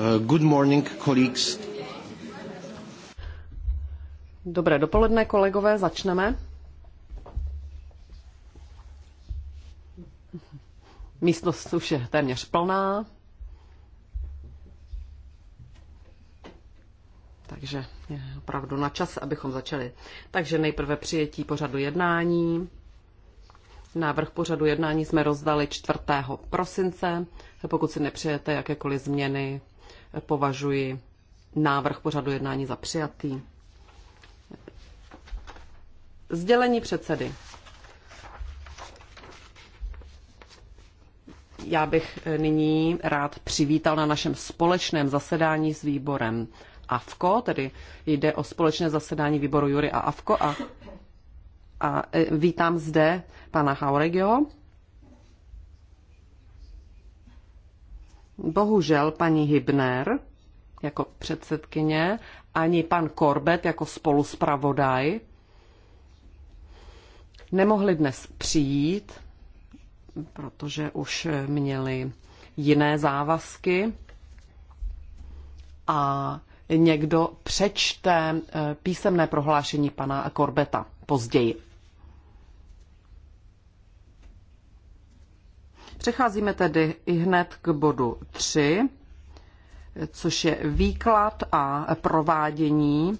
Eh, good morning, colleagues. Dobré dopoledne, kolegové, začneme. Místnost už je téměř plná. Takže je opravdu na čas, abychom začali. Takže nejprve přijetí pořadu jednání. Návrh pořadu jednání jsme rozdali 4. prosince. Pokud si nepřijete jakékoliv změny, považuji návrh pořadu jednání za přijatý. Sdělení předsedy. Já bych nyní rád přivítal na našem společném zasedání s výborem AFKO, tedy jde o společné zasedání výboru Jury a AFKO a, a e, vítám zde pana Hauregio, Bohužel paní Hybner jako předsedkyně ani pan Korbet jako spoluspravodaj nemohli dnes přijít, protože už měli jiné závazky a někdo přečte eh, písemné prohlášení pana Korbeta později. Přecházíme tedy i hned k bodu 3, což je výklad a provádění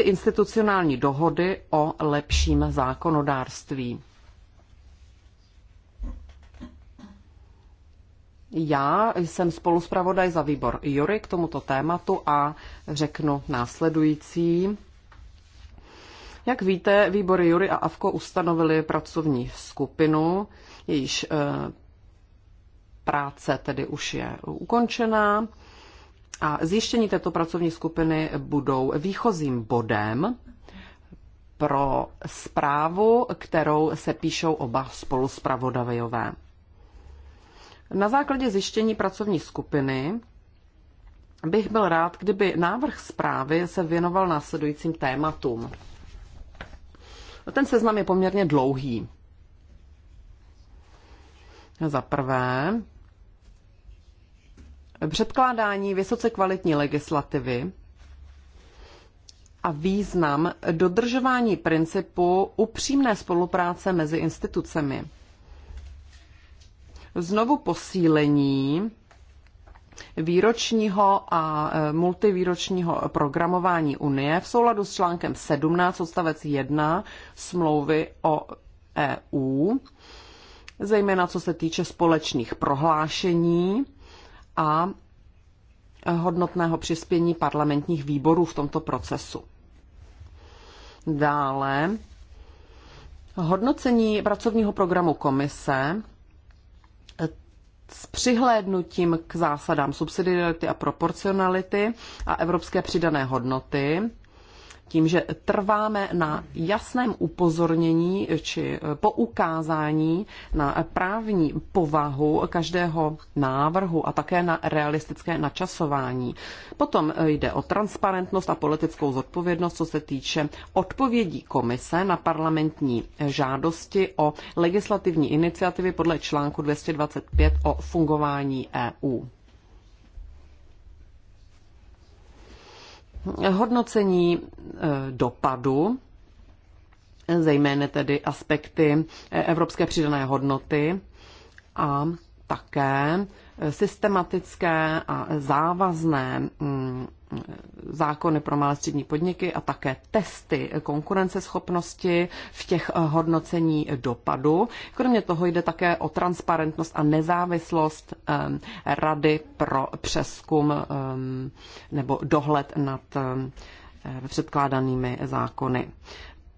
institucionální dohody o lepším zákonodárství. Já jsem spoluspravodaj za výbor Jury k tomuto tématu a řeknu následující. Jak víte, výbory Jury a Avko ustanovili pracovní skupinu, jejíž eh, práce tedy už je ukončená. A zjištění této pracovní skupiny budou výchozím bodem pro zprávu, kterou se píšou oba spoluspravodajové. Na základě zjištění pracovní skupiny bych byl rád, kdyby návrh zprávy se věnoval následujícím tématům. Ten seznam je poměrně dlouhý. Za prvé, předkládání vysoce kvalitní legislativy a význam dodržování principu upřímné spolupráce mezi institucemi. Znovu posílení výročního a e, multivýročního programování Unie v souladu s článkem 17 odstavec 1 smlouvy o EU zejména co se týče společných prohlášení a hodnotného přispění parlamentních výborů v tomto procesu. Dále hodnocení pracovního programu komise s přihlédnutím k zásadám subsidiarity a proporcionality a evropské přidané hodnoty tím, že trváme na jasném upozornění či poukázání na právní povahu každého návrhu a také na realistické načasování. Potom jde o transparentnost a politickou zodpovědnost, co se týče odpovědí komise na parlamentní žádosti o legislativní iniciativy podle článku 225 o fungování EU. hodnocení eh, dopadu, zejména tedy aspekty eh, evropské přidané hodnoty a také eh, systematické a závazné mm, zákony pro malé střední podniky a také testy konkurenceschopnosti v těch eh, hodnocení dopadu. Kromě toho jde také o transparentnost a nezávislost eh, Rady pro přeskum eh, nebo dohled nad předkládanými zákony.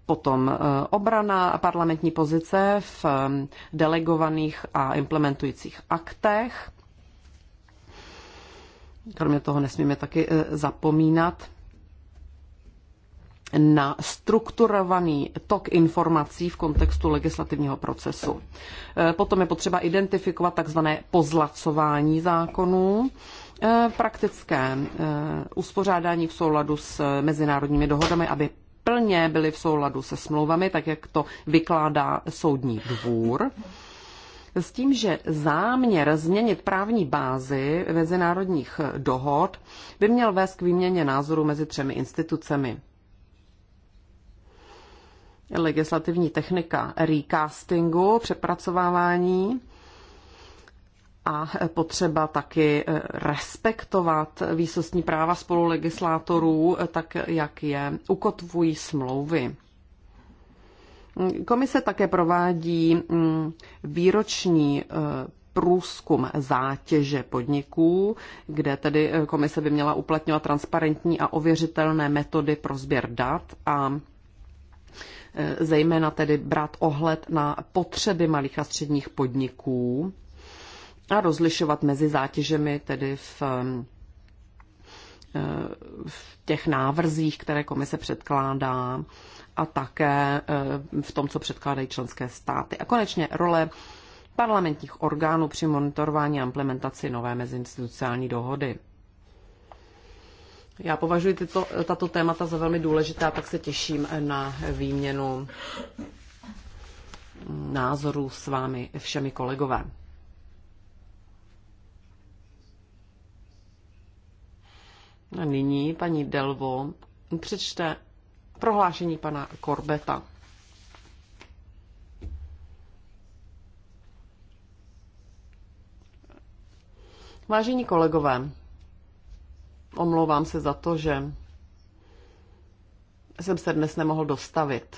Potom obrana parlamentní pozice v delegovaných a implementujících aktech Kromě toho nesmíme taky eh, zapomínat na strukturovaný tok informací v kontextu legislativního procesu. Eh, potom je potřeba identifikovat takzvané pozlacování zákonů, eh, praktické uspořádání v souladu s mezinárodními dohodami, aby plně byly v souladu se smlouvami, tak jak to vykládá soudní dvůr s tím, že záměr změnit právní bázi mezinárodních dohod by měl vést k výměně názoru mezi třemi institucemi. Legislativní technika recastingu, přepracovávání a potřeba taky respektovat výsostní práva spolulegislátorů, tak jak je ukotvují smlouvy. Komise také provádí mm, výroční e, průzkum zátěže podniků, kde tedy e, komise by měla uplatňovat transparentní a ověřitelné metody pro sběr dat a e, zejména tedy brát ohled na potřeby malých a středních podniků a rozlišovat mezi zátěžemi tedy v, v těch návrzích, které komise předkládá a také eh, v tom, co předkládají členské státy. A konečně role parlamentních orgánů při monitorování a implementaci nové meziinstitucionální dohody. Já považuji tyto, tato témata za velmi důležitá, tak se těším na výměnu názorů s vámi všemi kolegové. A nyní paní Delvo přečte prohlášení pana Korbeta. Vážení kolegové, omlouvám se za to, že jsem se dnes nemohl dostavit.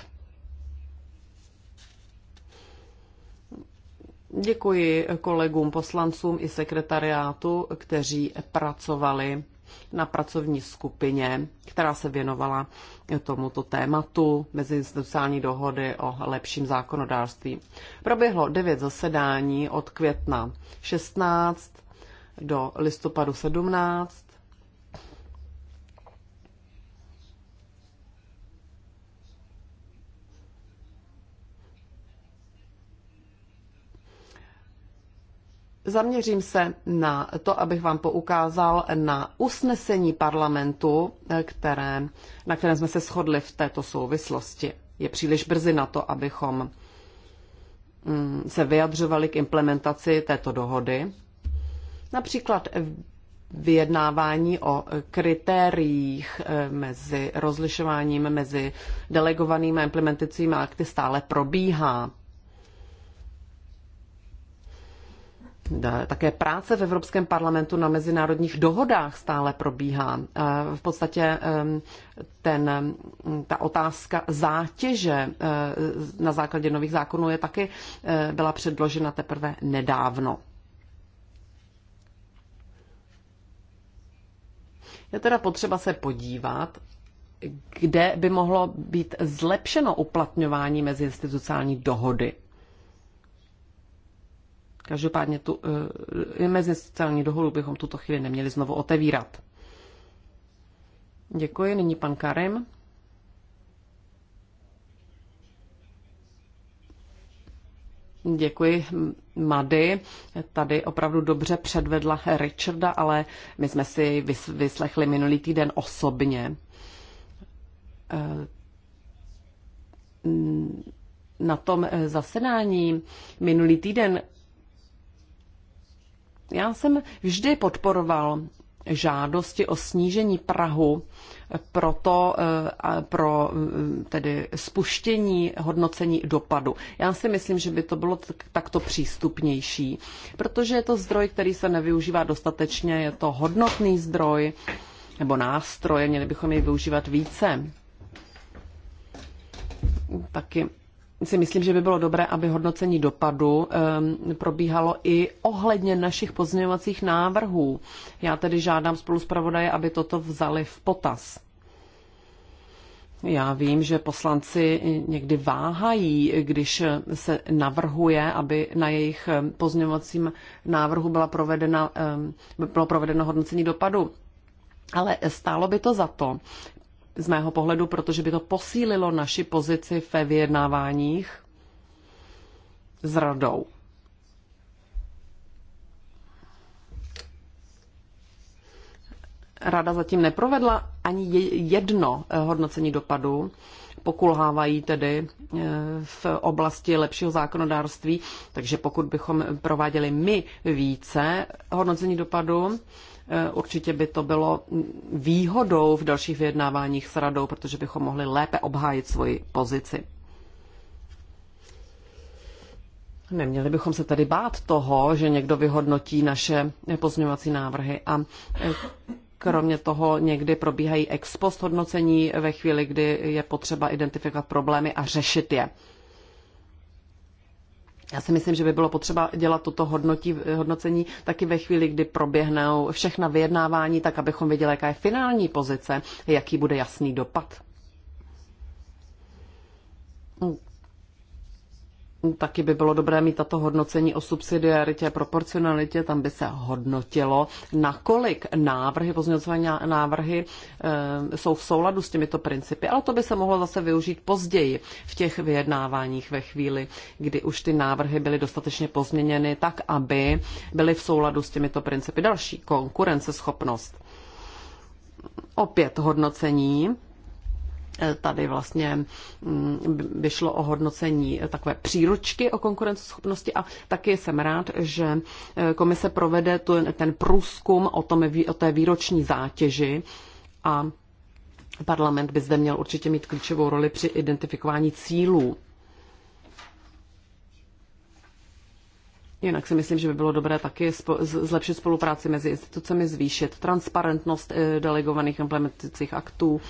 Děkuji kolegům poslancům i sekretariátu, kteří pracovali na pracovní skupině, která se věnovala tomuto tématu meziinstitucionální dohody o lepším zákonodárství. Proběhlo devět zasedání od května 16 do listopadu 17 Zaměřím se na to, abych vám poukázal na usnesení parlamentu, eh, které, na kterém jsme se shodli v této souvislosti. Je příliš brzy na to, abychom mm, se vyjadřovali k implementaci této dohody. Například vyjednávání o kritériích eh, mezi rozlišováním mezi delegovanými a implementujícími akty stále probíhá. Také práce v Evropském parlamentu na mezinárodních dohodách stále probíhá. V podstatě ten, ta otázka zátěže e, na základě nových zákonů je taky e, byla předložena teprve nedávno. Je teda potřeba se podívat, kde by mohlo být zlepšeno uplatňování meziinstitucionální dohody Každopádně tu eh, e, sociální dohodu bychom tuto chvíli neměli znovu otevírat. Děkuji. Nyní pan Karim. Děkuji Mady. Tady opravdu dobře předvedla Richarda, ale my jsme si vyslechli minulý týden osobně. Eh, na tom eh, zasedání minulý týden já jsem vždy podporoval žádosti o snížení Prahu proto, eh, pro eh, tedy spuštění hodnocení dopadu. Já si myslím, že by to bylo takto přístupnější, protože je to zdroj, který se nevyužívá dostatečně, je to hodnotný zdroj nebo nástroje, měli bychom jej využívat více. Taky si myslím, že by bylo dobré, aby hodnocení dopadu probíhalo i ohledně našich pozměňovacích návrhů. Já tedy žádám spolu zpravodaje, aby toto vzali v potaz. Já vím, že poslanci někdy váhají, když se navrhuje, aby na jejich pozměňovacím návrhu byla provedena, bylo provedeno hodnocení dopadu. Ale stálo by to za to, z mého pohledu, protože by to posílilo naši pozici ve vyjednáváních s radou. Rada zatím neprovedla ani jedno eh, hodnocení dopadu, pokulhávají tedy eh, v oblasti lepšího zákonodárství, takže pokud bychom prováděli my více hodnocení dopadu, Určitě by to bylo výhodou v dalších vyjednáváních s radou, protože bychom mohli lépe obhájit svoji pozici. Neměli bychom se tedy bát toho, že někdo vyhodnotí naše pozměňovací návrhy a eh, Kromě toho někdy probíhají ex post hodnocení ve chvíli, kdy je potřeba identifikovat problémy a řešit je. Já si myslím, že by bylo potřeba dělat toto hodnotí, hodnocení taky ve chvíli, kdy proběhnou všechna vyjednávání, tak abychom věděli, jaká je finální pozice, jaký bude jasný dopad. Taky by bylo dobré mít tato hodnocení o subsidiaritě a proporcionalitě, tam by se hodnotilo, nakolik návrhy, pozměňovací návrhy e, jsou v souladu s těmito principy, ale to by se mohlo zase využít později v těch vyjednáváních ve chvíli, kdy už ty návrhy byly dostatečně pozměněny tak, aby byly v souladu s těmito principy. Další konkurenceschopnost. Opět hodnocení Tady vlastně mm, by šlo o hodnocení takové příručky o konkurenceschopnosti a taky jsem rád, že e, komise provede ten průzkum o, tom, o té výroční zátěži a parlament by zde měl určitě mít klíčovou roli při identifikování cílů. Jinak si myslím, že by bylo dobré taky zlepšit spolupráci mezi institucemi, zvýšit transparentnost e, delegovaných implementacích aktů,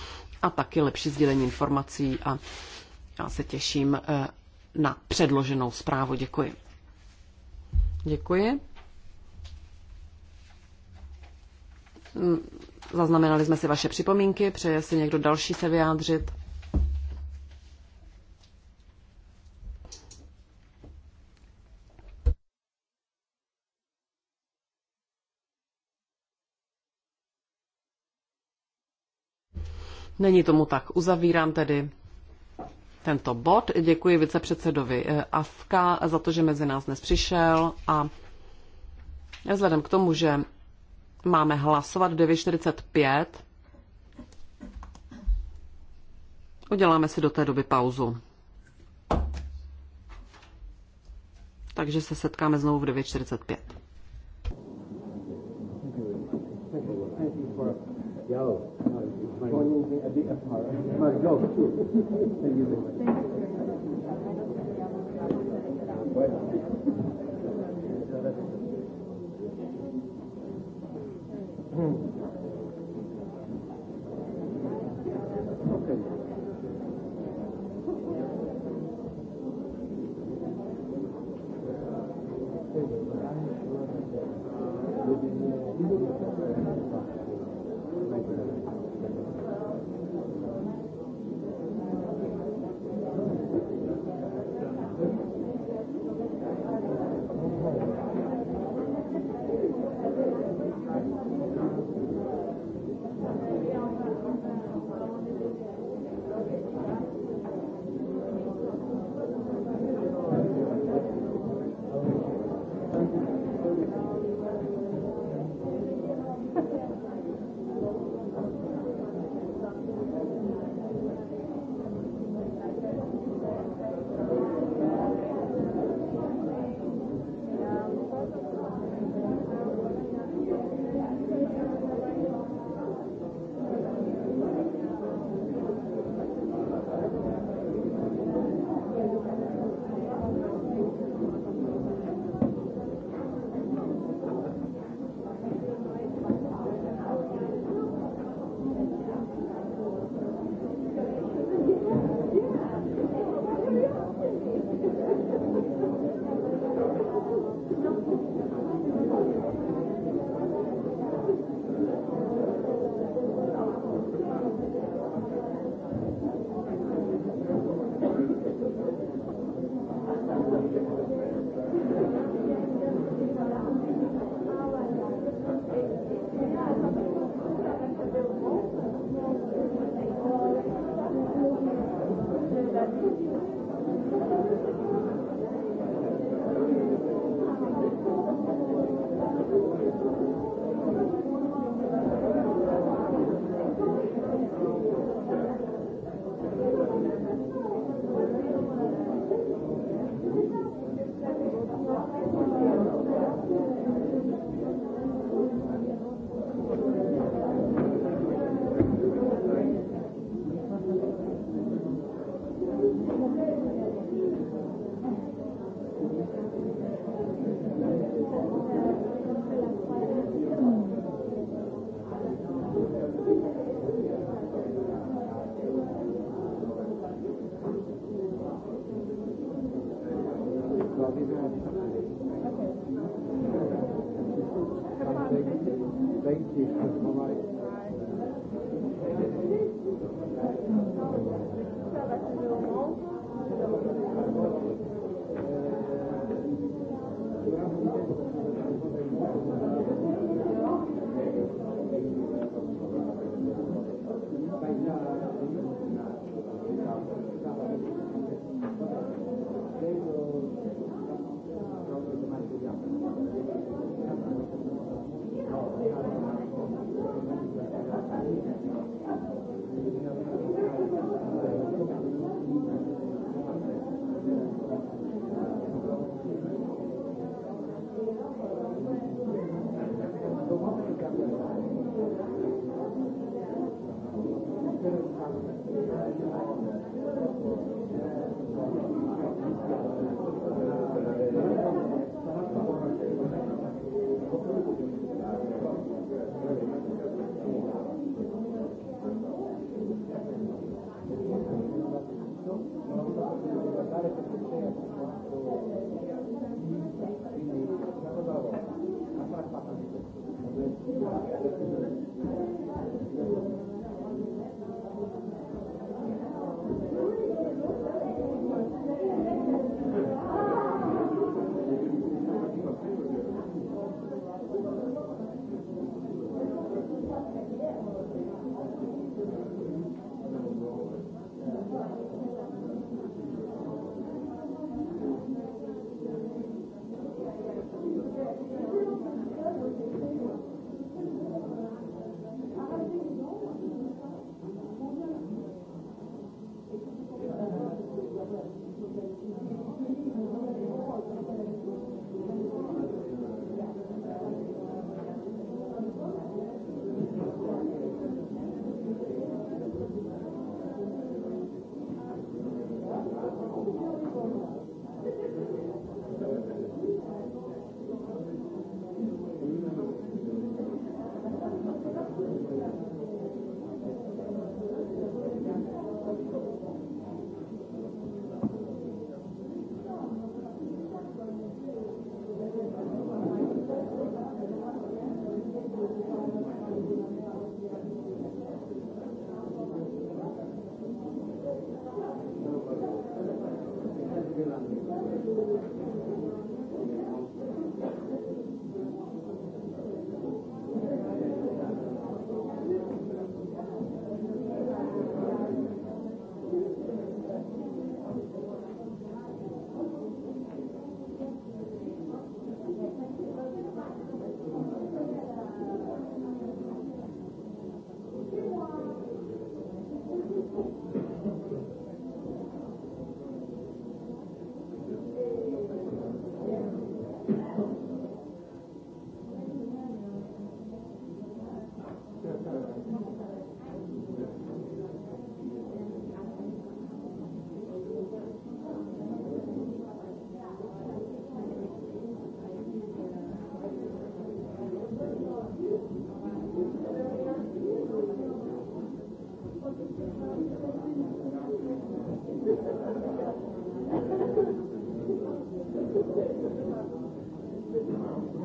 a taky lepší sdílení informací a já se těším eh, na předloženou zprávu. Děkuji. Děkuji. Hm, zaznamenali jsme si vaše připomínky. Přeje si někdo další se vyjádřit? Není tomu tak. Uzavírám tedy tento bod. Děkuji vicepředsedovi eh, Avka za to, že mezi nás dnes přišel a vzhledem k tomu, že máme hlasovat v 9.45, uděláme si do té doby pauzu. Takže se setkáme znovu v 9.45. Yo the empire. My God, too. Thank you very much. Thank you very much.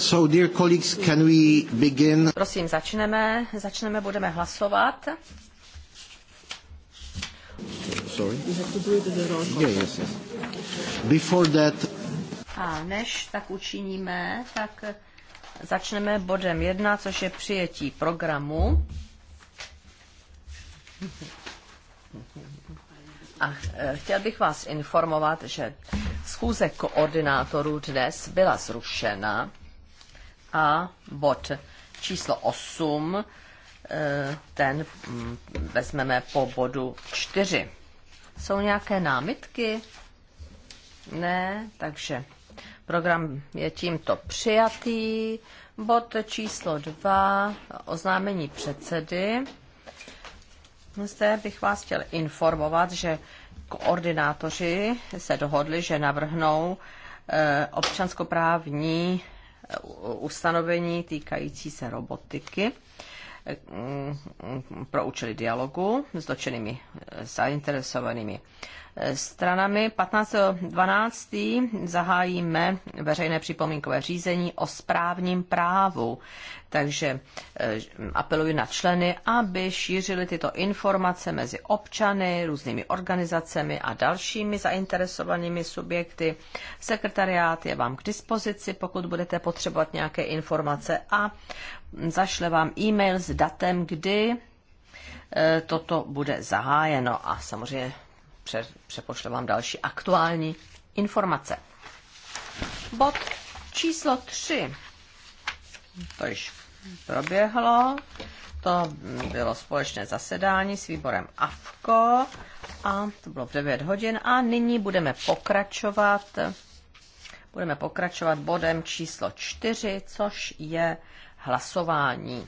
So dear colleagues, can we begin? Prosím, začneme, začneme, budeme hlasovat. Sorry. to Yeah, yes, yes. Before that... A než tak učiníme, tak začneme bodem jedna, což je přijetí programu. A eh, chtěl bych vás informovat, že schůze koordinátorů dnes byla zrušena a bod číslo 8, eh, ten mm, vezmeme po bodu 4. Jsou nějaké námitky? Ne, takže program je tímto přijatý. Bod číslo 2, oznámení předsedy. Zde bych vás chtěl informovat, že koordinátoři se dohodli, že navrhnou eh, občanskoprávní ustanovení týkající se robotiky mm, mm, pro účely dialogu s dotčenými eh, zainteresovanými stranami. 15.12. zahájíme veřejné připomínkové řízení o správním právu. Takže eh, apeluji na členy, aby šířili tyto informace mezi občany, různými organizacemi a dalšími zainteresovanými subjekty. Sekretariát je vám k dispozici, pokud budete potřebovat nějaké informace a zašle vám e-mail s datem, kdy eh, toto bude zahájeno a samozřejmě pře- přepošle vám další aktuální informace. Bod číslo 3. To již proběhlo. To bylo společné zasedání s výborem AFKO a to bylo v 9 hodin a nyní budeme pokračovat budeme pokračovat bodem číslo 4, což je hlasování.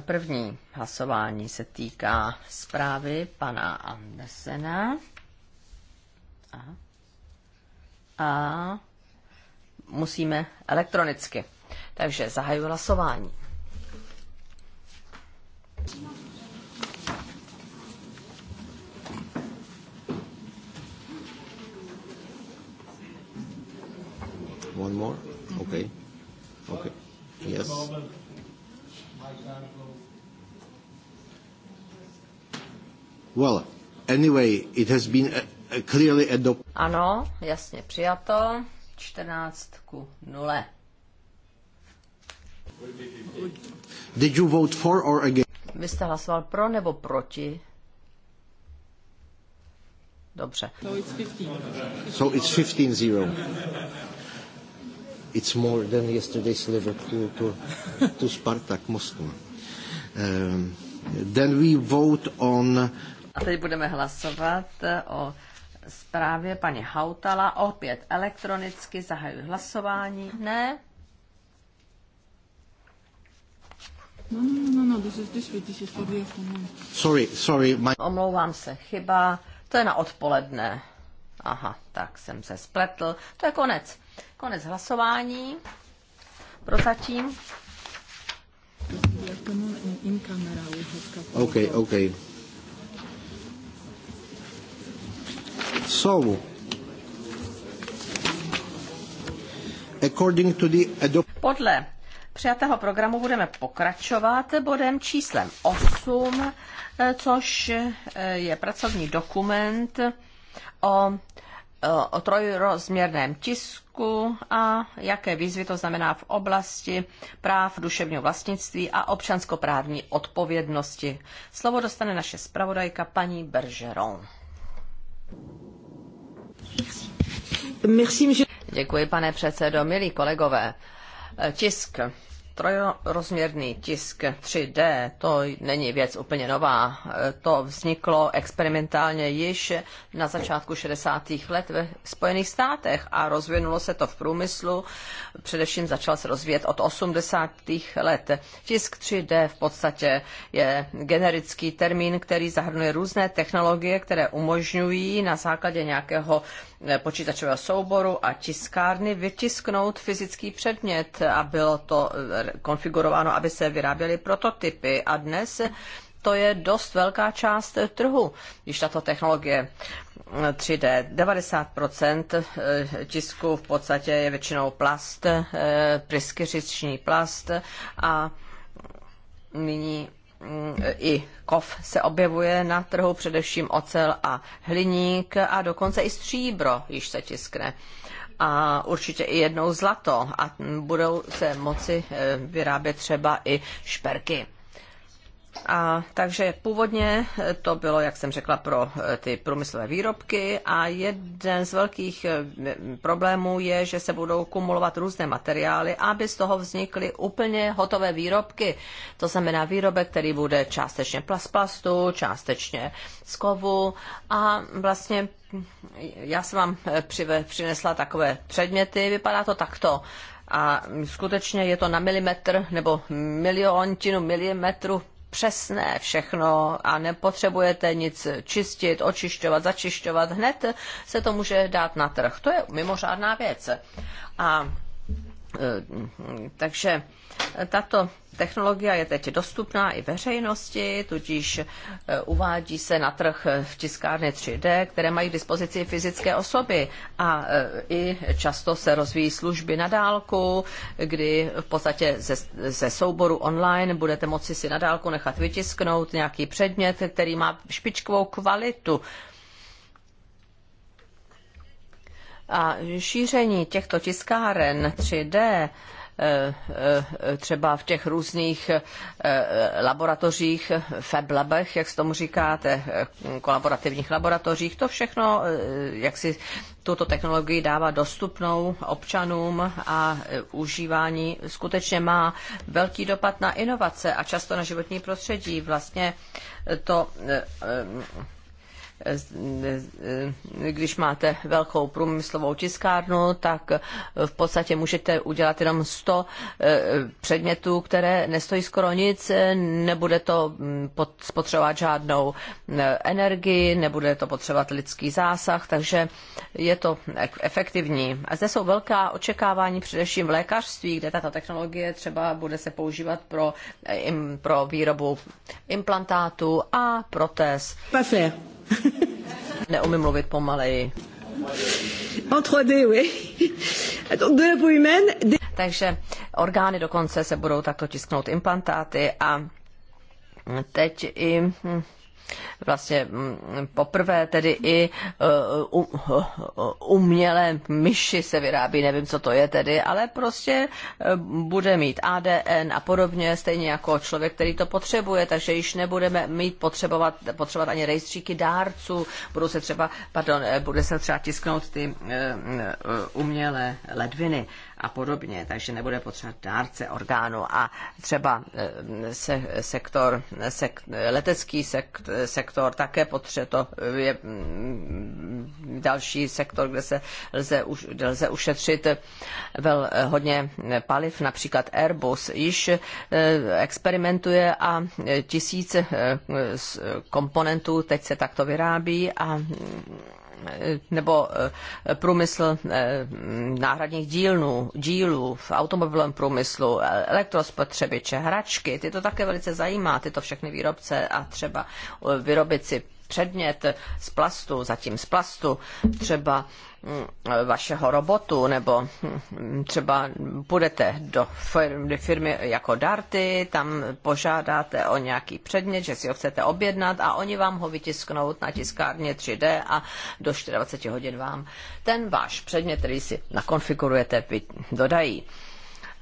První hlasování se týká zprávy pana Andersena. A, A musíme elektronicky. Takže zahajuji hlasování. One more? Okay. Okay. Yes. Well, anyway, it has been uh, uh, clearly Ano, jasně přijato. 14 ku 0. Did you vote for or against? Vy jste hlasoval pro nebo proti? Dobře. So it's 15 So it's more than yesterday's Liverpool to, to, Spartak Moskva. Um, then we vote on... A teď budeme hlasovat eh, o zprávě paní Hautala. Opět elektronicky zahajuji hlasování. Ne? Sorry, sorry, my... Omlouvám se, chyba. To je na odpoledne. Aha, tak jsem se spletl. To je konec. Konec hlasování. Prozatím. OK, OK. So, according to the Podle přijatého programu budeme pokračovat bodem číslem 8, eh, což eh, je pracovní dokument o, eh, o trojrozměrném tisku pořádku a jaké výzvy to znamená v oblasti práv duševního vlastnictví a občanskoprávní odpovědnosti. Slovo dostane naše zpravodajka paní Bergeron. Děkuji, pane předsedo. Milí kolegové, tisk Trojrozměrný tisk 3D, to není věc úplně nová. To vzniklo experimentálně již na začátku 60. let ve Spojených státech a rozvinulo se to v průmyslu. Především začal se rozvíjet od 80. let. Tisk 3D v podstatě je generický termín, který zahrnuje různé technologie, které umožňují na základě nějakého eh, počítačového souboru a tiskárny vytisknout fyzický předmět a bylo to eh, konfigurováno, aby se vyráběly prototypy. A dnes to je dost velká část trhu, když tato technologie 3D. 90% eh, tisku v podstatě je většinou plast, eh, pryskyřiční plast a nyní mm, i kov se objevuje na trhu, především ocel a hliník a dokonce i stříbro již se tiskne a určitě i jednou zlato a budou se moci eh, vyrábět třeba i šperky. A takže původně to bylo, jak jsem řekla, pro eh, ty průmyslové výrobky a jeden z velkých eh, problémů je, že se budou kumulovat různé materiály, aby z toho vznikly úplně hotové výrobky. To znamená výrobek, který bude částečně plast plastu, částečně z kovu a vlastně hm, já jsem vám eh, přinesla takové předměty, vypadá to takto a skutečně je to na milimetr nebo miliontinu milimetru přesné všechno a nepotřebujete nic čistit, očišťovat, začišťovat. Hned se to může dát na trh. To je mimořádná věc. A e, takže tato technologie je teď dostupná i veřejnosti, tudíž eh, uvádí se na trh eh, v tiskárny 3D, které mají k dispozici fyzické osoby a eh, i často se rozvíjí služby na dálku, kdy v podstatě ze, ze souboru online budete moci si na dálku nechat vytisknout nějaký předmět, který má špičkovou kvalitu. A šíření těchto tiskáren 3D Eh, eh, třeba v těch různých eh, laboratořích, fab labech, jak se tomu říkáte, kolaborativních laboratořích, to všechno, jak si tuto technologii dává dostupnou občanům a užívání skutečně má velký dopad na inovace a často na životní prostředí. Vlastně to když máte velkou průmyslovou tiskárnu, tak v podstatě můžete udělat jenom 100 eh, předmětů, které nestojí skoro nic, nebude to mm, spotřebovat žádnou eh, energii, nebude to potřebovat lidský zásah, takže je to efektivní. A zde jsou velká očekávání především v lékařství, kde tato technologie třeba bude se používat pro, eh, pro výrobu implantátů a protéz. Parfait. Neumím mluvit pomaleji. En 3D, oui. Donc de la peau humaine. De... Takže orgány dokonce se budou takto tisknout implantáty a teď i hm, vlastně mm, poprvé tedy i e, umělé myši se vyrábí, nevím, co to je tedy, ale prostě e, bude mít ADN a podobně, stejně jako člověk, který to potřebuje, takže již nebudeme mít potřebovat, potřebovat ani rejstříky dárců, budou se třeba, pardon, e, bude se třeba tisknout ty umělé ledviny a podobně, takže nebude potřebovat dárce orgánu a třeba eh, se, sektor, sek, letecký sek, sektor také potřebuje, to je mm, další sektor, kde se lze, kde lze ušetřit vel, eh, hodně paliv, například Airbus již eh, experimentuje a tisíce komponentů teď se takto vyrábí a mm, nebo eh, průmysl eh, náhradních dílnů, dílů v automobilovém průmyslu, elektrospotřebiče, hračky, ty to také velice zajímá, tyto všechny výrobce a třeba eh, vyrobit si předmět z plastu, zatím z plastu, třeba mm, vašeho robotu, nebo mm, třeba půjdete do firmy jako Darty, tam požádáte o nějaký předmět, že si ho chcete objednat a oni vám ho vytisknou na tiskárně 3D a do 24 hodin vám ten váš předmět, který si nakonfigurujete, dodají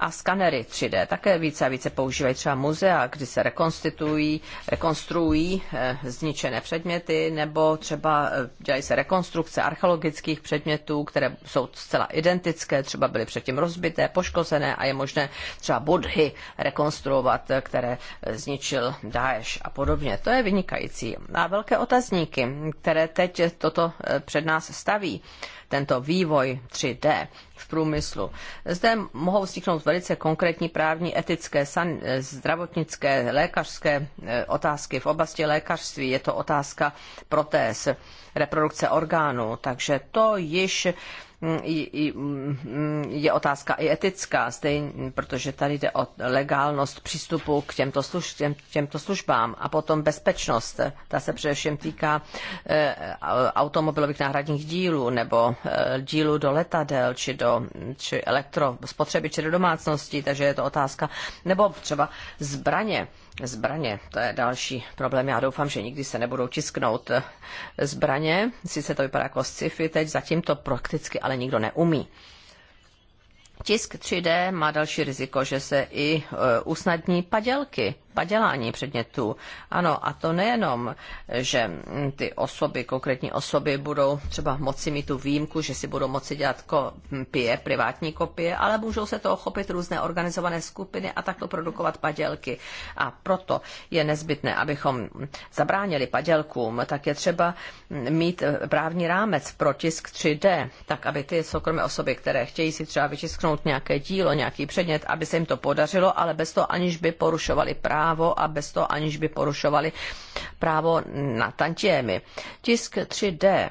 a skanery 3D také více a více používají třeba muzea, kdy se rekonstituují, rekonstruují eh, zničené předměty nebo třeba eh, dělají se rekonstrukce archeologických předmětů, které jsou zcela identické, třeba byly předtím rozbité, poškozené a je možné třeba budhy rekonstruovat, eh, které zničil Daesh a podobně. To je vynikající. A velké otazníky, které teď toto před nás staví tento vývoj 3D v průmyslu. Zde mohou vzniknout velice konkrétní právní, etické, san, eh, zdravotnické, lékařské eh, otázky. V oblasti lékařství je to otázka protéz, reprodukce orgánů, takže to již Mm, mm, je otázka i etická, stejně, protože tady jde o legálnost přístupu k těmto, služ, těm, těmto službám a potom bezpečnost. Ta se především týká eh, automobilových náhradních dílů nebo eh, dílů do letadel či do či elektrospotřeby či do domácností, takže je to otázka. Nebo třeba zbraně Zbraně, to je další problém. Já doufám, že nikdy se nebudou tisknout eh, zbraně. Sice to vypadá jako sci-fi teď, zatím to prakticky ale nikdo neumí. Tisk 3D má další riziko, že se i eh, usnadní padělky, padělání předmětů. Ano, a to nejenom, že ty osoby, konkrétní osoby budou třeba moci mít tu výjimku, že si budou moci dělat kopie, privátní kopie, ale můžou se to ochopit různé organizované skupiny a takto produkovat padělky. A proto je nezbytné, abychom zabránili padělkům, tak je třeba mít právní rámec pro tisk 3D, tak aby ty soukromé osoby, které chtějí si třeba vytisknout nějaké dílo, nějaký předmět, aby se jim to podařilo, ale bez toho aniž by porušovali práva právo a bez toho aniž by porušovali právo na tantiemy. Tisk 3D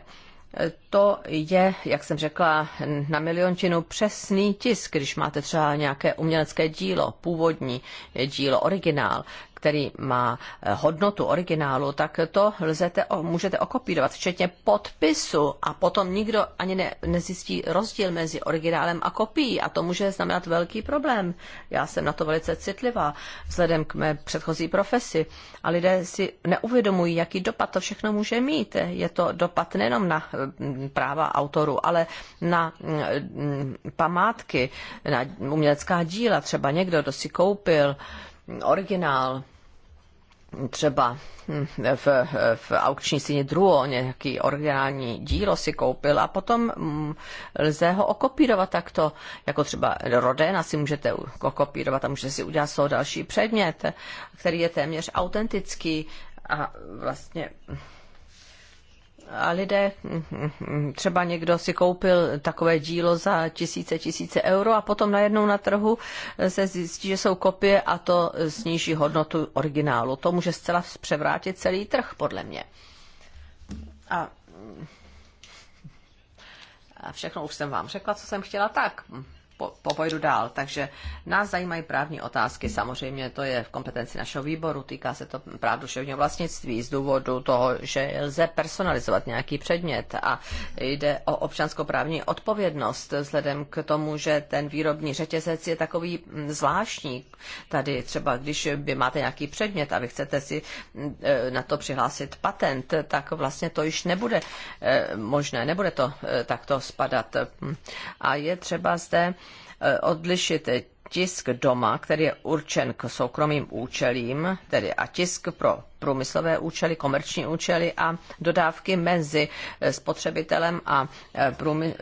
to je, jak jsem řekla, na miliončinu přesný tisk, když máte třeba nějaké umělecké dílo, původní dílo, originál, který má eh, hodnotu originálu, tak to lzete, můžete okopírovat, včetně podpisu a potom nikdo ani ne, nezjistí rozdíl mezi originálem a kopií a to může znamenat velký problém. Já jsem na to velice citlivá vzhledem k mé předchozí profesi a lidé si neuvědomují, jaký dopad to všechno může mít. Je to dopad nejenom na hm, práva autorů, ale na hm, památky, na umělecká díla. Třeba někdo, kdo si koupil originál, třeba hm, v, v aukční síni Druo nějaký originální dílo si koupil a potom hm, lze ho okopírovat takto, jako třeba Rodena si můžete okopírovat a můžete si udělat svou další předmět, který je téměř autentický a vlastně hm, a lidé, třeba někdo si koupil takové dílo za tisíce, tisíce euro a potom najednou na trhu se zjistí, že jsou kopie a to sníží hodnotu originálu. To může zcela převrátit celý trh, podle mě. A, a všechno už jsem vám řekla, co jsem chtěla tak po, pojdu dál. Takže nás zajímají právní otázky, samozřejmě to je v kompetenci našeho výboru, týká se to práv duševního vlastnictví z důvodu toho, že lze personalizovat nějaký předmět a jde o občanskoprávní odpovědnost vzhledem k tomu, že ten výrobní řetězec je takový mm, zvláštní. Tady třeba, když by máte nějaký předmět a vy chcete si mm, e, na to přihlásit patent, tak vlastně to již nebude e, možné, nebude to e, takto spadat. Mm. A je třeba zde Eh, odlišit tisk doma, který je určen k soukromým účelím, tedy a tisk pro průmyslové účely, komerční účely a dodávky mezi eh, spotřebitelem a eh,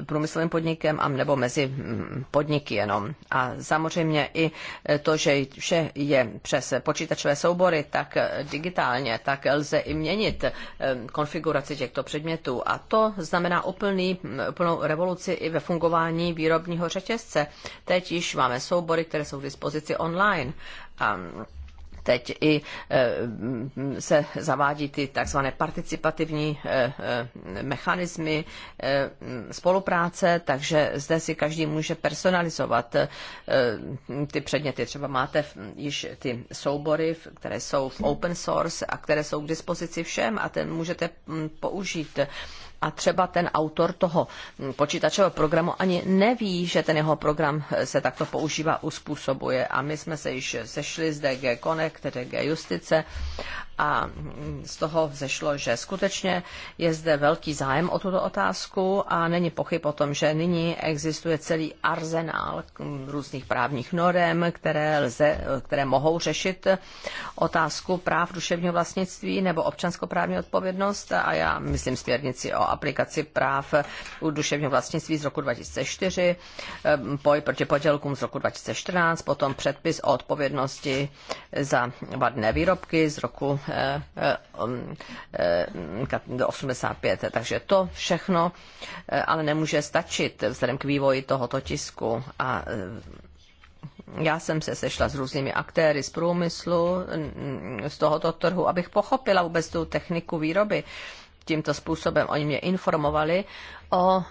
průmyslovým podnikem a nebo mezi mm, podniky jenom. A samozřejmě i eh, to, že vše je přes počítačové soubory, tak digitálně, tak lze i měnit konfiguraci těchto předmětů. A to znamená úplný, mm, úplnou revoluci i ve fungování výrobního řetězce. Teď již máme soubory, které jsou k dispozici online. A mm, teď i eh, se zavádí ty takzvané participativní eh, eh, mechanismy spolupráce, takže zde si každý může personalizovat ty předměty. Třeba máte již ty soubory, které jsou v open source a které jsou k dispozici všem a ten můžete použít a třeba ten autor toho počítačového programu ani neví, že ten jeho program eh, se takto používá, uspůsobuje. A my jsme se již sešli z DG Connect, DG Justice a z toho vzešlo, že skutečně je zde velký zájem o tuto otázku a není pochyb o tom, že nyní existuje celý arzenál různých právních norem, které, lze, které mohou řešit otázku práv duševního vlastnictví nebo občanskoprávní odpovědnost a já myslím směrnici o aplikaci práv u duševního vlastnictví z roku 2004, boj proti podělkům z roku 2014, potom předpis o odpovědnosti za vadné výrobky z roku do eh, 85. Eh, eh, takže to všechno ale nemůže stačit vzhledem k vývoji tohoto tisku a já jsem se sešla s různými aktéry z průmyslu, z tohoto trhu, abych pochopila vůbec tu techniku výroby tímto způsobem. Oni mě informovali o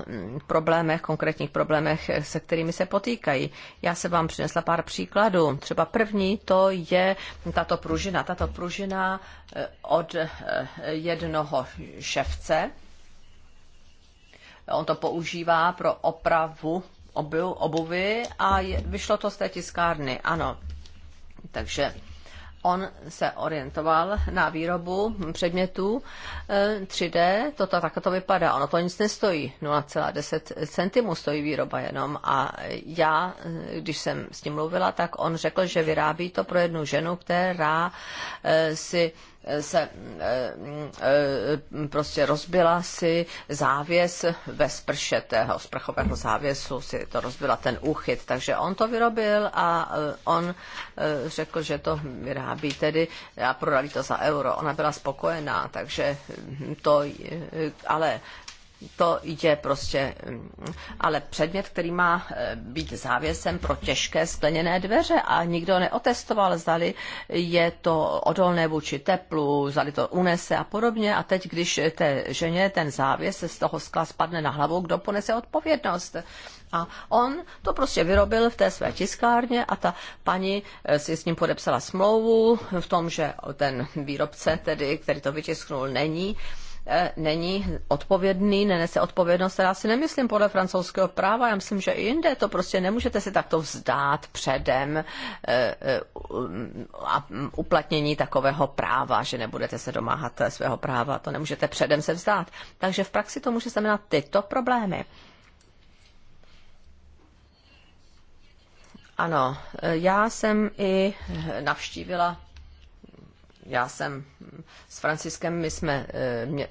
problémech, konkrétních problémech, se kterými se potýkají. Já se vám přinesla pár příkladů. Třeba první to je tato pružina. Tato pružina eh, od eh, jednoho ševce. On to používá pro opravu obu, obuvy a je, vyšlo to z té tiskárny, ano. Takže on se orientoval na výrobu předmětů 3D, eh, to tak to vypadá, ono to nic nestojí, 0,10 centimů stojí výroba jenom a já, eh, když jsem s ním mluvila, tak on řekl, že vyrábí to pro jednu ženu, která eh, si se eh, eh, prostě rozbila si závěs ve sprše tého sprchového závěsu, si to rozbila ten úchyt, takže on to vyrobil a eh, on řekl, že to vyrábí tedy a prodali to za euro. Ona byla spokojená, takže to, ale to je prostě mm, ale předmět, který má eh, být závěsem pro těžké skleněné dveře a nikdo neotestoval, zdali je to odolné vůči teplu, zdali to unese a podobně. A teď, když té ženě ten závěs z toho skla spadne na hlavu, kdo ponese odpovědnost? A on to prostě vyrobil v té své tiskárně a ta paní eh, si s ním podepsala smlouvu v tom, že ten výrobce, tedy, který to vytisknul, není Eh, není odpovědný, nenese odpovědnost. Já si nemyslím podle francouzského práva, já myslím, že i jinde to prostě nemůžete si takto vzdát předem eh, eh, a uplatnění takového práva, že nebudete se domáhat svého práva, to nemůžete předem se vzdát. Takže v praxi to může znamenat tyto problémy. Ano, já jsem i navštívila já jsem s Franciskem, my jsme e,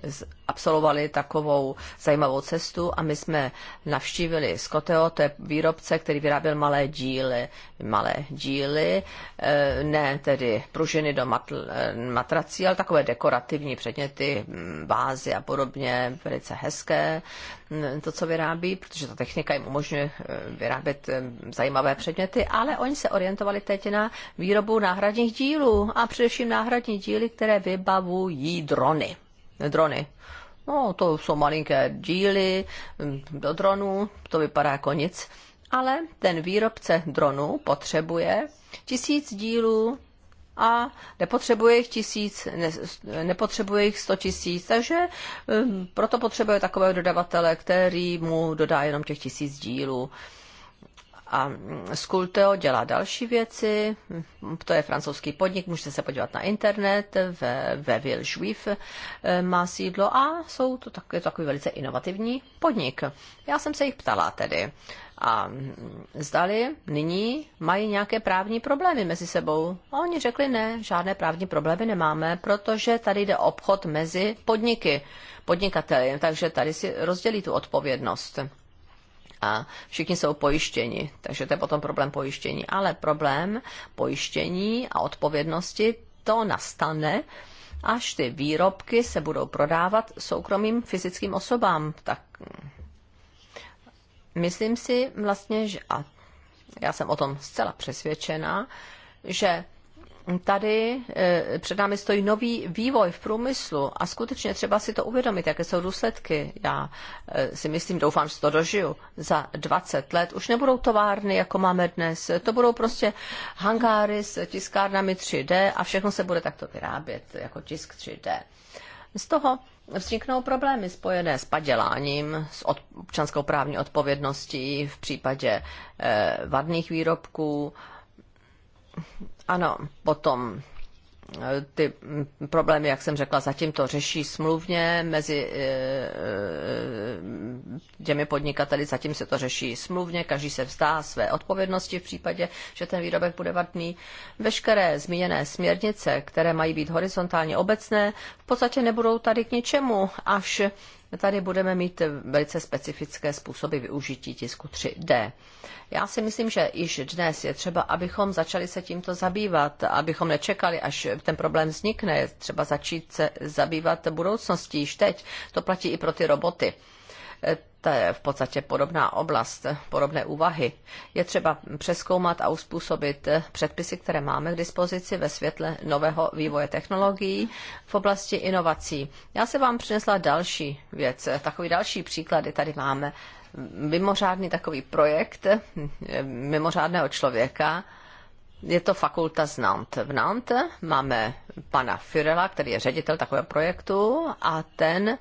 absolvovali takovou zajímavou cestu a my jsme navštívili Skoteo, to je výrobce, který vyráběl malé díly, malé díly, e, ne tedy pružiny do e, matrací, ale takové dekorativní předměty, vázy a podobně, velice hezké to, co vyrábí, protože ta technika jim umožňuje vyrábět zajímavé předměty, ale oni se orientovali teď na výrobu náhradních dílů a především náhradních lodní díly, které vybavují drony. Drony. No, to jsou malinké díly mm, do dronů, to vypadá jako nic. Ale ten výrobce dronu potřebuje tisíc dílů a nepotřebuje jich tisíc, ne, nepotřebuje jich sto tisíc, takže um, proto potřebuje takového dodavatele, který mu dodá jenom těch tisíc dílů. Um, a Skulteo dělá další věci, to je francouzský podnik, můžete se podívat na internet, ve, ve Villejuif eh, má sídlo a jsou to takový, takový velice inovativní podnik. Já jsem se jich ptala tedy. A zdali nyní mají nějaké právní problémy mezi sebou. A oni řekli ne, žádné právní problémy nemáme, protože tady jde obchod mezi podniky, podnikateli, takže tady si rozdělí tu odpovědnost a všichni jsou pojištěni, takže to je potom problém pojištění. Ale problém pojištění a odpovědnosti to nastane, až ty výrobky se budou prodávat soukromým fyzickým osobám. Tak mm, myslím si vlastně, že a já jsem o tom zcela přesvědčená, že tady e, před námi stojí nový vývoj v průmyslu a skutečně třeba si to uvědomit, jaké jsou důsledky. Já e, si myslím, doufám, že to dožiju. Za 20 let už nebudou továrny, jako máme dnes. To budou prostě hangáry s tiskárnami 3D a všechno se bude takto vyrábět jako tisk 3D. Z toho vzniknou problémy spojené s paděláním, s od, občanskou právní odpovědností v případě e, vadných výrobků, ano, potom eh, ty mm, problémy, jak jsem řekla, zatím to řeší smluvně mezi eh, eh, těmi podnikateli, zatím se to řeší smluvně, každý se vzdá své odpovědnosti v případě, že ten výrobek bude vadný. Veškeré zmíněné směrnice, které mají být horizontálně obecné, v podstatě nebudou tady k ničemu, až tady budeme mít velice specifické způsoby využití tisku 3D. Já si myslím, že již dnes je třeba, abychom začali se tímto zabývat, abychom nečekali, až ten problém vznikne, třeba začít se zabývat budoucností již teď. To platí i pro ty roboty to je v podstatě podobná oblast, podobné úvahy. Je třeba přeskoumat a uspůsobit předpisy, které máme k dispozici ve světle nového vývoje technologií v oblasti inovací. Já se vám přinesla další věc, takový další příklady tady máme. Mimořádný takový projekt hm, mimořádného člověka, je to fakulta z Nantes. V Nantes máme pana Firela, který je ředitel takového projektu a ten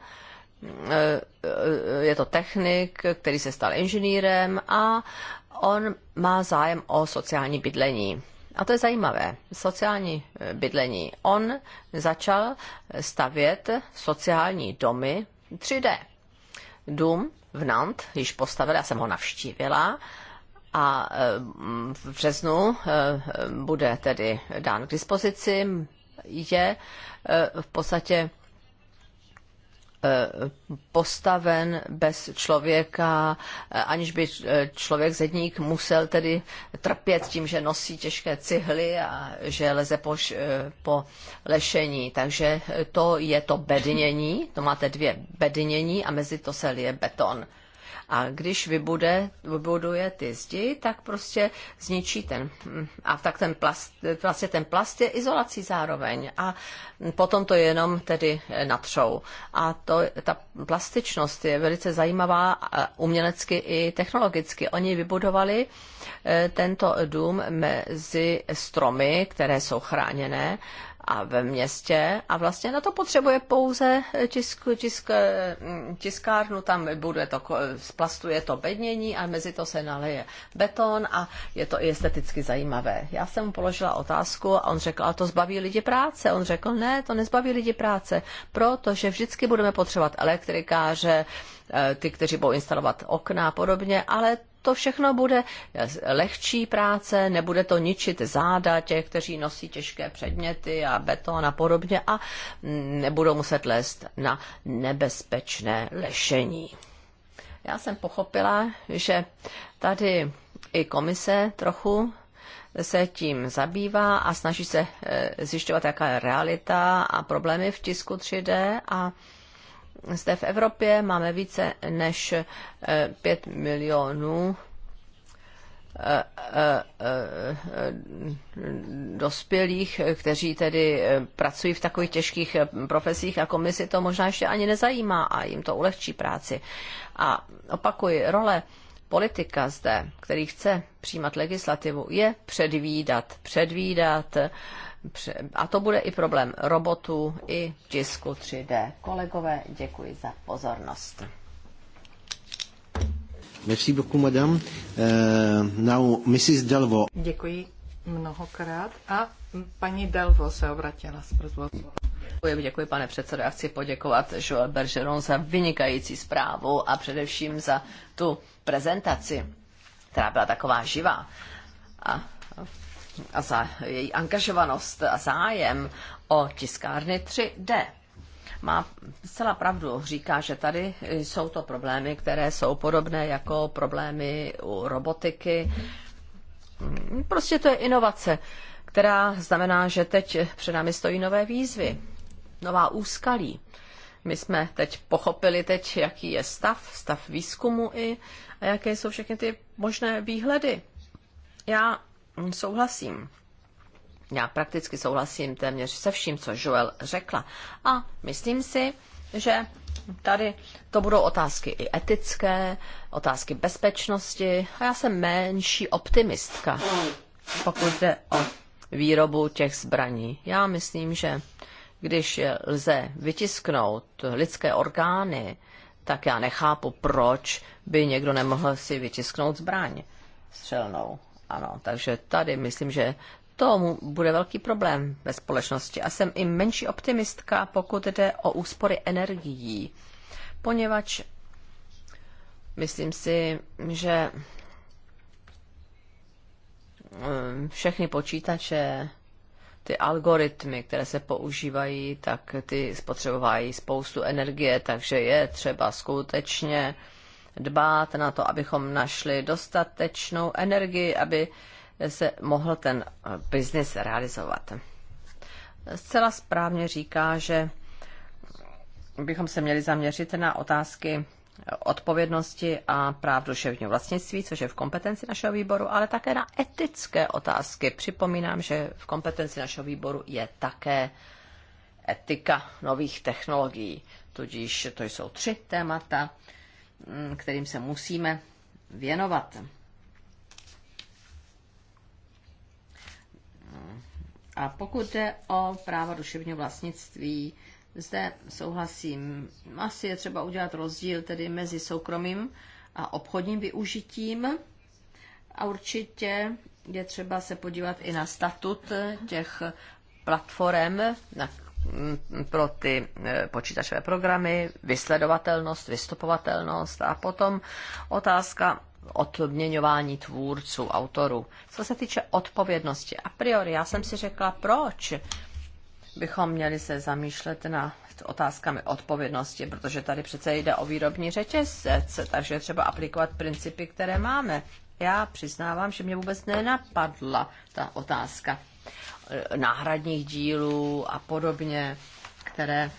je to technik, který se stal inženýrem a on má zájem o sociální bydlení. A to je zajímavé, sociální eh, bydlení. On začal stavět sociální domy 3D. Dům v Nant již postavil, já jsem ho navštívila, a eh, v březnu eh, bude tedy dán k dispozici. Je v podstatě Eh, postaven bez člověka, eh, aniž by eh, člověk zedník musel tedy trpět tím, že nosí těžké cihly a že leze po, po lešení. Takže to je to bednění, to máte dvě bednění a mezi to se lije beton. A když vybude, vybuduje ty zdi, tak prostě zničí ten. A tak ten plast, vlastně ten plast je izolací zároveň. A potom to jenom tedy natřou. A to, ta plastičnost je velice zajímavá umělecky i technologicky. Oni vybudovali eh, tento dům mezi stromy, které jsou chráněné a ve městě a vlastně na to potřebuje pouze tisk, tisk, tiskárnu, tam bude to, splastuje to bednění a mezi to se naleje beton a je to i esteticky zajímavé. Já jsem mu položila otázku a on řekl, a to zbaví lidi práce. On řekl, ne, to nezbaví lidi práce, protože vždycky budeme potřebovat elektrikáře, eh, ty, kteří budou instalovat okna a podobně, ale to všechno bude lehčí práce, nebude to ničit záda těch, kteří nosí těžké předměty a beton a podobně a nebudou muset lézt na nebezpečné lešení. Já jsem pochopila, že tady i komise trochu se tím zabývá a snaží se eh, zjišťovat, jaká je realita a problémy v tisku 3D a zde v Evropě máme více než 5 eh, milionů eh, eh, dospělých, kteří tedy pracují v takových těžkých profesích a komisi to možná ještě ani nezajímá a jim to ulehčí práci. A opakuji, role politika zde, který chce přijímat legislativu, je předvídat. Předvídat a to bude i problém robotů, i tisku 3D. Kolegové, děkuji za pozornost. Merci beaucoup, madame. Uh, now, Mrs. Delvo. Děkuji mnohokrát a paní Delvo se obratila s prozbou. Děkuji, děkuji, pane předsedo. Já chci poděkovat Joël Bergeron za vynikající zprávu a především za tu prezentaci, která byla taková živá. A a za její angažovanost a zájem o tiskárny 3D. Má zcela pravdu, říká, že tady jsou to problémy, které jsou podobné jako problémy u robotiky. Prostě to je inovace, která znamená, že teď před námi stojí nové výzvy, nová úskalí. My jsme teď pochopili teď, jaký je stav, stav výzkumu i a jaké jsou všechny ty možné výhledy. Já souhlasím. Já prakticky souhlasím téměř se vším, co Joel řekla. A myslím si, že tady to budou otázky i etické, otázky bezpečnosti. A já jsem menší optimistka, pokud jde o výrobu těch zbraní. Já myslím, že když lze vytisknout lidské orgány, tak já nechápu, proč by někdo nemohl si vytisknout zbraň střelnou. Ano, takže tady myslím, že to bude velký problém ve společnosti. A jsem i menší optimistka, pokud jde o úspory energií, poněvadž myslím si, že ehm, všechny počítače, ty algoritmy, které se používají, tak ty spotřebovají spoustu energie, takže je třeba skutečně dbát na to, abychom našli dostatečnou energii, aby se mohl ten eh, biznis realizovat. Zcela správně říká, že bychom se měli zaměřit na otázky odpovědnosti a práv duševního vlastnictví, což je v kompetenci našeho výboru, ale také na etické otázky. Připomínám, že v kompetenci našeho výboru je také etika nových technologií. Tudíž to jsou tři témata, Mm, kterým se musíme věnovat. A pokud jde o práva duševního vlastnictví, zde souhlasím. Asi je třeba udělat rozdíl tedy mezi soukromým a obchodním využitím. A určitě je třeba se podívat i na statut těch platform, na pro ty eh, počítačové programy, vysledovatelnost, vystupovatelnost a potom otázka odměňování tvůrců, autorů. Co se týče odpovědnosti, a priori já jsem si řekla, proč bychom měli se zamýšlet na otázkami odpovědnosti, protože tady přece jde o výrobní řetězec, takže je třeba aplikovat principy, které máme. Já přiznávám, že mě vůbec nenapadla ta otázka Eh, náhradních dílů a podobně, které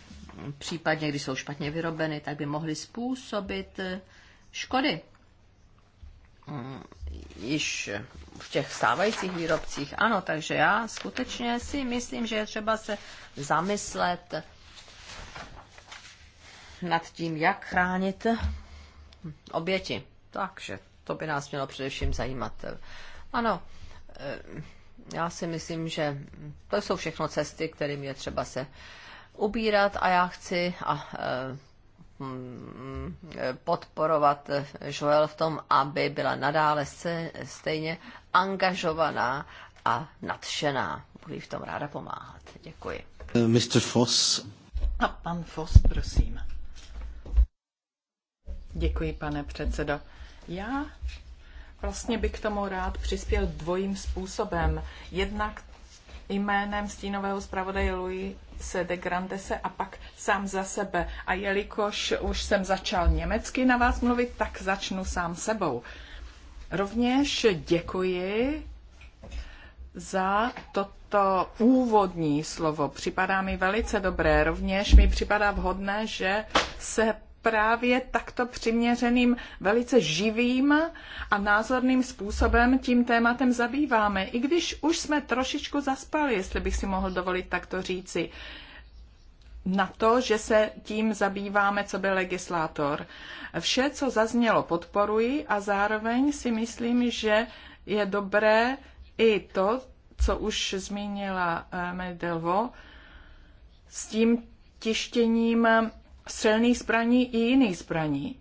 případně, když jsou špatně vyrobeny, tak by mohly způsobit eh, škody. Mm, již v těch stávajících výrobcích, ano, takže já skutečně si myslím, že je třeba se zamyslet nad tím, jak chránit oběti. Takže to by nás mělo především zajímat. Ano, eh, já si myslím, že to jsou všechno cesty, kterým je třeba se ubírat a já chci a eh, mm, podporovat Joel v tom, aby byla nadále stejně angažovaná a nadšená. Budu jí v tom ráda pomáhat. Děkuji. Mr. Foss. A pan Foss, prosím. Děkuji, pane předsedo. Já Vlastně bych k tomu rád přispěl dvojím způsobem. Jednak jménem stínového zpravodaje se de Grandese a pak sám za sebe. A jelikož už jsem začal německy na vás mluvit, tak začnu sám sebou. Rovněž děkuji za toto úvodní slovo. Připadá mi velice dobré. Rovněž mi připadá vhodné, že se právě takto přiměřeným, velice živým a názorným způsobem tím tématem zabýváme. I když už jsme trošičku zaspali, jestli bych si mohl dovolit takto říci, na to, že se tím zabýváme, co by legislátor. Vše, co zaznělo, podporuji a zároveň si myslím, že je dobré i to, co už zmínila eh, Medelvo, s tím tištěním střelných zbraní i jiných zbraní.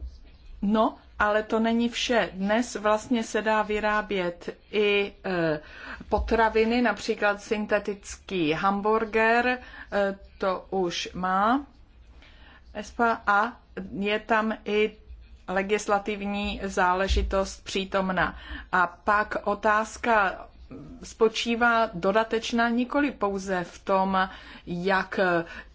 No, ale to není vše. Dnes vlastně se dá vyrábět i e, potraviny, například syntetický hamburger, e, to už má ESPA a je tam i legislativní záležitost přítomna. A pak otázka spočívá dodatečná nikoli pouze v tom, jak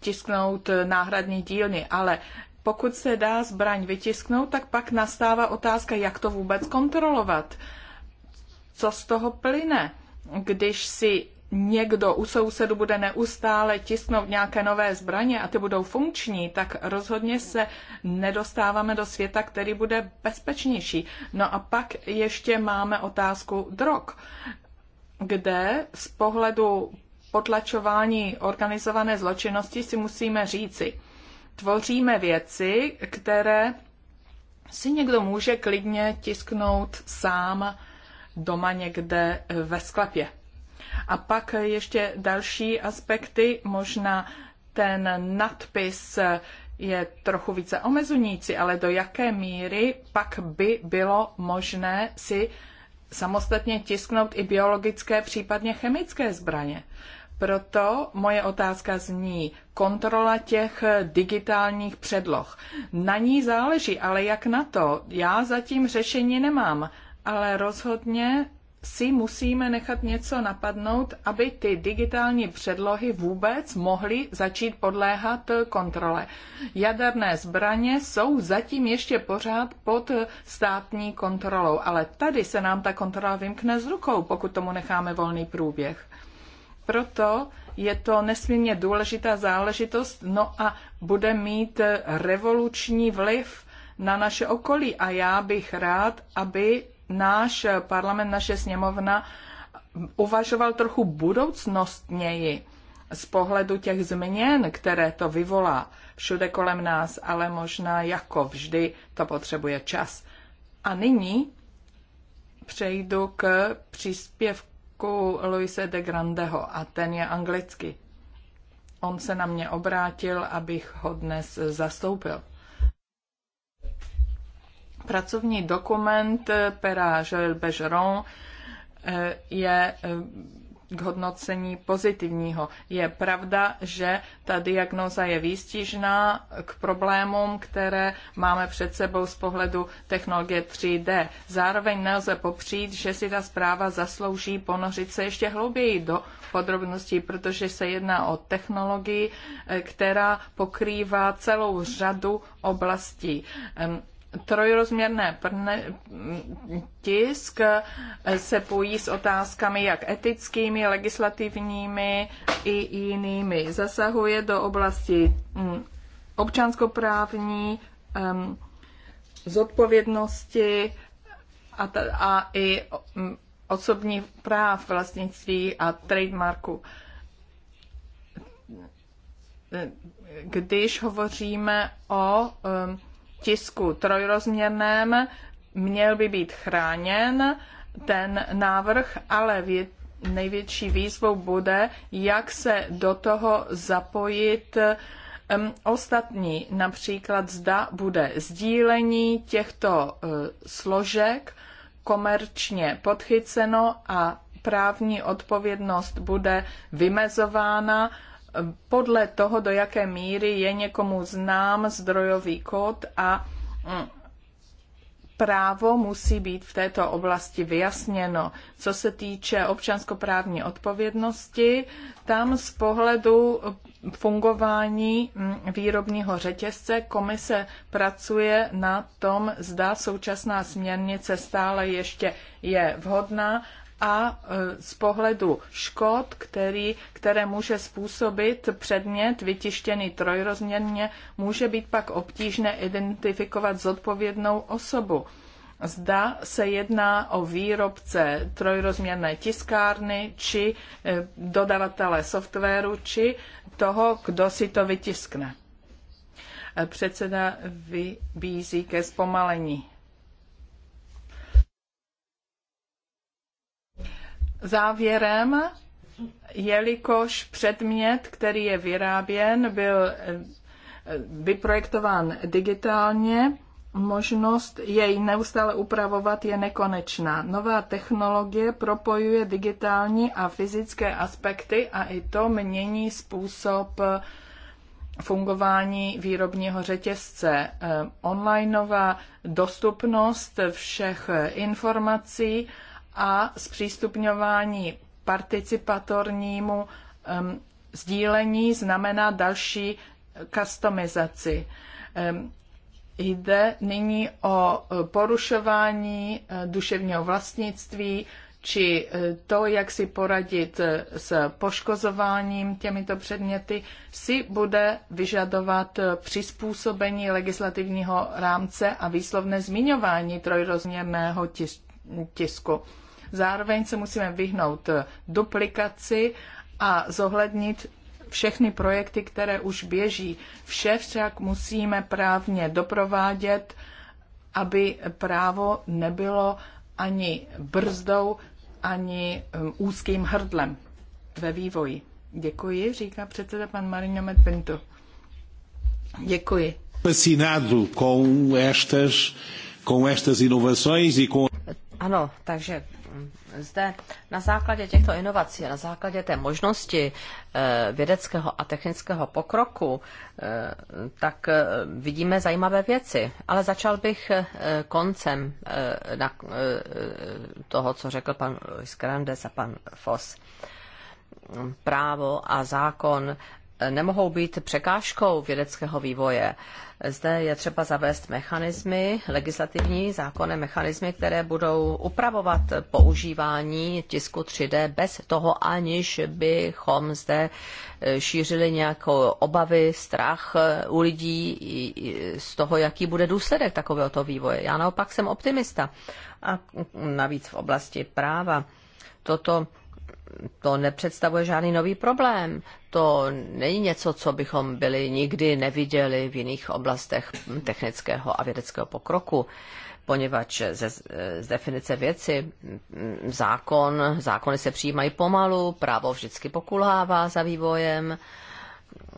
tisknout náhradní dílny, ale pokud se dá zbraň vytisknout, tak pak nastává otázka, jak to vůbec kontrolovat. Co z toho plyne, když si někdo u sousedu bude neustále tisknout nějaké nové zbraně a ty budou funkční, tak rozhodně se nedostáváme do světa, který bude bezpečnější. No a pak ještě máme otázku drog kde z pohledu potlačování organizované zločinnosti si musíme říci, tvoříme věci, které si někdo může klidně tisknout sám doma někde ve sklepě. A pak ještě další aspekty, možná ten nadpis je trochu více omezující, ale do jaké míry pak by bylo možné si samostatně tisknout i biologické, případně chemické zbraně. Proto moje otázka zní kontrola těch digitálních předloh. Na ní záleží, ale jak na to? Já zatím řešení nemám, ale rozhodně si musíme nechat něco napadnout, aby ty digitální předlohy vůbec mohly začít podléhat eh, kontrole. Jaderné zbraně jsou zatím ještě pořád pod eh, státní kontrolou, ale tady se nám ta kontrola vymkne z rukou, pokud tomu necháme volný průběh. Proto je to nesmírně důležitá záležitost, no a bude mít eh, revoluční vliv na naše okolí a já bych rád, aby náš parlament, naše sněmovna uvažoval trochu budoucnostněji z pohledu těch změn, které to vyvolá všude kolem nás, ale možná jako vždy to potřebuje čas. A nyní přejdu k příspěvku Luise de Grandeho a ten je anglicky. On se na mě obrátil, abych ho dnes zastoupil. Pracovní dokument eh, Pera Joël Bergeron eh, je eh, k hodnocení pozitivního. Je pravda, že ta diagnoza je výstižná k problémům, které máme před sebou z pohledu technologie 3D. Zároveň nelze popřít, že si ta zpráva zaslouží ponořit se ještě hlouběji do podrobností, protože se jedná o technologii, která pokrývá celou řadu oblastí trojrozměrné prne, tisk se pojí s otázkami jak etickými, legislativními i jinými. Zasahuje do oblasti mm, občanskoprávní, zodpovědnosti a, a i mm, osobní práv vlastnictví a trademarku když hovoříme o um, tisku trojrozměrném měl by být chráněn ten návrh, ale největší výzvou bude, jak se do toho zapojit ostatní. Například zda bude sdílení těchto e, složek komerčně podchyceno a právní odpovědnost bude vymezována podle toho, do jaké míry je někomu znám zdrojový kód a mm, právo musí být v této oblasti vyjasněno. Co se týče občanskoprávní odpovědnosti, tam z pohledu fungování mm, výrobního řetězce komise pracuje na tom, zda současná směrnice stále ještě je vhodná a e, z pohledu škod, který, které může způsobit předmět vytištěný trojrozměrně, může být pak obtížné identifikovat zodpovědnou osobu. Zda se jedná o výrobce trojrozměrné tiskárny, či e, dodavatele softwaru, či toho, kdo si to vytiskne. E, předseda vybízí ke zpomalení Závěrem, jelikož předmět, který je vyráběn, byl eh, vyprojektován digitálně, možnost jej neustále upravovat je nekonečná. Nová technologie propojuje digitální a fyzické aspekty a i to mění způsob eh, fungování výrobního řetězce. Eh, onlineová dostupnost všech informací a zpřístupňování participatornímu um, sdílení znamená další customizaci. Um, jde nyní o e, porušování e, duševního vlastnictví, či e, to, jak si poradit s poškozováním těmito předměty, si bude vyžadovat přizpůsobení legislativního rámce a výslovné zmiňování trojrozměrného tisku. Zároveň se musíme vyhnout duplikaci a zohlednit všechny projekty, které už běží. Vše však musíme právně doprovádět, aby právo nebylo ani brzdou, ani um, úzkým hrdlem ve vývoji. Děkuji, říká předseda pan Marino Medpinto. Děkuji. Fascinado com estas, com estas inovações e com... Ano, takže zde na základě těchto inovací, na základě té možnosti eh, vědeckého a technického pokroku, eh, tak eh, vidíme zajímavé věci. Ale začal bych koncem na toho, co řekl pan Luis Grandes a pan Foss právo a zákon nemohou být překážkou vědeckého vývoje. Zde je třeba zavést mechanismy, legislativní zákonné mechanismy, které budou upravovat používání tisku 3D bez toho, aniž bychom zde šířili nějaké obavy, strach u lidí z toho, jaký bude důsledek takovéhoto vývoje. Já naopak jsem optimista. A navíc v oblasti práva toto to nepředstavuje žádný nový problém. To není něco, co bychom byli nikdy neviděli v jiných oblastech technického a vědeckého pokroku, poněvadž ze, z definice věci zákon, zákony se přijímají pomalu, právo vždycky pokulhává za vývojem,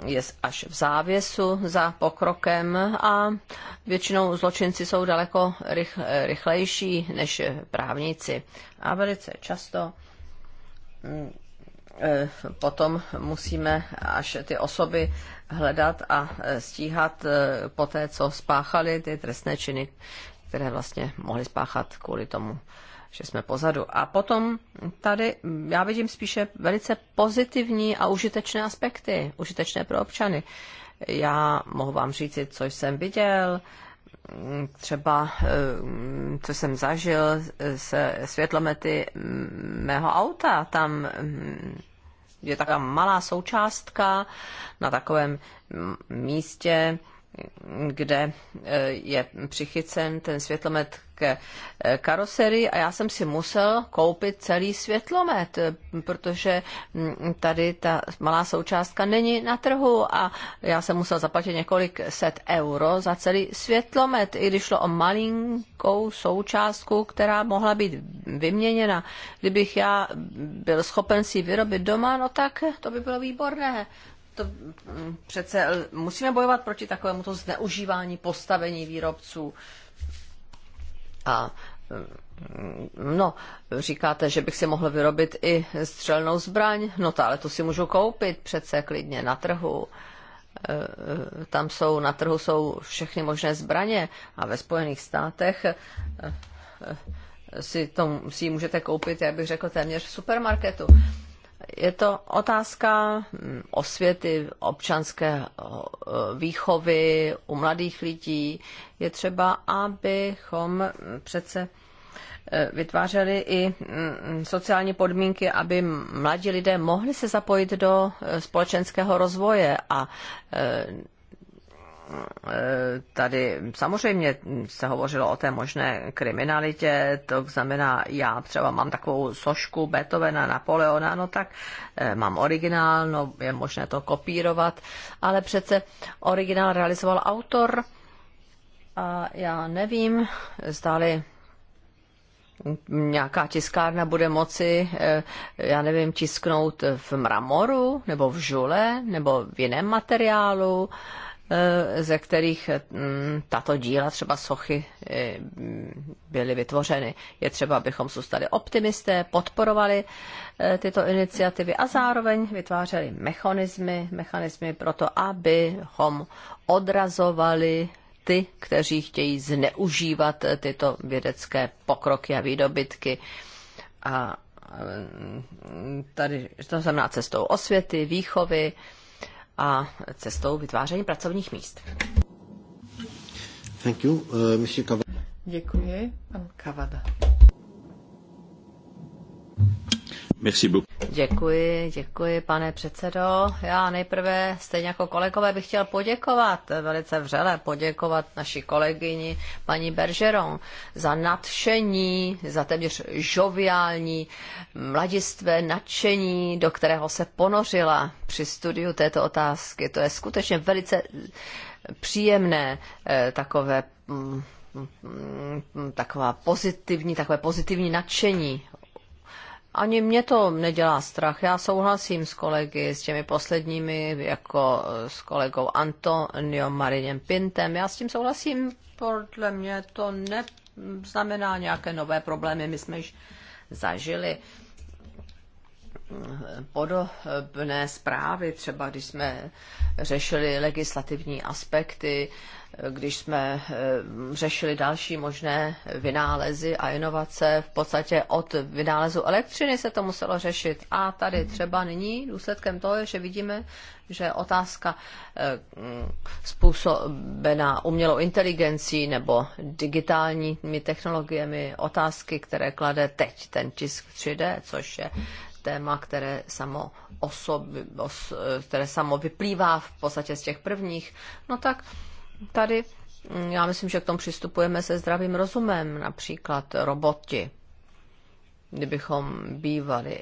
je až v závěsu za pokrokem a většinou zločinci jsou daleko rychlejší než právníci. A velice často Eh, potom musíme až ty osoby hledat a eh, stíhat eh, po té, co spáchali ty trestné činy, které vlastně mohli spáchat kvůli tomu, že jsme pozadu. A potom tady hm, já vidím spíše velice pozitivní a užitečné aspekty, užitečné pro občany. Já mohu vám říct, co jsem viděl, třeba, eh, co jsem zažil eh, se světlomety mého auta, tam mm, je taková malá součástka na takovém místě, kde eh, je přichycen ten světlomet k eh, karoserii a já jsem si musel koupit celý světlomet, eh, protože mm, tady ta malá součástka není na trhu a já jsem musel zaplatit několik set euro za celý světlomet, i když šlo o malinkou součástku, která mohla být vyměněna. Kdybych já byl schopen si ji vyrobit doma, no tak to by bylo výborné to mm, přece eh, musíme bojovat proti takovému to zneužívání postavení výrobců. A mm, No, říkáte, že bych si mohl vyrobit i střelnou zbraň, no to, ale to si můžu koupit přece klidně na trhu. Eh, eh, tam jsou, na trhu jsou všechny možné zbraně a ve Spojených státech si, to, si ji můžete koupit, já bych řekl, téměř v supermarketu je to otázka mm, osvěty občanské eh, výchovy u mladých lidí. Je třeba, abychom mm, přece eh, vytvářeli i mm, sociální podmínky, aby mladí lidé mohli se zapojit do eh, společenského rozvoje a Eh, tady samozřejmě se hovořilo o té možné kriminalitě, to znamená, já třeba mám takovou sošku Beethovena, Napoleona, no tak eh, mám originál, no je možné to kopírovat, ale přece originál realizoval autor a já nevím, zdali nějaká tiskárna bude moci, eh, já nevím, tisknout v mramoru, nebo v žule, nebo v jiném materiálu, Eh, ze kterých mm, tato díla, třeba sochy, eh, byly vytvořeny. Je třeba, abychom zůstali optimisté, podporovali eh, tyto iniciativy a zároveň vytvářeli mechanismy, mechanismy pro to, abychom odrazovali ty, kteří chtějí zneužívat tyto vědecké pokroky a výdobytky. A mm, tady, to znamená cestou osvěty, výchovy, a cestou vytváření pracovních míst. Thank you, uh, Kavada. Děkuji, pan Kavada. Merci beaucoup. Děkuji, děkuji, pane předsedo. Já nejprve, stejně jako kolegové, bych chtěl poděkovat, velice vřele poděkovat naší kolegyni paní Bergeron za nadšení, za téměř žoviální mladistvé nadšení, do kterého se ponořila při studiu této otázky. To je skutečně velice příjemné eh, takové mm, mm, mm, taková pozitivní, takové pozitivní nadšení ani mě to nedělá strach. Já souhlasím s kolegy, s těmi posledními, jako eh, s kolegou Antonio Marinem Pintem. Já s tím souhlasím. Podle mě to neznamená nějaké nové problémy. My jsme již zažili eh, podobné zprávy, třeba když jsme řešili legislativní aspekty když jsme eh, řešili další možné vynálezy a inovace, v podstatě od vynálezu elektřiny se to muselo řešit. A tady třeba nyní důsledkem toho je, že vidíme, že otázka eh, mm, způsobená umělou inteligencí nebo digitálními technologiemi, otázky, které klade teď ten tisk 3D, což je téma, které samo, osob, eh, které samo vyplývá v podstatě z těch prvních, no tak tady mm, já myslím, že k tomu přistupujeme se zdravým rozumem, například roboti. Kdybychom bývali,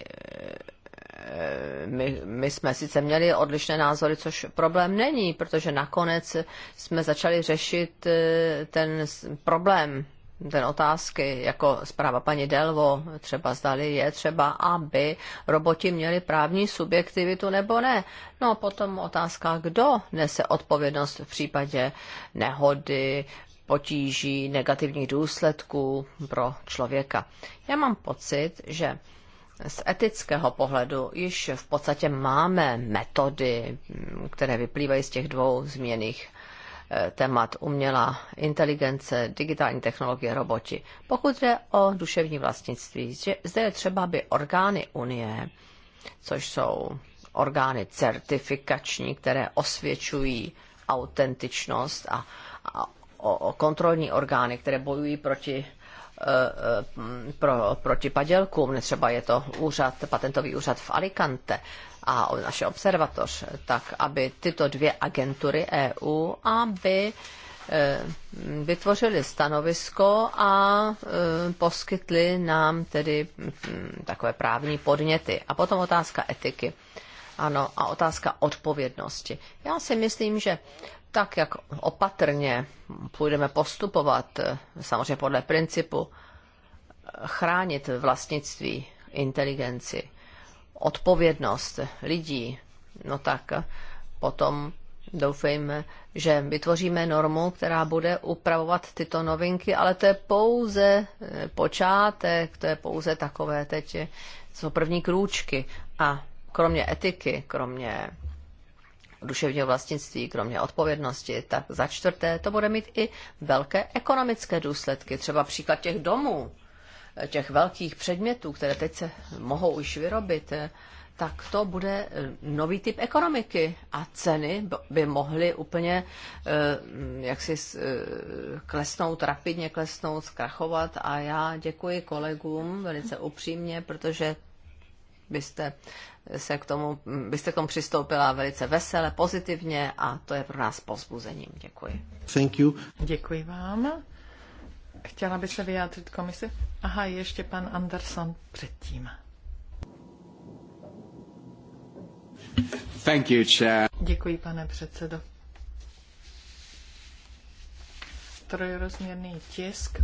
eh, my, my jsme sice měli odlišné názory, což problém není, protože nakonec jsme začali řešit eh, ten problém ten otázky, jako zpráva paní Delvo, třeba zdali je třeba, aby roboti měli právní subjektivitu nebo ne. No a potom otázka, kdo nese odpovědnost v případě nehody, potíží, negativních důsledků pro člověka. Já mám pocit, že z etického pohledu již v podstatě máme metody, které vyplývají z těch dvou změných témat umělá inteligence, digitální technologie, roboti. Pokud jde o duševní vlastnictví, zde je třeba, aby orgány Unie, což jsou orgány certifikační, které osvědčují autentičnost a, a o, o kontrolní orgány, které bojují proti e, e, pro, proti padělkům, třeba je to úřad, patentový úřad v Alicante, a naše observatoř, tak aby tyto dvě agentury EU, aby eh, vytvořili stanovisko a eh, poskytli nám tedy hm, takové právní podněty. A potom otázka etiky. Ano, a otázka odpovědnosti. Já si myslím, že tak, jak opatrně půjdeme postupovat, eh, samozřejmě podle principu chránit vlastnictví, inteligenci, odpovědnost lidí, no tak potom doufejme, že vytvoříme normu, která bude upravovat tyto novinky, ale to je pouze eh, počátek, to je pouze takové teď, eh, jsou první krůčky. A kromě etiky, kromě duševního vlastnictví, kromě odpovědnosti, tak za čtvrté to bude mít i velké ekonomické důsledky. Třeba příklad těch domů těch velkých předmětů, které teď se mohou už vyrobit, tak to bude eh, nový typ ekonomiky a ceny by mohly úplně eh, jaksi eh, klesnout, rapidně klesnout, zkrachovat a já děkuji kolegům velice upřímně, protože byste se k tomu, byste k tomu přistoupila velice vesele, pozitivně a to je pro nás povzbuzením. Děkuji. Thank you. Děkuji vám. Chtěla by se vyjádřit komise? Aha, ještě pan Anderson předtím. Thank you, chair. Děkuji, pane předsedo. Trojrozměrný tisk,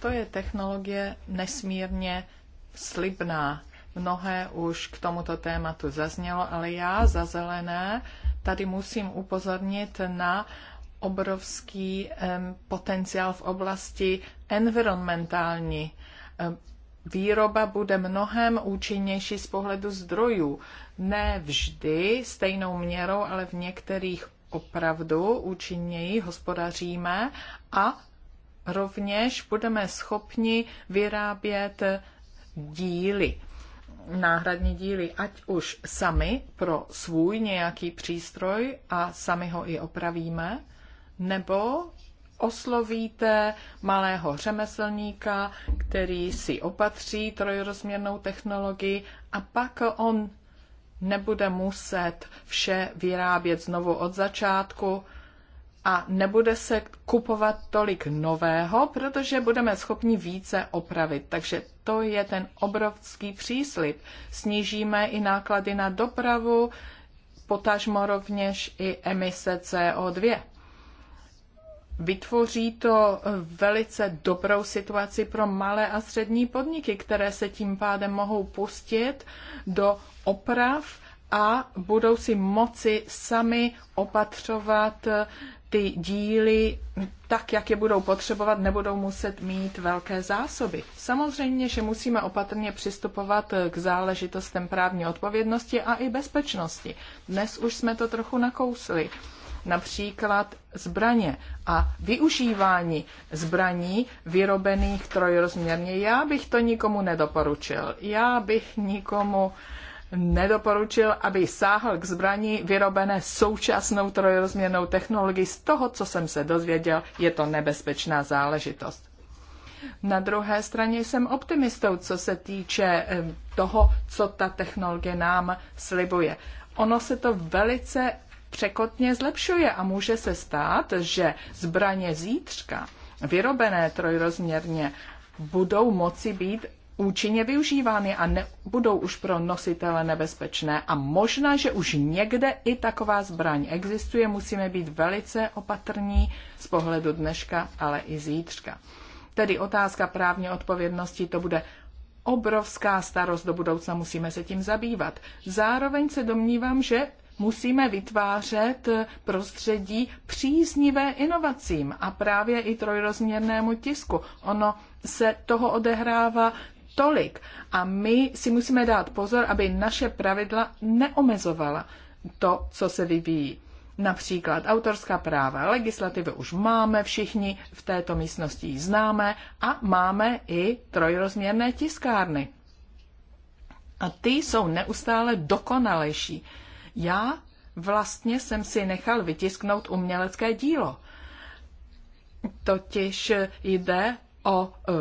to je technologie nesmírně slibná. Mnohé už k tomuto tématu zaznělo, ale já za zelené tady musím upozornit na obrovský potenciál v oblasti environmentální Ehm, výroba bude mnohem účinnější z pohledu zdrojů. Ne vždy stejnou měrou, ale v některých opravdu účinněji hospodaříme a rovněž budeme schopni vyrábět díly, náhradní díly, ať už sami pro svůj nějaký přístroj a sami ho i opravíme, nebo oslovíte malého řemeslníka, který si opatří trojrozměrnou technologii a pak on nebude muset vše vyrábět znovu od začátku a nebude se kupovat tolik nového, protože budeme schopni více opravit. Takže to je ten obrovský příslip. Snížíme i náklady na dopravu, potažmo rovněž i emise CO2. Vytvoří to velice dobrou situaci pro malé a střední podniky, které se tím pádem mohou pustit do oprav a budou si moci sami opatřovat ty díly tak, jak je budou potřebovat, nebudou muset mít velké zásoby. Samozřejmě, že musíme opatrně přistupovat k záležitostem právní odpovědnosti a i bezpečnosti. Dnes už jsme to trochu nakousli například zbraně a využívání zbraní vyrobených trojrozměrně. Já bych to nikomu nedoporučil. Já bych nikomu nedoporučil, aby sáhl k zbraní vyrobené současnou trojrozměrnou technologií. Z toho, co jsem se dozvěděl, je to nebezpečná záležitost. Na druhé straně jsem optimistou, co se týče eh, toho, co ta technologie nám slibuje. Ono se to velice překotně zlepšuje a může se stát, že zbraně zítřka, vyrobené trojrozměrně, budou moci být účinně využívány a nebudou už pro nositele nebezpečné. A možná, že už někde i taková zbraň existuje, musíme být velice opatrní z pohledu dneška, ale i zítřka. Tedy otázka právní odpovědnosti, to bude obrovská starost do budoucna, musíme se tím zabývat. Zároveň se domnívám, že musíme vytvářet prostředí příznivé inovacím a právě i trojrozměrnému tisku. Ono se toho odehrává tolik a my si musíme dát pozor, aby naše pravidla neomezovala to, co se vyvíjí. Například autorská práva, legislativu už máme, všichni v této místnosti ji známe a máme i trojrozměrné tiskárny. A ty jsou neustále dokonalejší. Já vlastně jsem si nechal vytisknout umělecké dílo. Totiž jde o e,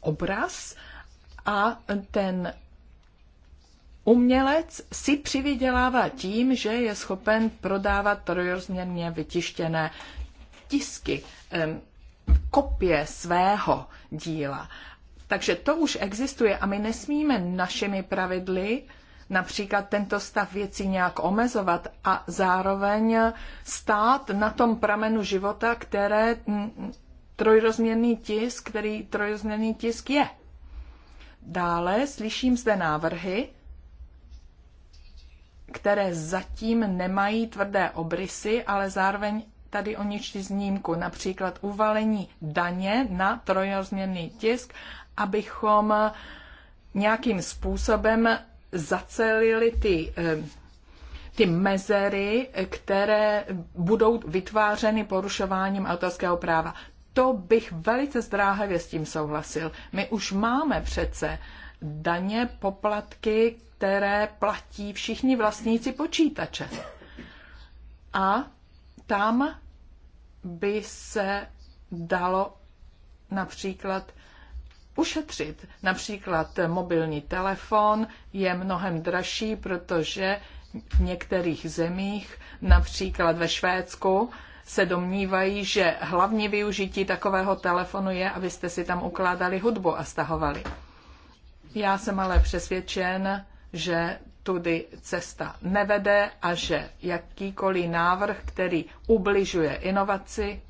obraz a ten umělec si přivydělává tím, že je schopen prodávat trojrozměrně vytištěné tisky, e, kopie svého díla. Takže to už existuje a my nesmíme našimi pravidly například tento stav věcí nějak omezovat a zároveň stát na tom pramenu života, které mm, trojrozměrný tisk, který trojrozměrný tisk je. Dále slyším zde návrhy, které zatím nemají tvrdé obrysy, ale zároveň tady o ničti znímku, například uvalení daně na trojrozměrný tisk, abychom nějakým způsobem zacelili ty, eh, ty mezery, které budou vytvářeny porušováním autorského práva. To bych velice zdráhavě s tím souhlasil. My už máme přece daně, poplatky, které platí všichni vlastníci počítače. A tam by se dalo například ušetřit. Například mobilní telefon je mnohem dražší, protože v některých zemích, například ve Švédsku, se domnívají, že hlavní využití takového telefonu je, abyste si tam ukládali hudbu a stahovali. Já jsem ale přesvědčen, že tudy cesta nevede a že jakýkoliv návrh, který ubližuje inovaci,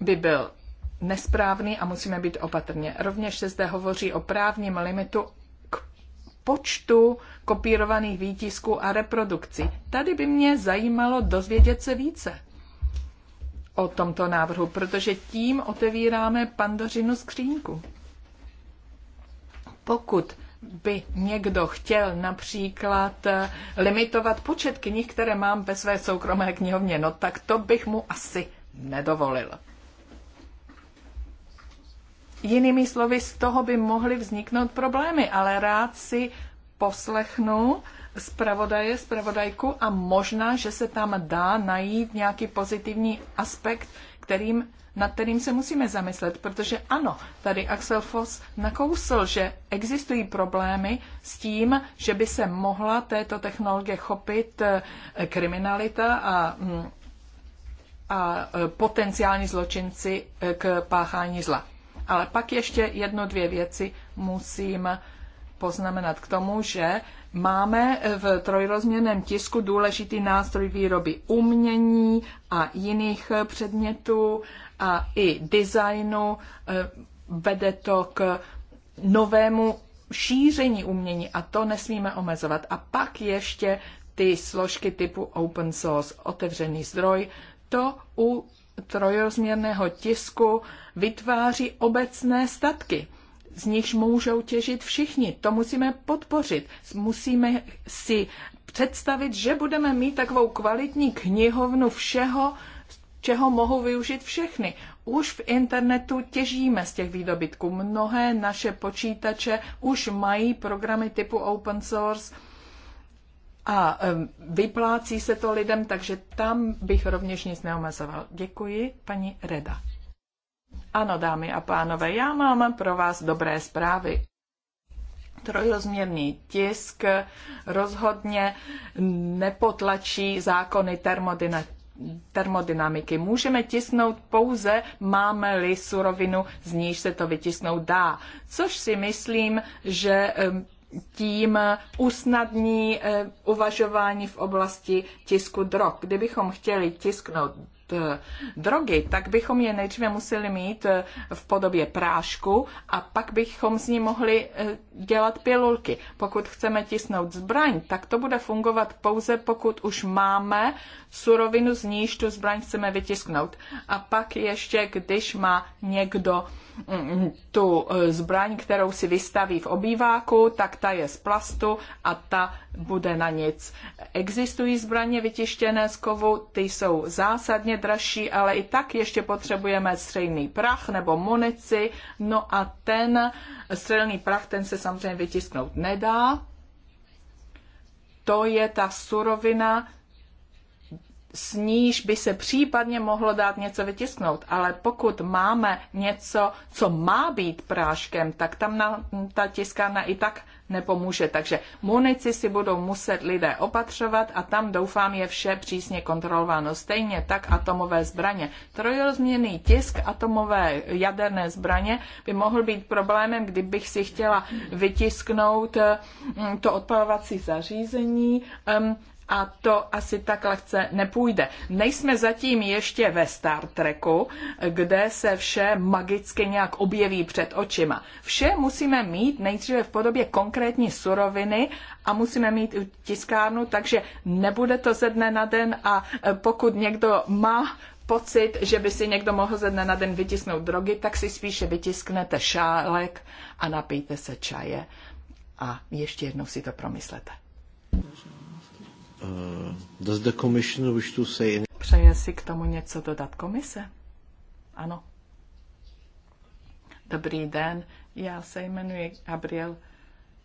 by byl nesprávný a musíme být opatrně. Rovněž se zde hovoří o právním limitu k počtu kopírovaných výtisků a reprodukcí. Tady by mě zajímalo dozvědět se více o tomto návrhu, protože tím otevíráme pandořinu skřínku. Pokud by někdo chtěl například eh, limitovat počet knih, které mám ve své soukromé knihovně, no tak to bych mu asi nedovolil. Jinými slovy, z toho by mohly vzniknout problémy, ale rád si poslechnu zpravodaje, zpravodajku a možná, že se tam dá najít nějaký pozitivní aspekt, kterým, nad kterým se musíme zamyslet, protože ano, tady Axel Foss nakousl, že existují problémy s tím, že by se mohla této technologie chopit eh, kriminalita a mm, a eh, potenciální zločinci eh, k páchání zla. Ale pak ještě jedno, dvě věci musím poznamenat k tomu, že máme v trojrozměrném tisku důležitý nástroj výroby umění a jiných předmětů a i designu. Eh, vede to k novému šíření umění a to nesmíme omezovat. A pak ještě ty složky typu open source, otevřený zdroj, to u trojrozměrného tisku vytváří obecné statky. Z nichž můžou těžit všichni. To musíme podpořit. Musíme si představit, že budeme mít takovou kvalitní knihovnu všeho, čeho mohou využít všechny. Už v internetu těžíme z těch výdobytků. Mnohé naše počítače už mají programy typu open source, a vyplácí se to lidem, takže tam bych rovněž nic neomezoval. Děkuji, paní Reda. Ano, dámy a pánové, já mám pro vás dobré zprávy. Trojrozměrný tisk rozhodně nepotlačí zákony termodynamiky termodynamiky. Můžeme tisknout pouze, máme-li surovinu, z níž se to vytisknout dá. Což si myslím, že tím usnadní eh, uvažování v oblasti tisku drog. Kdybychom chtěli tisknout eh, drogy, tak bychom je nejdříve museli mít eh, v podobě prášku a pak bychom z ní mohli dělat pilulky. Pokud chceme tisnout zbraň, tak to bude fungovat pouze pokud už máme surovinu, z níž tu zbraň chceme vytisknout. A pak ještě, když má někdo Mm, tu eh, zbraň, kterou si vystaví v obýváku, tak ta je z plastu a ta bude na nic. Existují zbraně vytištěné z kovu, ty jsou zásadně dražší, ale i tak ještě potřebujeme střelný prach nebo munici, no a ten střelný prach, ten se samozřejmě vytisknout nedá. To je ta surovina, s níž by se případně mohlo dát něco vytisknout. Ale pokud máme něco, co má být práškem, tak tam na, ta tiskárna i tak nepomůže. Takže munici si budou muset lidé opatřovat a tam doufám je vše přísně kontrolováno. Stejně tak atomové zbraně. Trojrozměný tisk atomové jaderné zbraně by mohl být problémem, kdybych si chtěla vytisknout mm, to odpalovací zařízení a to asi tak lehce nepůjde. Nejsme zatím ještě ve Star Treku, kde se vše magicky nějak objeví před očima. Vše musíme mít nejdříve v podobě konkrétní suroviny a musíme mít tiskárnu, takže nebude to ze dne na den a e, pokud někdo má pocit, že by si někdo mohl ze dne na den vytisknout drogy, tak si spíše vytisknete šálek a napijte se čaje. A ještě jednou si to promyslete. Uh, does the commission wish to say Přeje si k tomu něco dodat komise? Ano. Dobrý den, já se jmenuji Gabriel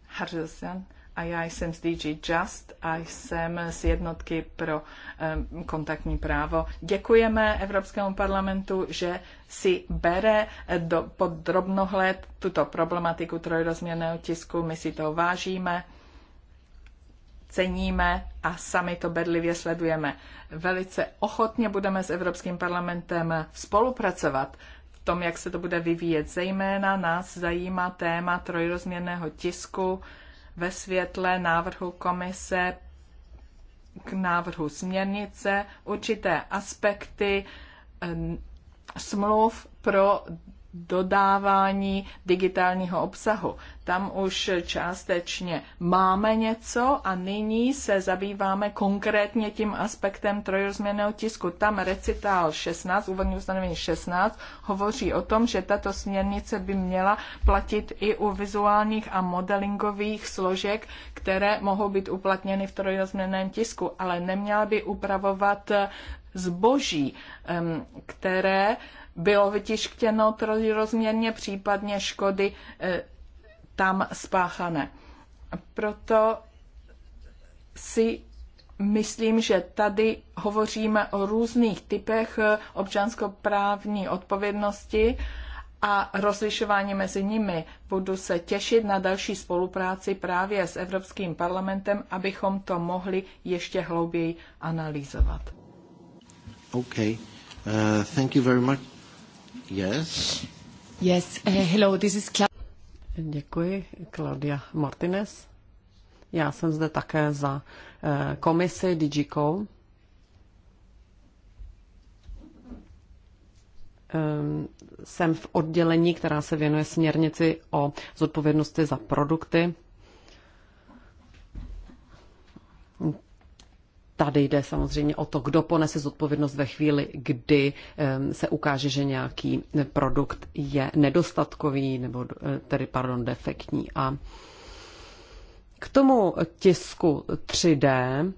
Harzelsen a já jsem z DG Just a jsem z jednotky pro um, kontaktní právo. Děkujeme Evropskému parlamentu, že si bere do, pod drobnohled tuto problematiku trojrozměrného tisku. My si to vážíme ceníme a sami to bedlivě sledujeme. Velice ochotně budeme s Evropským parlamentem spolupracovat v tom, jak se to bude vyvíjet. Zejména nás zajímá téma trojrozměrného tisku ve světle návrhu komise k návrhu směrnice, určité aspekty eh, smluv pro dodávání digitálního obsahu. Tam už částečně máme něco a nyní se zabýváme konkrétně tím aspektem trojrozměrného tisku. Tam recitál 16, úvodní ustanovení 16, hovoří o tom, že tato směrnice by měla platit i u vizuálních a modelingových složek, které mohou být uplatněny v trojrozměrném tisku, ale neměla by upravovat zboží, které bylo vytištěno trojrozměrně, případně škody eh, tam spáchané. Proto si myslím, že tady hovoříme o různých typech eh, občanskoprávní odpovědnosti a rozlišování mezi nimi. Budu se těšit na další spolupráci právě s Evropským parlamentem, abychom to mohli ještě hlouběji analyzovat. Okay. Uh, thank you very much. Yes. Yes. Uh, hello, this is Cla- Děkuji, Claudia Martinez. Já jsem zde také za uh, komisi DigiCo. Um, ehm, jsem v oddělení, která se věnuje směrnici o zodpovědnosti za produkty. Tady jde samozřejmě o to, kdo ponese zodpovědnost ve chvíli, kdy se ukáže, že nějaký produkt je nedostatkový nebo eh, tedy, pardon, defektní. A k tomu tisku 3D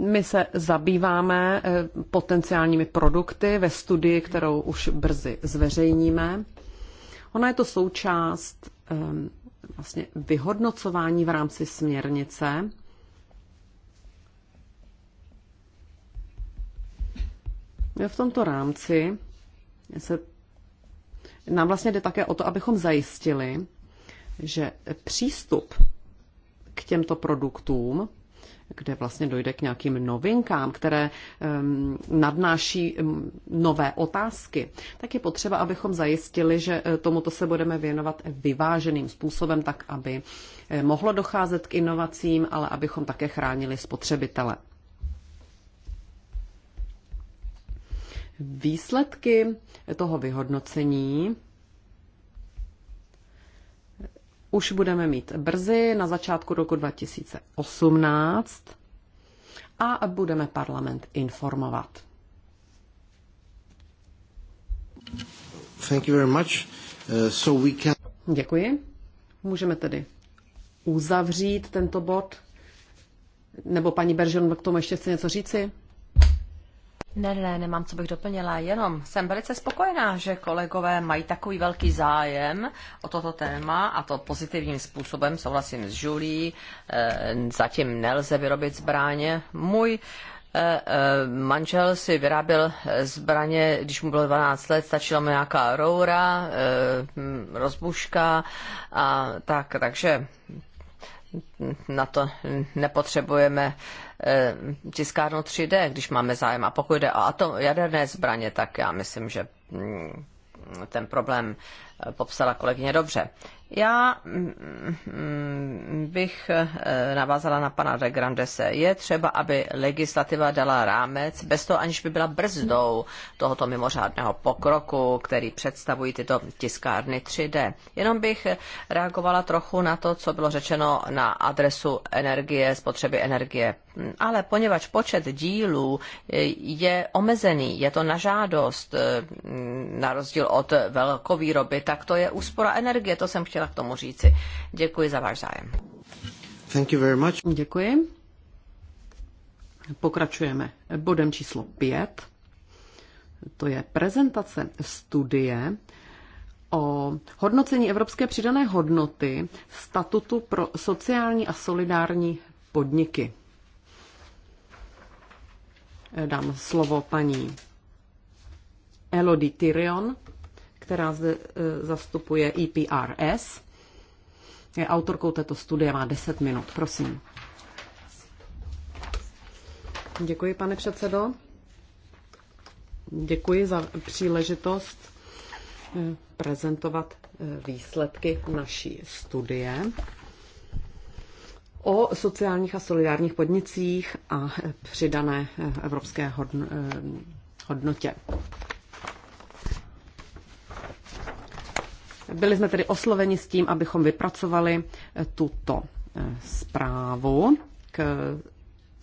my se zabýváme eh, potenciálními produkty ve studii, kterou už brzy zveřejníme. Ona je to součást vlastně vyhodnocování v rámci směrnice. V tomto rámci se nám vlastně jde také o to, abychom zajistili, že přístup k těmto produktům kde vlastně dojde k nějakým novinkám, které nadnáší nové otázky, tak je potřeba, abychom zajistili, že eh, tomuto se budeme věnovat vyváženým způsobem, tak aby eh, mohlo docházet k inovacím, ale abychom také chránili spotřebitele. Výsledky toho vyhodnocení už budeme mít brzy na začátku roku 2018 a budeme parlament informovat. Thank you very much. Uh, so we can... Děkuji. Můžeme tedy uzavřít tento bod. Nebo paní Beržon k tomu ještě chce něco říci? Ne, ne, nemám, co bych doplnila, jenom jsem velice spokojená, že kolegové mají takový velký zájem o toto téma a to pozitivním způsobem, souhlasím s Žulí, e, eh, zatím nelze vyrobit zbraně. Můj eh, eh, manžel si vyráběl zbraně, když mu bylo 12 let, stačila mu nějaká roura, hm, rozbuška a tak, takže na to nepotřebujeme Eh, tiskárnu 3D, když máme zájem. A pokud jde o atom, jaderné zbraně, tak já myslím, že mm, ten problém popsala kolegyně dobře. Já mm, mm, bych eh, navázala na pana de Grandese. Je třeba, aby legislativa dala rámec, bez toho aniž by byla brzdou tohoto mimořádného pokroku, který představují tyto tiskárny 3D. Jenom bych reagovala trochu na to, co bylo řečeno na adresu energie, spotřeby energie. Ale poněvadž počet dílů eh, je omezený, je to na žádost, eh, na rozdíl od velkovýroby, tak to je úspora energie, to jsem chtěla k tomu říci. Děkuji za váš zájem. Thank you very much. Děkuji. Pokračujeme bodem číslo 5. To je prezentace studie o hodnocení evropské přidané hodnoty statutu pro sociální a solidární podniky. Dám slovo paní Elodie Tyrion, která zde e, zastupuje EPRS. Je autorkou této studie, má 10 minut, prosím. Děkuji, pane předsedo. Děkuji za příležitost e, prezentovat e, výsledky naší studie o sociálních a solidárních podnicích a přidané evropské hodnotě. Byli jsme tedy osloveni s tím, abychom vypracovali eh, tuto eh, zprávu k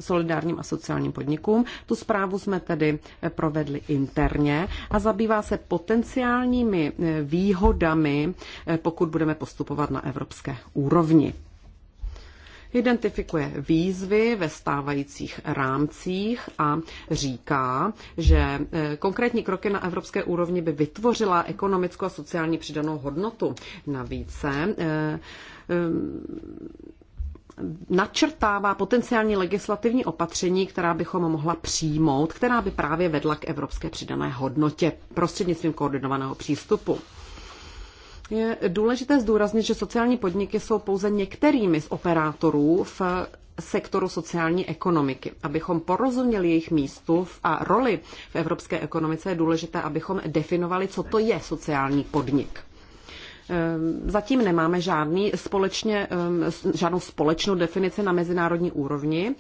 solidárním a sociálním podnikům. Tu zprávu jsme tedy eh, provedli interně a zabývá se potenciálními výhodami, pokud budeme postupovat na evropské úrovni identifikuje výzvy ve stávajících rámcích a říká, že e, konkrétní kroky na evropské úrovni by vytvořila ekonomickou a sociální přidanou hodnotu. Navíc e, e, načrtává potenciální legislativní opatření, která bychom mohla přijmout, která by právě vedla k evropské přidané hodnotě prostřednictvím koordinovaného přístupu. Je důležité zdůraznit, že sociální podniky jsou pouze některými z operátorů v sektoru sociální ekonomiky. Abychom porozuměli jejich místu a roli v evropské ekonomice, je důležité, abychom definovali, co to je sociální podnik. Ehm, zatím nemáme žádný společně, ehm, žádnou společnou definici na mezinárodní úrovni,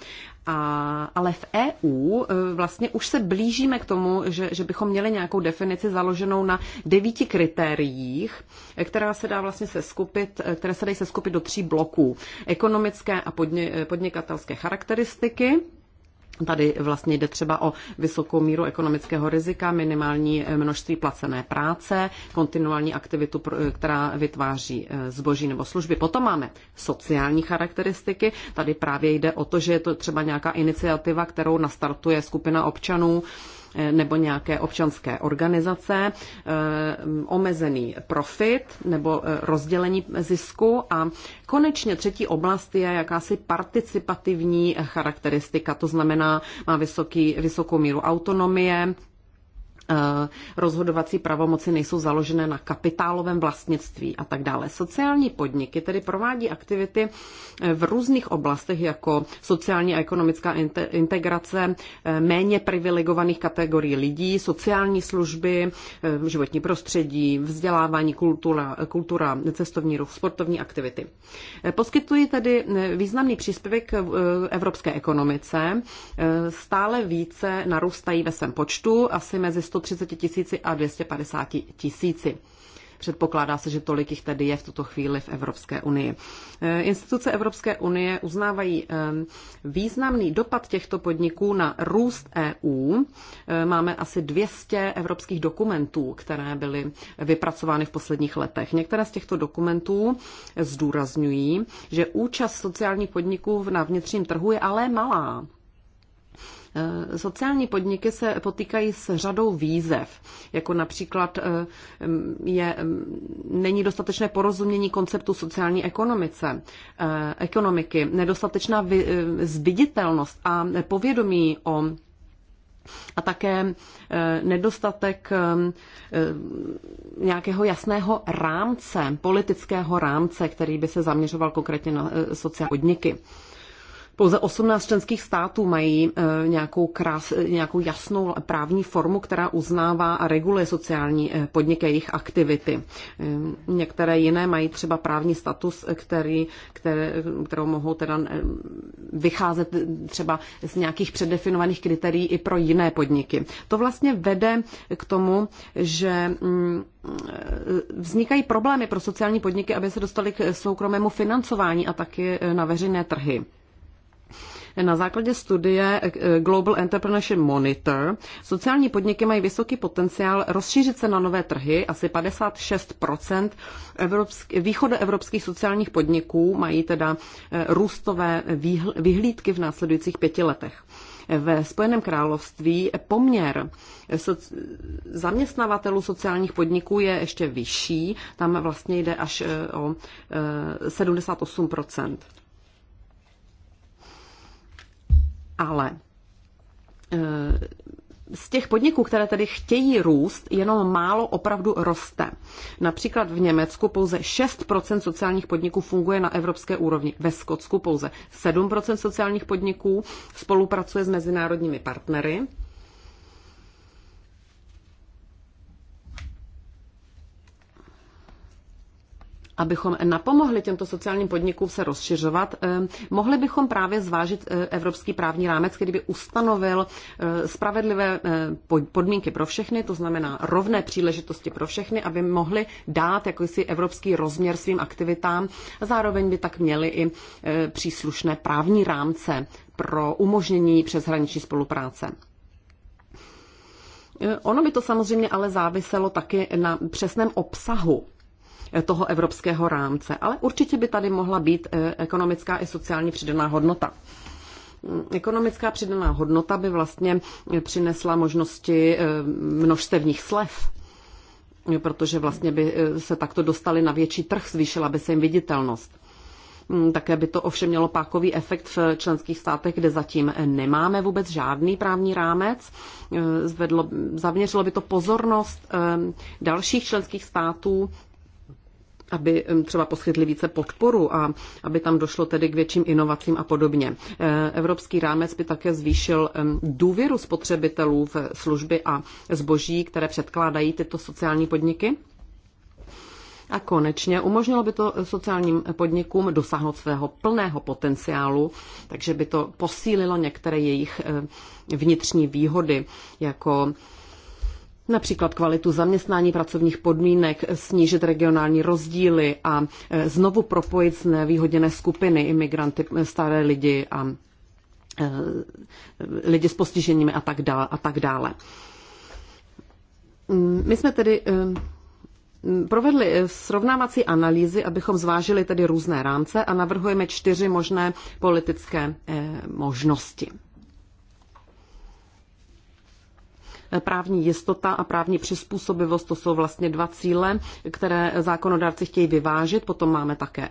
a, ale v EU eh, vlastně už se blížíme k tomu, že, že bychom měli nějakou definici založenou na devíti kritériích, eh, která se dá vlastně seskupit, eh, které se dají seskupit do tří bloků. Ekonomické a podnikatelské charakteristiky, Tady vlastně jde třeba o vysokou míru ekonomického rizika, minimální eh, množství placené práce, kontinuální aktivitu, eh, která vytváří eh, zboží nebo služby. Potom máme sociální charakteristiky. Tady právě jde o to, že je to třeba nějaká iniciativa, kterou nastartuje skupina občanů, Eh, nebo nějaké občanské organizace, eh, omezený profit nebo eh, rozdělení zisku a konečně třetí oblast je jakási participativní charakteristika, to znamená má vysoký, vysokou míru autonomie, Eh, rozhodovací pravomoci nejsou založené na kapitálovém vlastnictví a tak dále. Sociální podniky tedy provádí aktivity eh, v různých oblastech, jako sociální a ekonomická integrace eh, méně privilegovaných kategorií lidí, sociální služby, životní prostředí, vzdělávání, kultura, kultura cestovní ruch, sportovní aktivity. Poskytují tedy významný příspěvek evropské ekonomice, stále více narůstají ve svém počtu, asi mezi 100 130 tisíci a 250 tisíci. Předpokládá se, že tolik jich tedy je v tuto chvíli v Evropské unii. Eh, instituce Evropské unie uznávají eh, významný dopad těchto podniků na růst EU. Eh, máme asi 200 evropských dokumentů, které byly vypracovány v posledních letech. Některé z těchto dokumentů zdůrazňují, že účast sociálních podniků na vnitřním trhu je ale malá. Eh, sociální podniky se potýkají s řadou výzev, jako například eh, je, není dostatečné porozumění konceptu sociální ekonomice, eh, ekonomiky, nedostatečná zviditelnost a povědomí o a také nedostatek nějakého jasného rámce, politického rámce, který by se zaměřoval konkrétně na sociální podniky. Pouze 18 členských států mají e, nějakou, krás, nějakou jasnou právní formu, která uznává a reguluje sociální e, podniky a jejich aktivity. E, některé jiné mají třeba právní status, který, které, kterou mohou teda vycházet třeba z nějakých předdefinovaných kritérií i pro jiné podniky. To vlastně vede k tomu, že mm, vznikají problémy pro sociální podniky, aby se dostali k soukromému financování a taky na veřejné trhy. Na základě studie eh, eh, Global Entrepreneurship Monitor sociální podniky mají vysoký potenciál rozšířit se na nové trhy. Asi 56 evropsk- východoevropských sociálních podniků mají teda eh, růstové vyhlídky v následujících pěti letech ve Spojeném království poměr soc- zaměstnavatelů sociálních podniků je ještě vyšší, tam vlastně jde až o 78 Ale eh, z těch podniků, které tedy chtějí růst, jenom málo opravdu roste. Například v Německu pouze 6% sociálních podniků funguje na evropské úrovni. Ve Skotsku pouze 7% sociálních podniků spolupracuje s mezinárodními partnery abychom napomohli těmto sociálním podnikům se rozšiřovat, eh, mohli bychom právě zvážit eh, evropský právní rámec, který by ustanovil eh, spravedlivé podmínky pro všechny, to znamená rovné příležitosti pro všechny, aby mohli dát jakýsi evropský rozměr svým aktivitám. Zároveň by tak měli i příslušné právní rámce pro umožnění přeshraniční spolupráce. Ono by to samozřejmě ale záviselo taky na přesném obsahu toho evropského rámce. Ale určitě by tady mohla být eh, ekonomická i sociální přidaná hodnota. Mm, ekonomická přidaná hodnota by vlastně eh, přinesla možnosti eh, množstevních slev, protože vlastně by se takto dostali na větší trh, zvýšila by se jim viditelnost. Mm, také by to ovšem mělo pákový efekt v členských státech, kde zatím nemáme vůbec žádný právní rámec. Zvedlo, zaměřilo by to pozornost dalších členských států aby třeba poskytli více podporu a aby tam došlo tedy k větším inovacím a podobně. E, Evropský rámec by také zvýšil důvěru spotřebitelů v služby a zboží, které předkládají tyto sociální podniky. A konečně umožnilo by to sociálním podnikům dosáhnout svého plného potenciálu, takže by to posílilo některé jejich vnitřní výhody, jako například kvalitu zaměstnání pracovních podmínek, snížit regionální rozdíly a e, znovu propojit z nevýhodněné skupiny imigranty, staré lidi a e, lidi s postiženími a tak dále. A tak dále. Mm, my jsme tedy e, provedli srovnávací analýzy, abychom zvážili tedy různé rámce a navrhujeme čtyři možné politické možnosti. Právní jistota a právní přizpůsobivost, to jsou vlastně dva cíle, které zákonodárci chtějí vyvážit. Potom máme také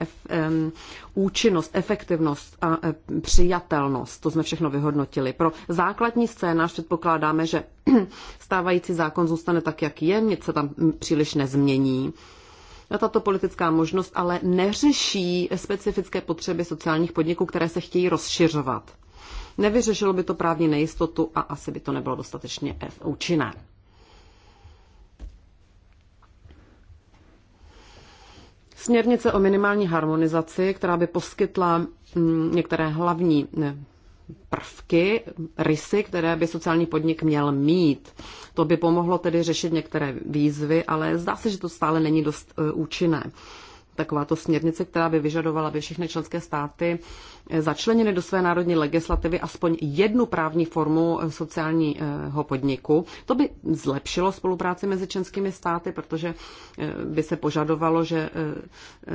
účinnost, efektivnost a e, přijatelnost. To jsme všechno vyhodnotili. Pro základní scénář předpokládáme, že stávající zákon zůstane tak, jak je, nic se tam příliš nezmění. Tato politická možnost ale neřeší specifické potřeby sociálních podniků, které se chtějí rozšiřovat nevyřešilo by to právní nejistotu a asi by to nebylo dostatečně eh, účinné. Směrnice o minimální harmonizaci, která by poskytla mm, některé hlavní prvky, rysy, které by sociální podnik měl mít. To by pomohlo tedy řešit některé výzvy, ale zdá se, že to stále není dost eh, účinné takováto směrnice, která by vyžadovala, aby všechny členské státy začleněny do své národní legislativy aspoň jednu právní formu sociálního podniku. To by zlepšilo spolupráci mezi členskými státy, protože eh, by se požadovalo, že eh, eh,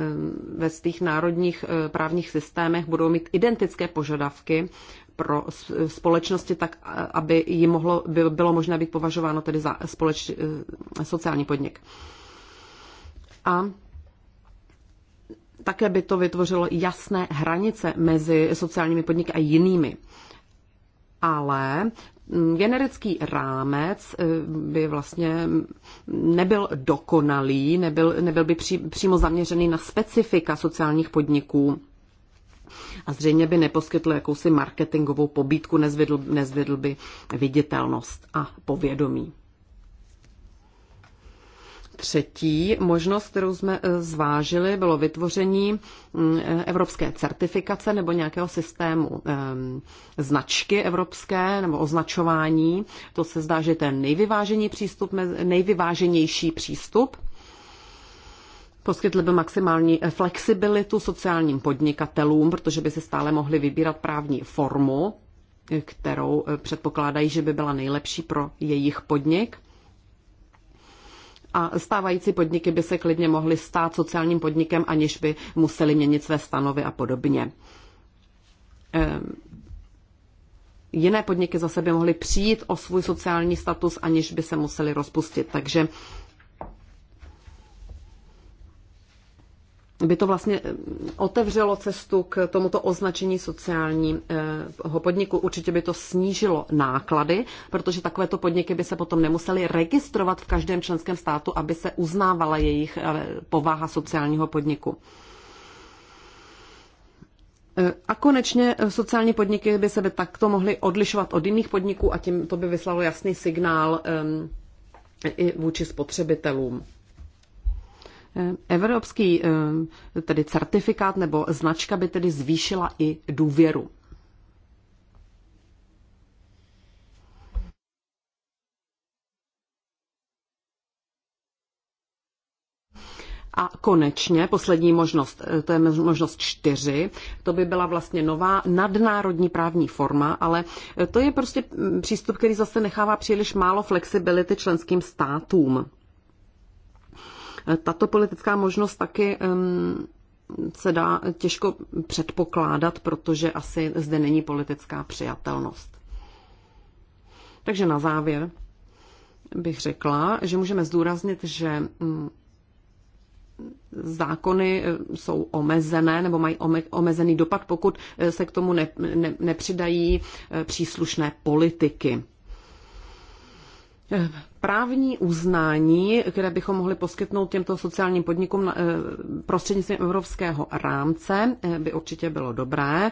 ve svých národních právních systémech budou mít identické požadavky pro společnosti, tak aby jim mohlo, by bylo možné být považováno tedy za společ, sociální podnik. A také by to vytvořilo jasné hranice mezi sociálními podniky a jinými. Ale mm, generický rámec eh, by vlastně nebyl dokonalý, nebyl, nebyl by pří, přímo zaměřený na specifika sociálních podniků a zřejmě by neposkytl jakousi marketingovou pobídku, nezvedl, nezvedl by viditelnost a povědomí. Třetí možnost, kterou jsme e, zvážili, bylo vytvoření e, evropské certifikace nebo nějakého systému e, značky evropské nebo označování. To se zdá, že ten nejvyváženější přístup, nejvyváženější přístup. Poskytli by maximální flexibilitu sociálním podnikatelům, protože by si stále mohli vybírat právní formu, kterou předpokládají, že by byla nejlepší pro jejich podnik a stávající podniky by se klidně mohly stát sociálním podnikem, aniž by museli měnit své stanovy a podobně. Ehm, jiné podniky za sebe mohly přijít o svůj sociální status, aniž by se museli rozpustit. Takže by to vlastně eh, otevřelo cestu k tomuto označení sociálního eh, podniku. Určitě by to snížilo náklady, protože takovéto podniky by se potom nemusely registrovat v každém členském státu, aby se uznávala jejich eh, povaha sociálního podniku. A konečně sociální podniky by se by takto mohly odlišovat od jiných podniků a tím to by vyslalo jasný signál um, i vůči spotřebitelům. Evropský eh, tedy certifikát nebo značka by tedy zvýšila i důvěru. A konečně poslední možnost, eh, to je možnost čtyři, to by byla vlastně nová nadnárodní právní forma, ale eh, to je prostě mm, přístup, který zase nechává příliš málo flexibility členským státům. Tato politická možnost taky se dá těžko předpokládat, protože asi zde není politická přijatelnost. Takže na závěr bych řekla, že můžeme zdůraznit, že mm, zákony e, jsou omezené nebo mají omezený dopad, pokud e, se k tomu ne, ne, nepřidají e, příslušné politiky. Eh, právní uznání, které bychom mohli poskytnout těmto sociálním podnikům eh, prostřednictvím evropského rámce, eh, by určitě bylo dobré.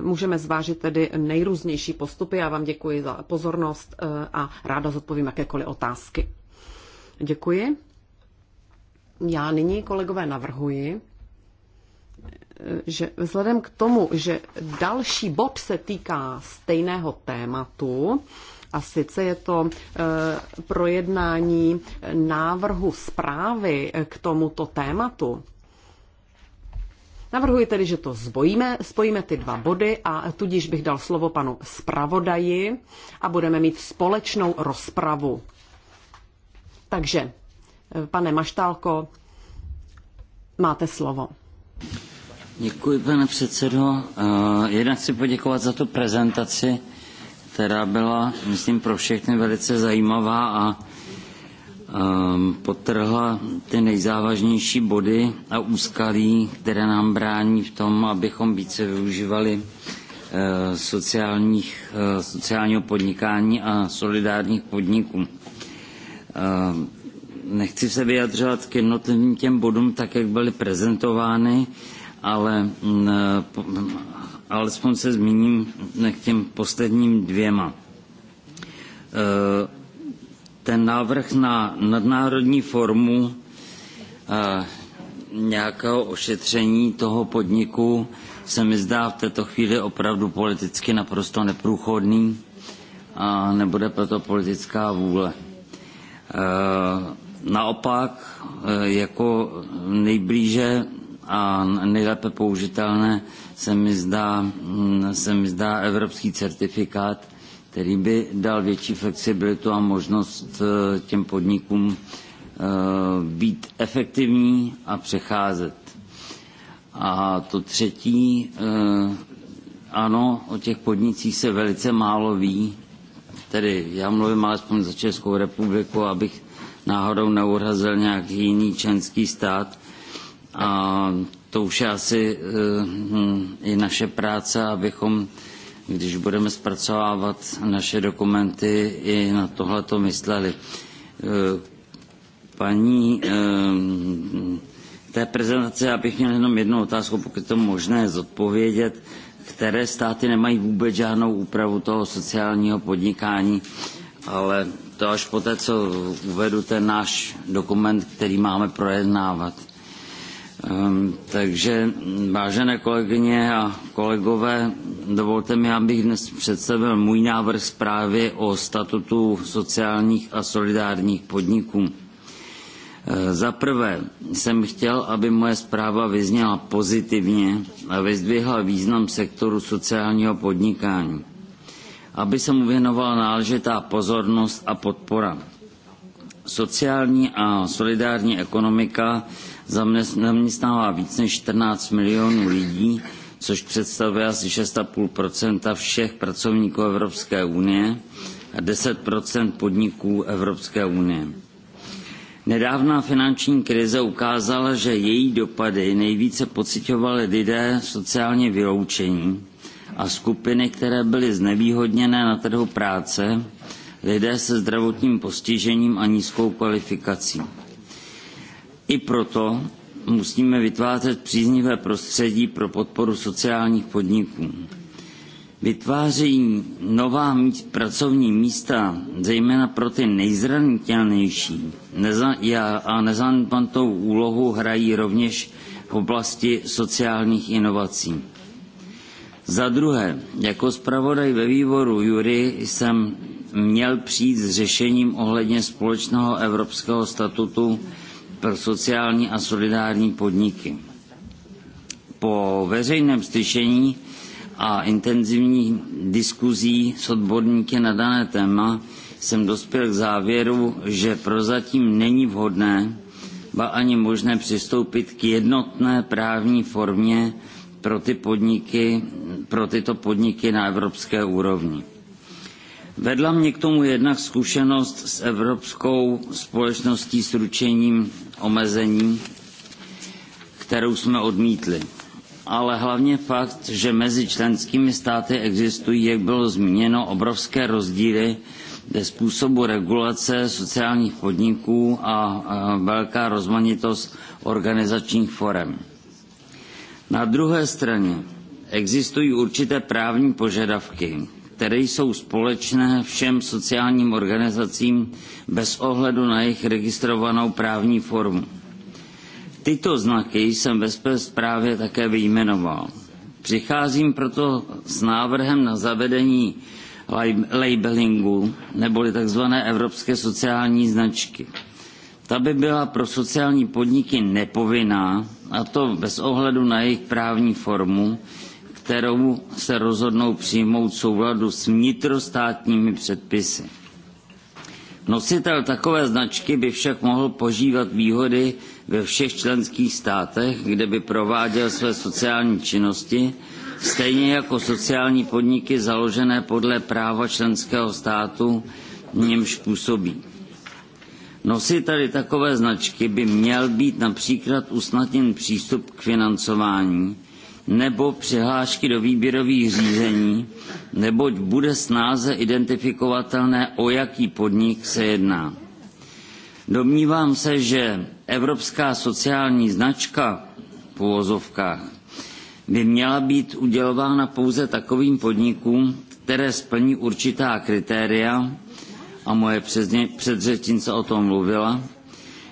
Můžeme zvážit tedy nejrůznější postupy. Já vám děkuji za pozornost a ráda zodpovím jakékoliv otázky. Děkuji. Já nyní, kolegové, navrhuji, že vzhledem k tomu, že další bod se týká stejného tématu, a sice je to e, projednání návrhu zprávy k tomuto tématu. Navrhuji tedy, že to zbojíme, spojíme ty dva body a tudíž bych dal slovo panu zpravodaji a budeme mít společnou rozpravu. Takže, e, pane Maštálko, máte slovo. Děkuji, pane předsedo. E, jednak chci poděkovat za tu prezentaci která byla, myslím, pro všechny velice zajímavá a um, potrhla ty nejzávažnější body a úskalí, které nám brání v tom, abychom více využívali uh, sociálních, uh, sociálního podnikání a solidárních podniků. Uh, nechci se vyjadřovat k jednotlivým těm bodům, tak jak byly prezentovány, ale mm, uh, alespoň se zmíním k těm posledním dvěma. E, ten návrh na nadnárodní formu e, nějakého ošetření toho podniku se mi zdá v této chvíli opravdu politicky naprosto neprůchodný a nebude proto politická vůle. E, naopak, jako nejblíže a nejlépe použitelné se mi zdá, mm, se mi zdá evropský certifikát, který by dal větší flexibilitu a možnost eh, těm podnikům eh, být efektivní a přecházet. A to třetí, eh, ano, o těch podnicích se velice málo ví, tedy já mluvím alespoň za Českou republiku, abych náhodou neurazil nějaký jiný členský stát. A to už je asi eh, hm, i naše práce, abychom, když budeme zpracovávat naše dokumenty, i na tohle to mysleli. Eh, paní eh, té prezentace já bych měl jenom jednu otázku, pokud to možné zodpovědět, které státy nemají vůbec žádnou úpravu toho sociálního podnikání, ale to až poté, co uvedu ten náš dokument, který máme projednávat. Takže vážené kolegyně a kolegové, dovolte mi, abych dnes představil můj návrh zprávy o statutu sociálních a solidárních podniků. Za prvé jsem chtěl, aby moje zpráva vyzněla pozitivně a vyzdvihla význam sektoru sociálního podnikání, aby se mu věnovala náležitá pozornost a podpora. Sociální a solidární ekonomika zaměstnává více než 14 milionů lidí, což představuje asi 6,5 všech pracovníků Evropské unie a 10 podniků Evropské unie. Nedávná finanční krize ukázala, že její dopady nejvíce pocitovaly lidé sociálně vyloučení a skupiny, které byly znevýhodněné na trhu práce, lidé se zdravotním postižením a nízkou kvalifikací. I proto musíme vytvářet příznivé prostředí pro podporu sociálních podniků. Vytvářejí nová míst, pracovní místa, zejména pro ty nejzranitelnější, neza, a nezanedbanou úlohu hrají rovněž v oblasti sociálních inovací. Za druhé, jako zpravodaj ve výboru Jury jsem měl přijít s řešením ohledně společného evropského statutu pro sociální a solidární podniky. Po veřejném slyšení a intenzivní diskuzí s odborníky na dané téma jsem dospěl k závěru, že prozatím není vhodné, ba ani možné přistoupit k jednotné právní formě pro, ty podniky, pro tyto podniky na evropské úrovni Vedla mě k tomu jednak zkušenost s Evropskou společností s ručením omezení, kterou jsme odmítli. Ale hlavně fakt, že mezi členskými státy existují, jak bylo zmíněno, obrovské rozdíly ve způsobu regulace sociálních podniků a velká rozmanitost organizačních forem. Na druhé straně existují určité právní požadavky, které jsou společné všem sociálním organizacím bez ohledu na jejich registrovanou právní formu. Tyto znaky jsem ve své zprávě také vyjmenoval. Přicházím proto s návrhem na zavedení labelingu neboli tzv. evropské sociální značky. Ta by byla pro sociální podniky nepovinná, a to bez ohledu na jejich právní formu, kterou se rozhodnou přijmout v souladu s vnitrostátními předpisy. Nositel takové značky by však mohl požívat výhody ve všech členských státech, kde by prováděl své sociální činnosti, stejně jako sociální podniky založené podle práva členského státu, v němž působí. Nositeli takové značky by měl být například usnadněn přístup k financování, nebo přihlášky do výběrových řízení, neboť bude snáze identifikovatelné, o jaký podnik se jedná. Domnívám se, že evropská sociální značka v uvozovkách by měla být udělována pouze takovým podnikům, které splní určitá kritéria, a moje předřečnice o tom mluvila,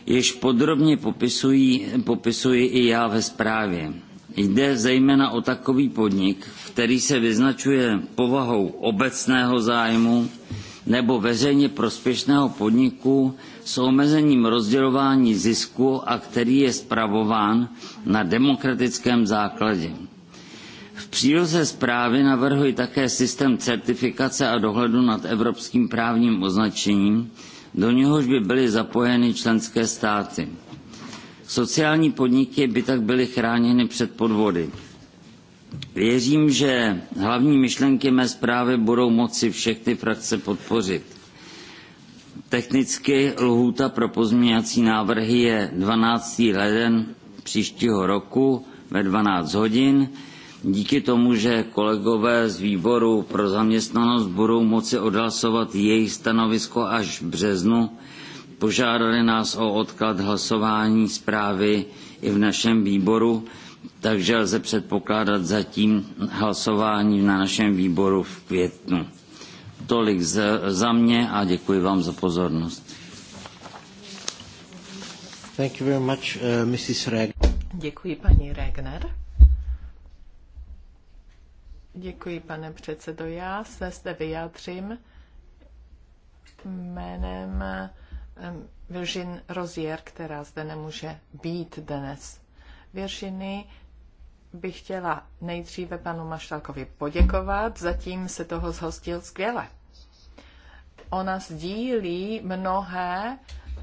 jež podrobně popisuji, popisuji i já ve zprávě. Jde zejména o takový podnik, který se vyznačuje povahou obecného zájmu nebo veřejně prospěšného podniku s omezením rozdělování zisku a který je spravován na demokratickém základě. V příloze zprávy navrhuji také systém certifikace a dohledu nad evropským právním označením, do něhož by byly zapojeny členské státy. Sociální podniky by tak byly chráněny před podvody. Věřím, že hlavní myšlenky mé zprávy budou moci všechny frakce podpořit. Technicky lhůta pro pozměňovací návrhy je 12. leden příštího roku ve 12 hodin. Díky tomu, že kolegové z výboru pro zaměstnanost budou moci odhlasovat jejich stanovisko až v březnu, Požádali nás o odklad hlasování zprávy i v našem výboru, takže lze předpokládat zatím hlasování na našem výboru v květnu. Tolik za mě a děkuji vám za pozornost. Thank you very much, uh, Mrs. Děkuji, paní Regner. Děkuji, pane předsedo. Já se zde vyjádřím jménem uh, Virgin Rozier, která zde nemůže být dnes. Virginie bych chtěla nejdříve panu Maštalkovi poděkovat, zatím se toho zhostil skvěle. Ona sdílí mnohé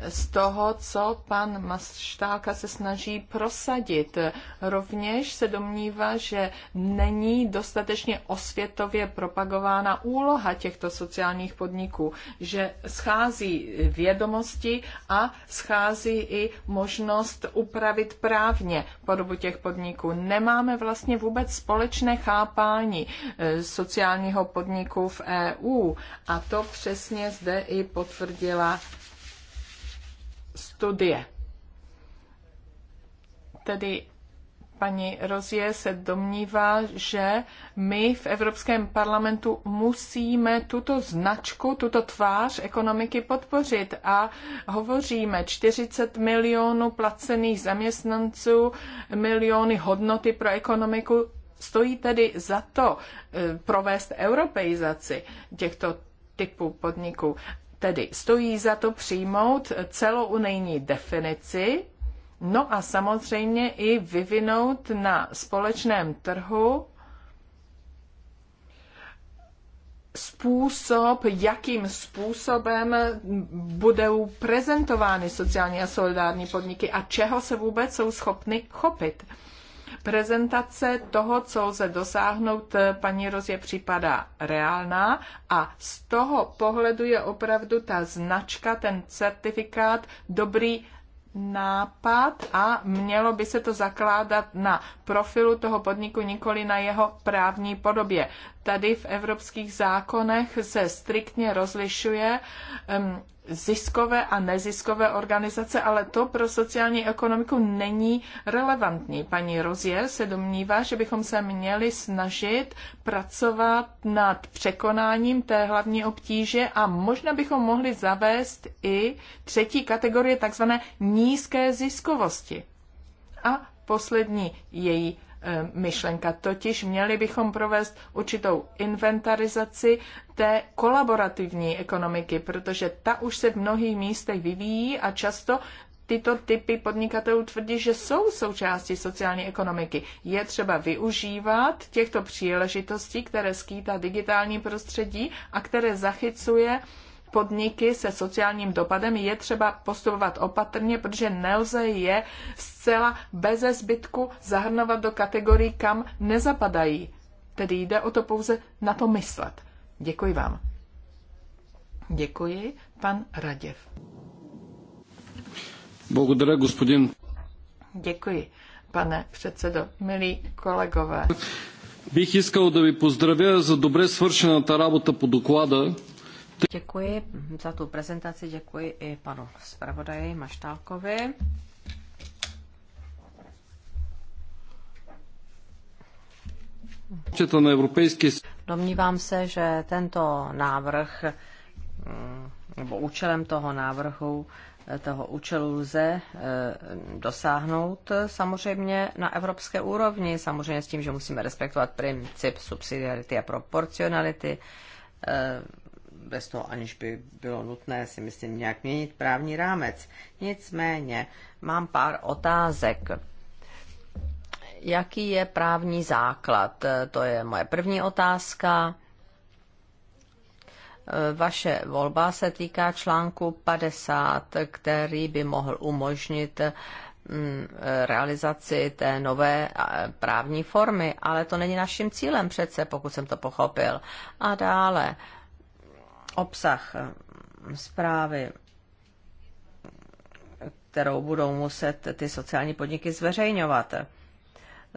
z toho, co pan Maštálka se snaží prosadit. Rovněž se domnívá, že není dostatečně osvětově propagována úloha těchto sociálních podniků, že schází vědomosti a schází i možnost upravit právně podobu těch podniků. Nemáme vlastně vůbec společné chápání eh, sociálního podniku v EU a to přesně zde i potvrdila studie. Tedy paní Rozie se domnívá, že my v Evropském parlamentu musíme tuto značku, tuto tvář ekonomiky podpořit a hovoříme 40 milionů placených zaměstnanců, miliony hodnoty pro ekonomiku. Stojí tedy za to eh, provést europeizaci těchto typu podniků. Tedy stojí za to přijmout unijní definici, no a samozřejmě i vyvinout na společném trhu způsob, jakým způsobem budou prezentovány sociální a solidární podniky a čeho se vůbec jsou schopny chopit. Prezentace toho, co lze dosáhnout, eh, paní Rozě připadá reálná a z toho pohledu je opravdu ta značka, ten certifikát dobrý nápad a mělo by se to zakládat na profilu toho podniku, nikoli na jeho právní podobě. Tady v evropských zákonech se striktně rozlišuje ziskové a neziskové organizace, ale to pro sociální ekonomiku není relevantní. Paní Rozier se domnívá, že bychom se měli snažit pracovat nad překonáním té hlavní obtíže a možná bychom mohli zavést i třetí kategorie takzvané nízké ziskovosti. A poslední její E, myšlenka. Totiž měli bychom provést určitou inventarizaci té kolaborativní ekonomiky, protože ta už se v mnohých místech vyvíjí a často tyto typy podnikatelů tvrdí, že jsou součástí sociální ekonomiky. Je třeba využívat těchto příležitostí, které skýtá digitální prostředí a které zachycuje uh, podniky se sociálním dopadem je třeba postupovat opatrně, protože nelze je zcela beze zbytku zahrnovat do kategorií, kam nezapadají. Tedy jde o to pouze na to myslet. Děkuji vám. Děkuji, pan Raděv. Благодаря, господин. Děkuji, pane předsedo, milí kolegové. Bych chtěl, aby pozdravil za dobře добре свършената работа по доклада. Děkuji za tu prezentaci, děkuji i panu zpravodaji Maštálkovi. Domnívám se, že tento návrh mm, nebo účelem toho návrhu, toho účelu lze e, dosáhnout samozřejmě na evropské úrovni, samozřejmě s tím, že musíme respektovat princip subsidiarity a proporcionality e, bez toho aniž by bylo nutné si myslím nějak měnit právní rámec. Nicméně mám pár otázek. Jaký je právní základ? To je moje první otázka. Vaše volba se týká článku 50, který by mohl umožnit mm, realizaci té nové právní formy, ale to není naším cílem přece, pokud jsem to pochopil. A dále obsah eh, zprávy, kterou budou muset ty sociální podniky zveřejňovat.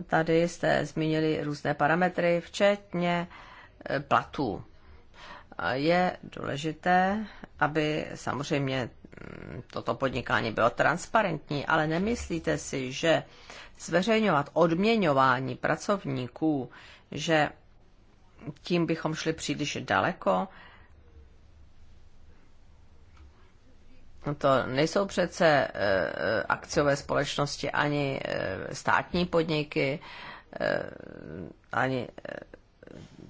Tady jste zmínili různé parametry, včetně eh, platů. Je důležité, aby samozřejmě mm, toto podnikání bylo transparentní, ale nemyslíte si, že zveřejňovat odměňování pracovníků, že tím bychom šli příliš daleko, No to nejsou přece e, e, akciové společnosti ani e, státní podniky, ani,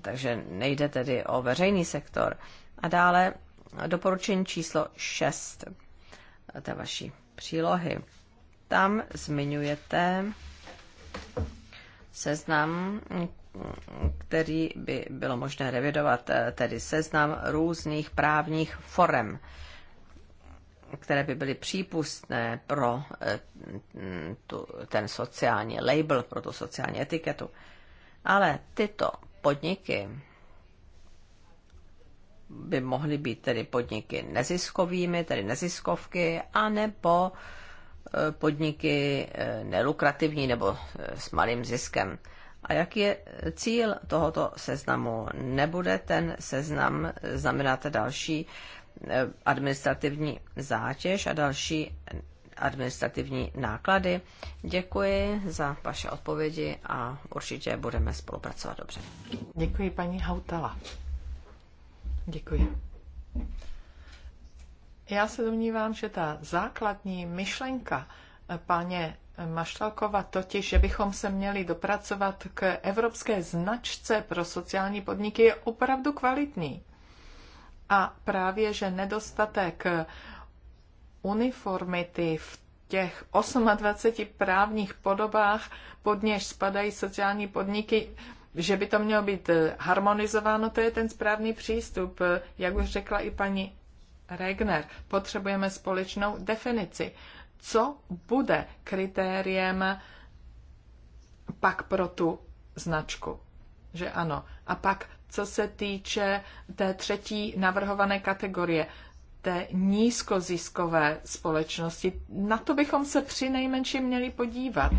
takže nejde tedy o veřejný sektor. A dále doporučení číslo 6 té vaší přílohy. Tam zmiňujete seznam, který by bylo možné revidovat, tedy seznam různých právních forem které by byly přípustné pro eh, mm, tu, ten sociální label, pro tu sociální etiketu. Ale tyto podniky by mohly být tedy podniky neziskovými, tedy neziskovky, anebo eh, podniky eh, nelukrativní nebo s malým ziskem. A jaký je cíl tohoto seznamu? Nebude ten seznam znamenat další administrativní zátěž a další administrativní náklady. Děkuji za vaše odpovědi a určitě budeme spolupracovat dobře. Děkuji paní Hautala. Děkuji. Já se domnívám, že ta základní myšlenka, eh, paně Maštalkova, totiž, že bychom se měli dopracovat k evropské značce pro sociální podniky, je opravdu kvalitní. A právě, že nedostatek uniformity v těch 28 právních podobách, pod něž spadají sociální podniky, že by to mělo být eh, harmonizováno, to je ten správný přístup. Eh, jak už řekla i paní Regner, potřebujeme společnou definici. Co bude kritériem pak pro tu značku? Že ano. A pak co se týče té třetí navrhované kategorie, té nízkoziskové společnosti. Na to bychom se při nejmenším měli podívat.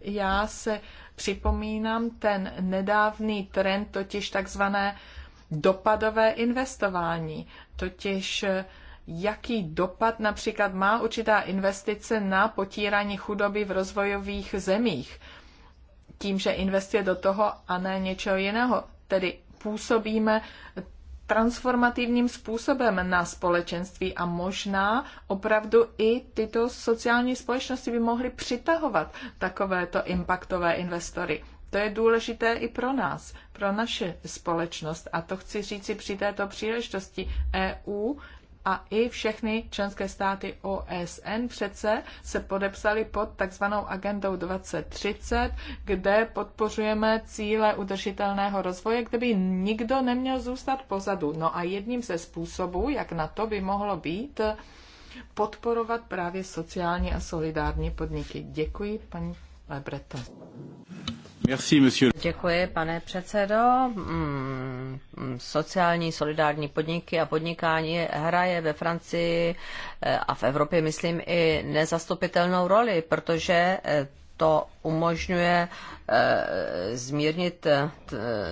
Já se připomínám ten nedávný trend, totiž takzvané dopadové investování, totiž jaký dopad například má určitá investice na potírání chudoby v rozvojových zemích, tím, že investuje do toho a ne něčeho jiného. Tedy působíme transformativním způsobem na společenství a možná opravdu i tyto sociální společnosti by mohly přitahovat takovéto impactové investory. To je důležité i pro nás, pro naše společnost. A to chci říci při této příležitosti. EU a i všechny členské státy OSN přece se podepsali pod takzvanou agendou 2030, kde podpořujeme cíle udržitelného rozvoje, kde by nikdo neměl zůstat pozadu. No a jedním ze způsobů, jak na to by mohlo být, podporovat právě sociální a solidární podniky. Děkuji, paní Lebreto. Děkuji, pane předsedo. Mm, sociální solidární podniky a podnikání hraje ve Francii eh, a v Evropě, myslím, i nezastupitelnou roli, protože eh, to umožňuje eh, zmírnit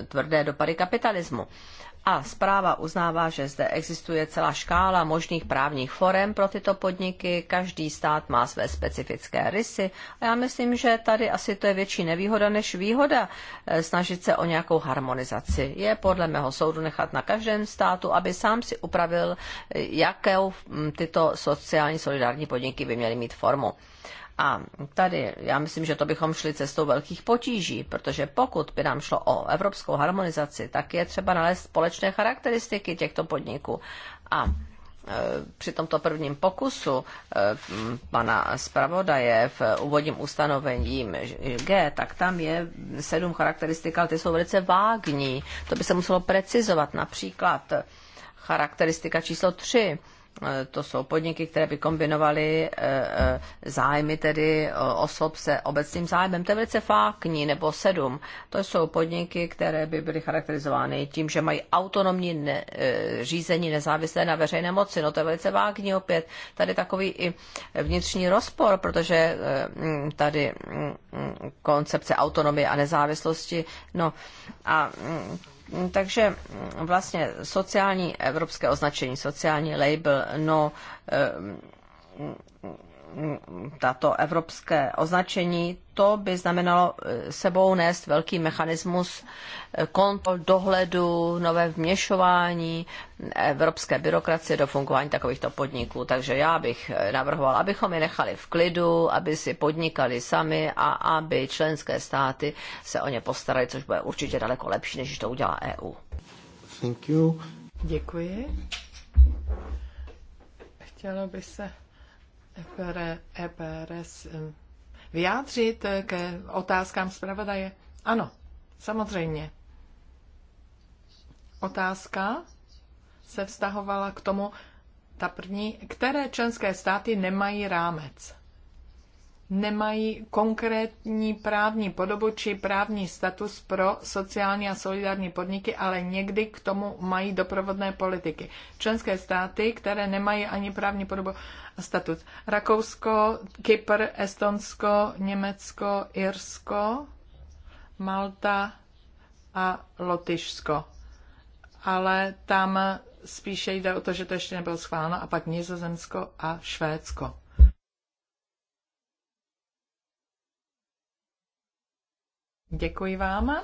tvrdé dopady kapitalismu. A zpráva uznává, že zde existuje celá škála možných právních forem pro tyto podniky, každý stát má své specifické rysy a já myslím, že tady asi to je větší nevýhoda než výhoda eh, snažit se o nějakou harmonizaci. Je podle mého soudu nechat na každém státu, aby sám si upravil, eh, jakou hm, tyto sociální solidární podniky by měly mít formu. A tady já myslím, že to bychom šli cestou velkých potíží, protože pokud by nám šlo o evropskou harmonizaci, tak je třeba nalézt společné charakteristiky těchto podniků. A e, při tomto prvním pokusu e, pana zpravodaje v úvodním ustanovení G, tak tam je sedm charakteristik, ale ty jsou velice vágní. To by se muselo precizovat. Například charakteristika číslo tři to jsou podniky, které by kombinovaly eh, eh, zájmy tedy osob se obecným zájmem. To je velice fákní, nebo sedm. To jsou podniky, které by byly charakterizovány tím, že mají autonomní ne, eh, řízení nezávislé na veřejné moci. No to je velice vágní opět. Tady takový i vnitřní rozpor, protože mm, tady mm, mm, koncepce autonomie a nezávislosti, no a takže mm, vlastně sociální evropské označení, sociální label, no eh, tato evropské označení, to by znamenalo eh, sebou nést velký mechanismus eh, kontrol, dohledu, nové vměšování eh, evropské byrokracie do fungování takovýchto podniků. Takže já bych navrhoval, abychom je nechali v klidu, aby si podnikali sami a aby členské státy se o ně postarali, což bude určitě daleko lepší, než to udělá EU. Thank you. Děkuji. Chtěla by se EPRS eh, vyjádřit eh, ke otázkám zpravodaje? Ano, samozřejmě. Otázka se vztahovala k tomu, ta první, které členské státy nemají rámec nemají konkrétní právní podobu či právní status pro sociální a solidární podniky, ale někdy k tomu mají doprovodné politiky. Členské státy, které nemají ani právní podobu a statut. Rakousko, Kypr, Estonsko, Německo, Irsko, Malta a Lotyšsko. Ale tam spíše jde o to, že to ještě nebylo schváleno, a pak Nizozemsko a Švédsko. Děkuji vám.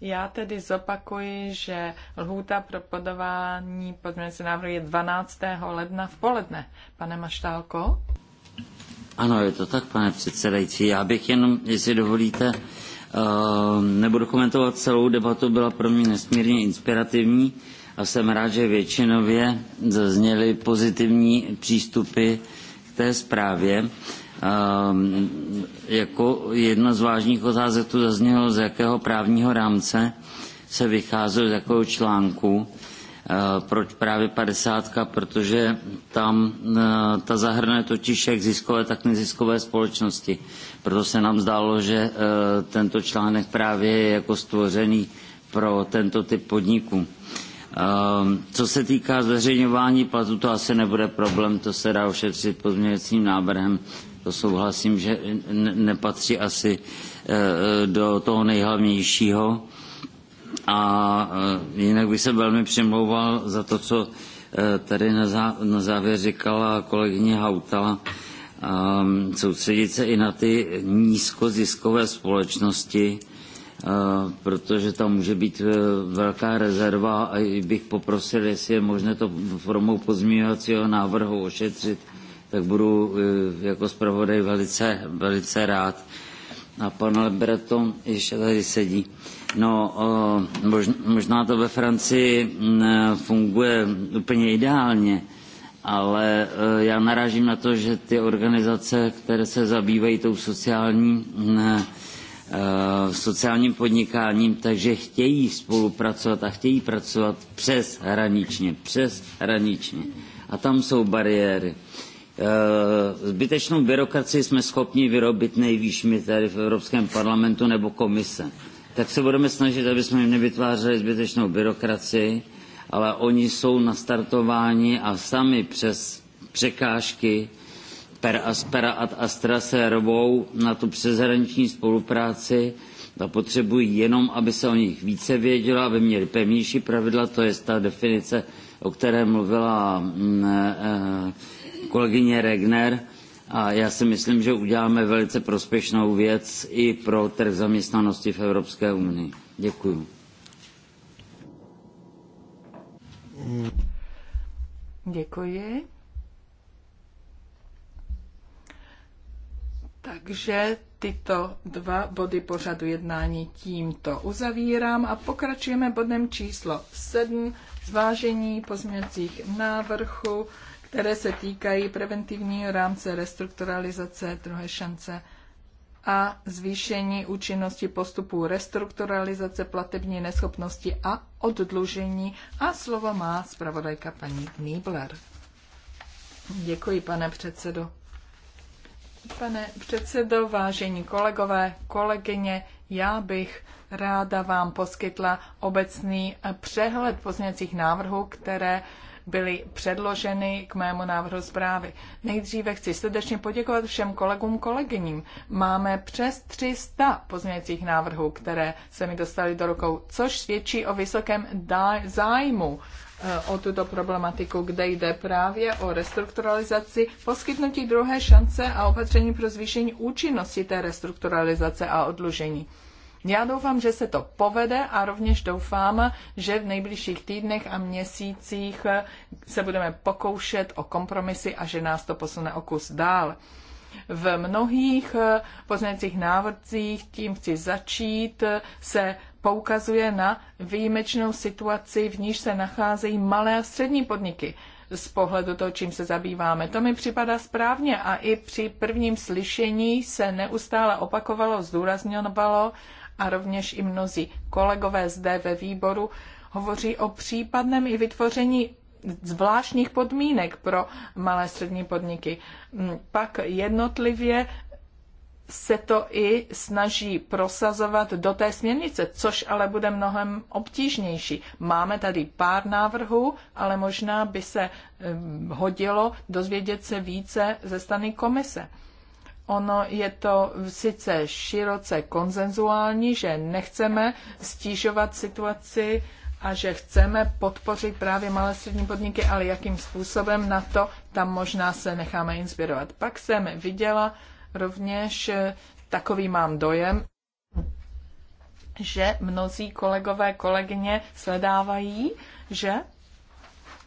Já tedy zopakuji, že lhůta pro podování podměnce návrhu je 12. ledna v poledne. Pane Maštálko? Ano, je to tak, pane předsedající. Já bych jenom, jestli dovolíte, ehm, nebudu komentovat celou debatu, byla pro mě nesmírně inspirativní a jsem rád, že většinově zazněly pozitivní přístupy k té zprávě. Ehm, jako jedna z vážných otázek tu zaznělo, z jakého právního rámce se vycházelo, z jakého článku, eh, proč právě padesátka, protože tam eh, ta zahrne totiž jak ziskové, tak neziskové společnosti. Proto se nám zdálo, že eh, tento článek právě je jako stvořený pro tento typ podniků. Ehm, co se týká zveřejňování platu, to asi nebude problém, to se dá ošetřit pozměňovacím návrhem to souhlasím, že nepatří asi e, e, do toho nejhlavnějšího. A e, jinak bych se velmi přemlouval za to, co tady na závěr říkala kolegyně Hautala, soustředit se i na ty nízkoziskové společnosti, protože tam může být velká rezerva a bych poprosil, jestli je možné to formou pozměňovacího návrhu ošetřit, tak budu eh, jako zpravodaj velice, velice rád. A pan Lebreton ještě tady sedí. No, možná to ve Francii mm, funguje úplně ideálně, ale eh, já narážím na to, že ty organizace, které se zabývají tou sociální, mm, eh, sociálním podnikáním, takže chtějí spolupracovat a chtějí pracovat přes hraničně, přes hraničně. A tam jsou bariéry. Eh, zbytečnou byrokracii jsme schopni vyrobit nejvýš my tady v Evropském parlamentu nebo komise. Tak se budeme snažit, aby jsme jim nevytvářeli zbytečnou byrokracii, ale oni jsou nastartováni a sami přes překážky per aspera ad astra se rvou na tu přeshraniční spolupráci a potřebují jenom, aby se o nich více vědělo, aby měli pevnější pravidla, to je ta definice, o které mluvila mm, eh, kolegyně Regner a já si myslím, že uděláme velice prospěšnou věc i pro trh zaměstnanosti v Evropské unii. Děkuji. Děkuji. Takže tyto dva body pořadu jednání tímto uzavírám a pokračujeme bodem číslo 7, zvážení pozměňovacích návrhů které se týkají preventivního rámce restrukturalizace druhé šance a zvýšení účinnosti postupů restrukturalizace platební neschopnosti a oddlužení. A slovo má zpravodajka paní Nýbler. Děkuji, pane předsedo. Pane předsedo, vážení kolegové, kolegyně, já bych ráda vám poskytla obecný přehled pozněcích návrhů, které byly předloženy k mému návrhu zprávy. Nejdříve chci srdečně poděkovat všem kolegům, kolegyním. Máme přes 300 pozměňujících návrhů, které se mi dostaly do rukou, což svědčí o vysokém zájmu eh, o tuto problematiku, kde jde právě o restrukturalizaci, poskytnutí druhé šance a opatření pro zvýšení účinnosti té restrukturalizace a odlužení. Já doufám, že se to povede a rovněž doufám, že v nejbližších týdnech a měsících se budeme pokoušet o kompromisy a že nás to posune o kus dál. V mnohých eh, pozměňovacích návrcích, tím chci začít, eh, se poukazuje na výjimečnou situaci, v níž se nacházejí malé a střední podniky z pohledu toho, čím se zabýváme. To mi připadá správně a i při prvním slyšení se neustále opakovalo, zdůrazňovalo, a rovněž i mnozí kolegové zde ve výboru hovoří o případném i vytvoření zvláštních podmínek pro malé střední podniky. Mm, pak jednotlivě se to i snaží prosazovat do té směrnice, což ale bude mnohem obtížnější. Máme tady pár návrhů, ale možná by se eh, hodilo dozvědět se více ze strany komise. Ono je to sice široce konzenzuální, že nechceme stížovat situaci a že chceme podpořit právě malé střední podniky, ale jakým způsobem na to tam možná se necháme inspirovat. Pak jsem viděla rovněž, eh, takový mám dojem, že mnozí kolegové, kolegyně sledávají, že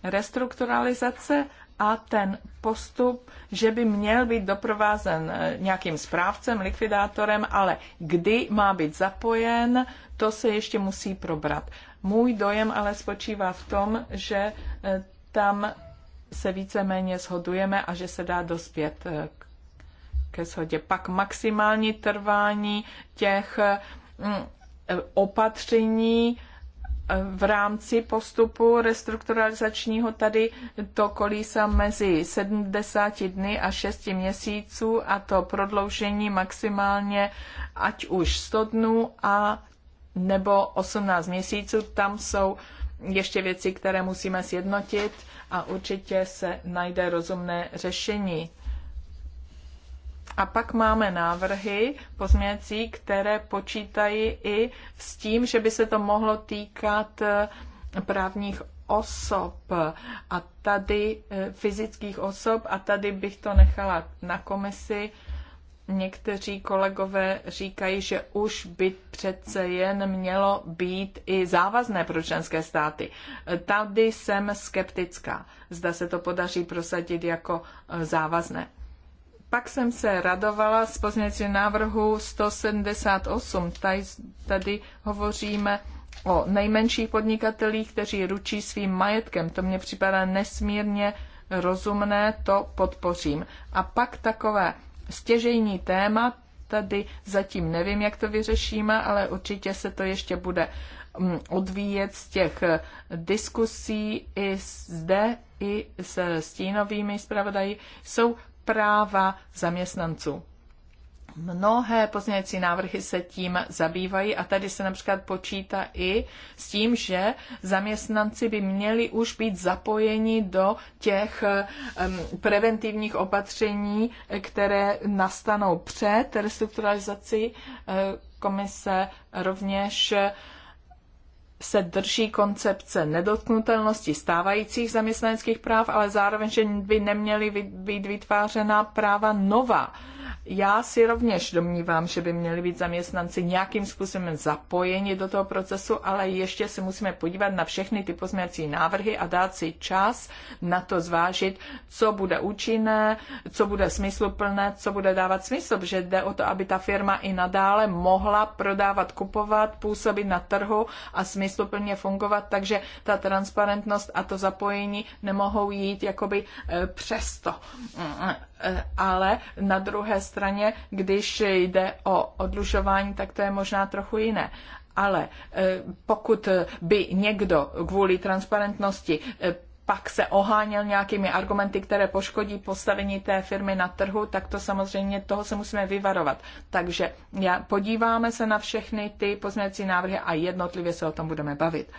restrukturalizace a ten postup, že by měl být doprovázen eh, nějakým správcem, likvidátorem, ale kdy má být zapojen, to se ještě musí probrat. Můj dojem ale spočívá v tom, že eh, tam se víceméně shodujeme a že se dá dospět eh, ke shodě. Pak maximální trvání těch mm, opatření, v rámci postupu restrukturalizačního tady to kolísa mezi 70 dny a 6 měsíců a to prodloužení maximálně ať už 100 dnů a nebo 18 měsíců. Tam jsou ještě věci, které musíme sjednotit a určitě se najde rozumné řešení. A pak máme návrhy pozměňovací, které počítají i s tím, že by se to mohlo týkat eh, právních osob a tady eh, fyzických osob a tady bych to nechala na komisi. Někteří kolegové říkají, že už by přece jen mělo být i závazné pro členské státy. Eh, tady jsem skeptická. Zda se to podaří prosadit jako závazné. Pak jsem se radovala z pozměňovacího návrhu 178. Tady, tady hovoříme o nejmenších podnikatelích, kteří ručí svým majetkem. To mně připadá nesmírně rozumné, to podpořím. A pak takové stěžejní téma, tady zatím nevím, jak to vyřešíme, ale určitě se to ještě bude mm, odvíjet z těch eh, diskusí i zde, i s stínovými zpravodaji, jsou práva zaměstnanců. Mnohé pozměňovací návrhy se tím zabývají a tady se například počítá i s tím, že zaměstnanci by měli už být zapojeni do těch um, preventivních opatření, které nastanou před restrukturalizací. Eh, komise rovněž uh, se drží koncepce nedotknutelnosti stávajících zaměstnaneckých práv, ale zároveň, že by neměly být vytvářena práva nová já si rovněž domnívám, že by měli být zaměstnanci nějakým způsobem zapojeni do toho procesu, ale ještě se musíme podívat na všechny ty pozměňovací návrhy a dát si čas na to zvážit, co bude účinné, co bude smysluplné, co bude dávat smysl, že jde o to, aby ta firma i nadále mohla prodávat, kupovat, působit na trhu a smysluplně fungovat, takže ta transparentnost a to zapojení nemohou jít jakoby eh, přesto Eh, ale na druhé straně, když jde o odlužování, tak to je možná trochu jiné. Ale eh, pokud by někdo kvůli transparentnosti eh, pak se oháněl nějakými argumenty, které poškodí postavení té firmy na trhu, tak to samozřejmě toho se musíme vyvarovat. Takže já podíváme se na všechny ty pozměňovací návrhy a jednotlivě se o tom budeme bavit.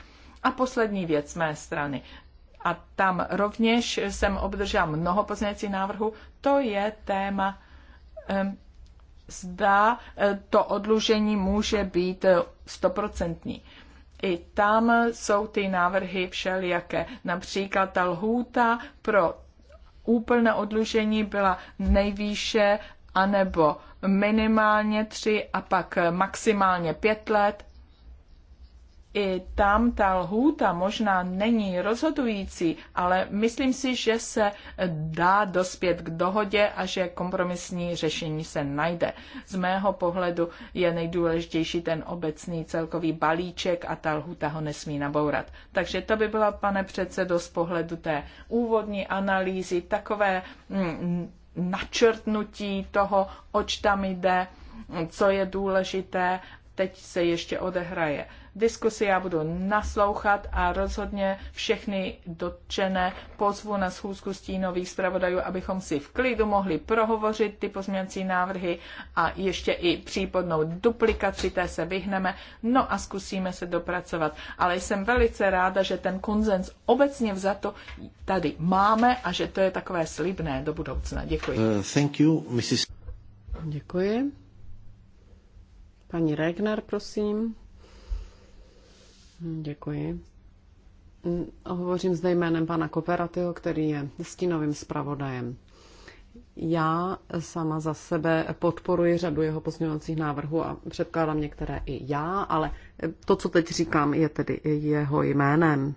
A poslední věc z mé strany a tam rovněž jsem obdržela mnoho pozměňovacích návrhů, to je téma, zda e, to odlužení může být e, stoprocentní. I tam jsou ty návrhy všelijaké. Například ta lhůta pro úplné odlužení byla nejvýše anebo minimálně tři a pak maximálně pět let i tam ta lhůta možná není rozhodující, ale myslím si, že se dá dospět k dohodě a že kompromisní řešení se najde. Z mého pohledu je nejdůležitější ten obecný celkový balíček a ta lhůta ho nesmí nabourat. Takže to by byla, pane předsedo, z pohledu té úvodní analýzy takové mm, načrtnutí toho, oč tam jde, co je důležité. Teď se ještě odehraje diskusi, já budu naslouchat a rozhodně všechny dotčené pozvu na schůzku stínových zpravodajů, abychom si v klidu mohli prohovořit ty pozměňovací návrhy a ještě i případnou duplikaci té se vyhneme, no a zkusíme se dopracovat. Ale jsem velice ráda, že ten konzens obecně vzato tady máme a že to je takové slibné do budoucna. Děkuji. Uh, thank you, Mrs. Děkuji. Paní Regner, prosím. Děkuji. Mm, hovořím zde jménem pana Kooperatyho, který je stínovým zpravodajem. Já sama za sebe podporuji řadu jeho pozměňovacích návrhů a předkládám některé i já, ale to, co teď říkám, je tedy jeho jménem.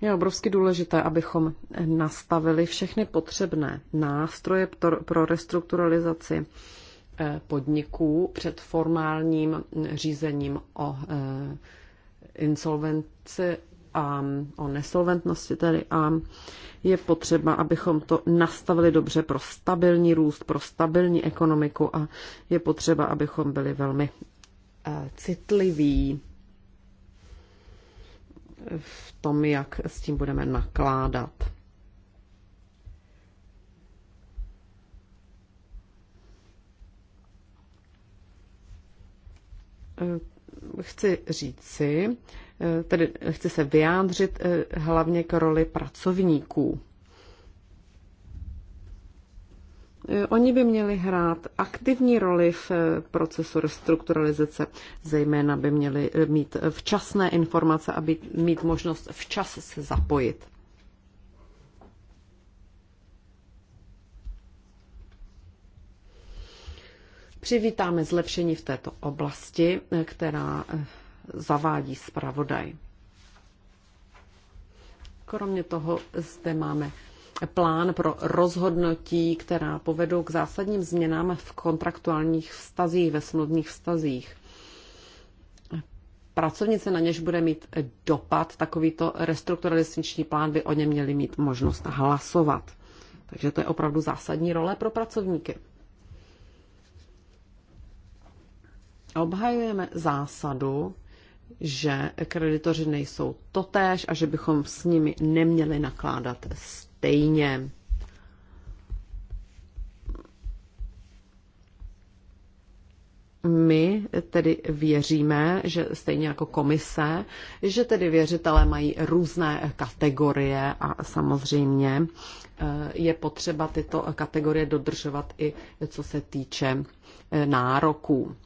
Je obrovsky důležité, abychom nastavili všechny potřebné nástroje pro restrukturalizaci Eh, podniků před formálním řízením o eh, insolvenci a o nesolventnosti tedy a je potřeba, abychom to nastavili dobře pro stabilní růst, pro stabilní ekonomiku a je potřeba, abychom byli velmi eh, citliví v tom, jak s tím budeme nakládat. Eh, chci říci, eh, tedy chci se vyjádřit eh, hlavně k roli pracovníků. Oni by měli hrát aktivní roli v procesu restrukturalizace, zejména by měli mít včasné informace a být, mít možnost včas se zapojit. Přivítáme zlepšení v této oblasti, která eh, zavádí zpravodaj. Kromě toho zde máme plán pro rozhodnutí, která povedou k zásadním změnám v kontraktuálních vztazích, ve smluvních vztazích. Pracovnice, na něž bude mít dopad, takovýto restrukturalizační plán by o něm měli mít možnost hlasovat. Takže to je opravdu zásadní role pro pracovníky. Obhajujeme zásadu, že kreditoři nejsou totéž a že bychom s nimi neměli nakládat stejně. my tedy věříme, že stejně jako komise, že tedy věřitelé mají různé kategorie a samozřejmě eh, je potřeba tyto kategorie dodržovat i co se týče eh, nároků.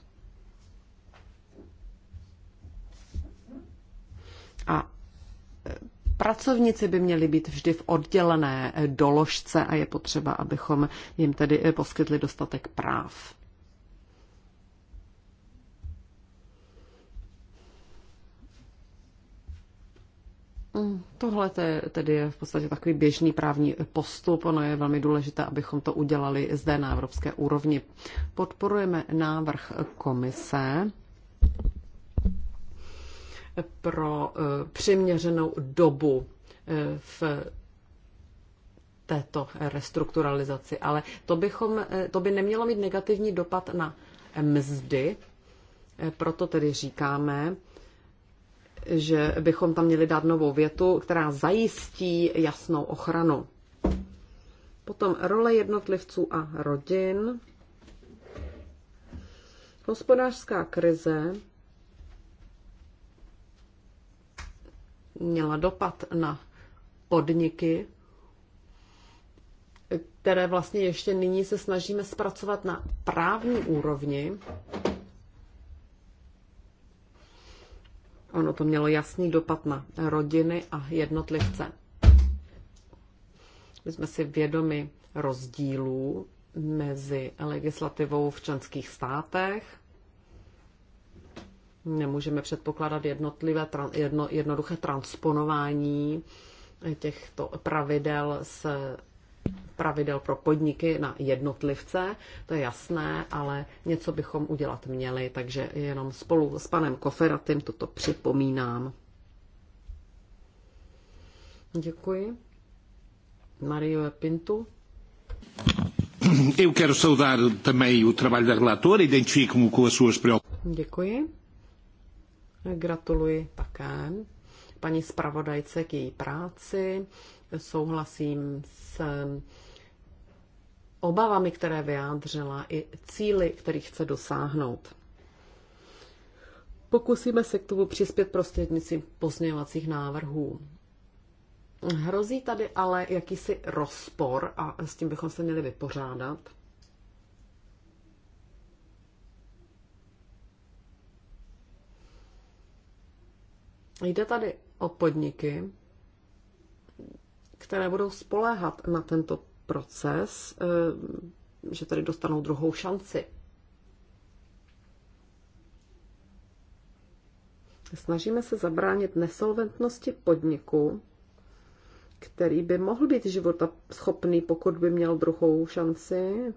A e, pracovníci by měli být vždy v oddělené e, doložce a je potřeba, abychom jim tedy e, poskytli dostatek práv. Mm, tohle tedy je v podstatě takový běžný právní postup. Ono je velmi důležité, abychom to udělali zde na evropské úrovni. Podporujeme návrh komise pro eh, přiměřenou dobu eh, v této restrukturalizaci, ale to, bychom, eh, to by nemělo mít negativní dopad na mzdy, proto tedy říkáme, že bychom tam měli dát novou větu, která zajistí jasnou ochranu. Potom role jednotlivců a rodin. Hospodářská krize měla dopad na podniky, které vlastně ještě nyní se snažíme zpracovat na právní úrovni. Ono to mělo jasný dopad na rodiny a jednotlivce. My jsme si vědomi rozdílů mezi legislativou v členských státech Nemůžeme předpokládat jednotlivé, jedno, jednoduché transponování těchto pravidel z pravidel pro podniky na jednotlivce, to je jasné, ale něco bychom udělat měli, takže jenom spolu s panem Koferatem toto připomínám. Děkuji. Mario Pinto. Eu quero saudar também o trabalho da relatora, identifico-me com as suas preocupações. Děkuji. Gratuluji také paní zpravodajce k její práci. Souhlasím s obavami, které vyjádřila, i cíly, kterých chce dosáhnout. Pokusíme se k tomu přispět prostřednictvím pozměňovacích návrhů. Hrozí tady ale jakýsi rozpor a s tím bychom se měli vypořádat. Jde tady o podniky, které budou spoléhat na tento proces, eh, že tady dostanou druhou šanci. Snažíme se zabránit nesolventnosti podniku, který by mohl být života schopný, pokud by měl druhou šanci.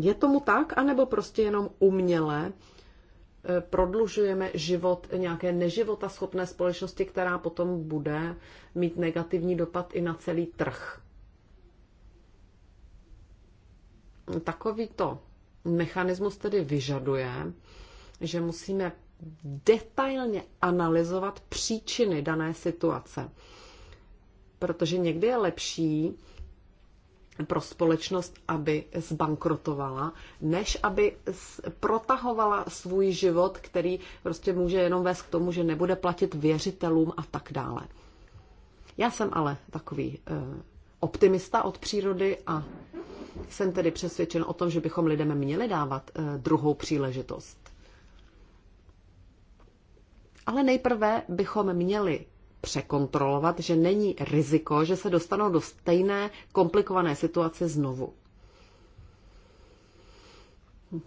Je tomu tak, anebo prostě jenom uměle prodlužujeme život nějaké neživota schopné společnosti, která potom bude mít negativní dopad i na celý trh. Takovýto mechanismus tedy vyžaduje, že musíme detailně analyzovat příčiny dané situace. Protože někdy je lepší pro společnost, aby zbankrotovala, než aby protahovala svůj život, který prostě může jenom vést k tomu, že nebude platit věřitelům a tak dále. Já jsem ale takový eh, optimista od přírody a jsem tedy přesvědčen o tom, že bychom lidem měli dávat eh, druhou příležitost. Ale nejprve bychom měli překontrolovat, že není riziko, že se dostanou do stejné komplikované situace znovu.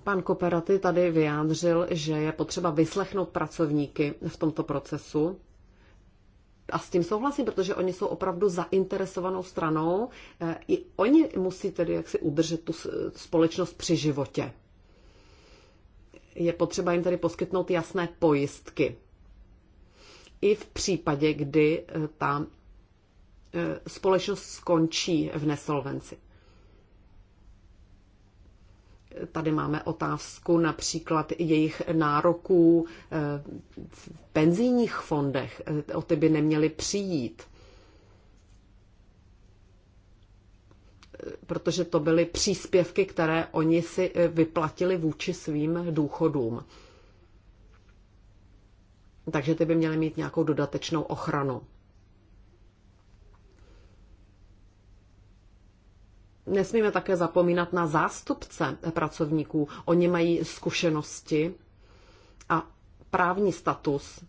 Pan Koperaty tady vyjádřil, že je potřeba vyslechnout pracovníky v tomto procesu. A s tím souhlasím, protože oni jsou opravdu zainteresovanou stranou. E, I oni musí tedy jaksi udržet tu společnost při životě. Je potřeba jim tedy poskytnout jasné pojistky i v případě, kdy eh, ta eh, společnost skončí v nesolvenci. Tady máme otázku například jejich nároků eh, v penzijních fondech. O ty by neměli přijít. protože to byly příspěvky, které oni si vyplatili vůči svým důchodům takže ty by měly mít nějakou dodatečnou ochranu. Nesmíme také zapomínat na zástupce pracovníků. Oni mají zkušenosti a právní status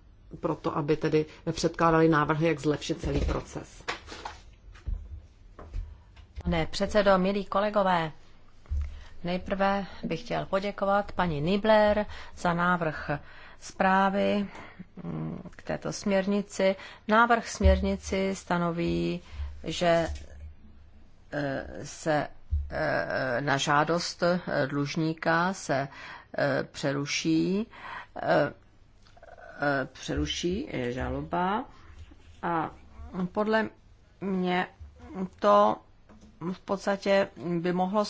pro to, aby tedy předkládali návrhy, jak zlepšit celý proces. Pane předsedo, milí kolegové, nejprve bych chtěl poděkovat paní Nibler za návrh zprávy mm, k této směrnici. Návrh směrnici stanoví, že eh, se eh, na žádost eh, dlužníka se přeruší, přeruší žaloba a podle mě to v podstatě by mohlo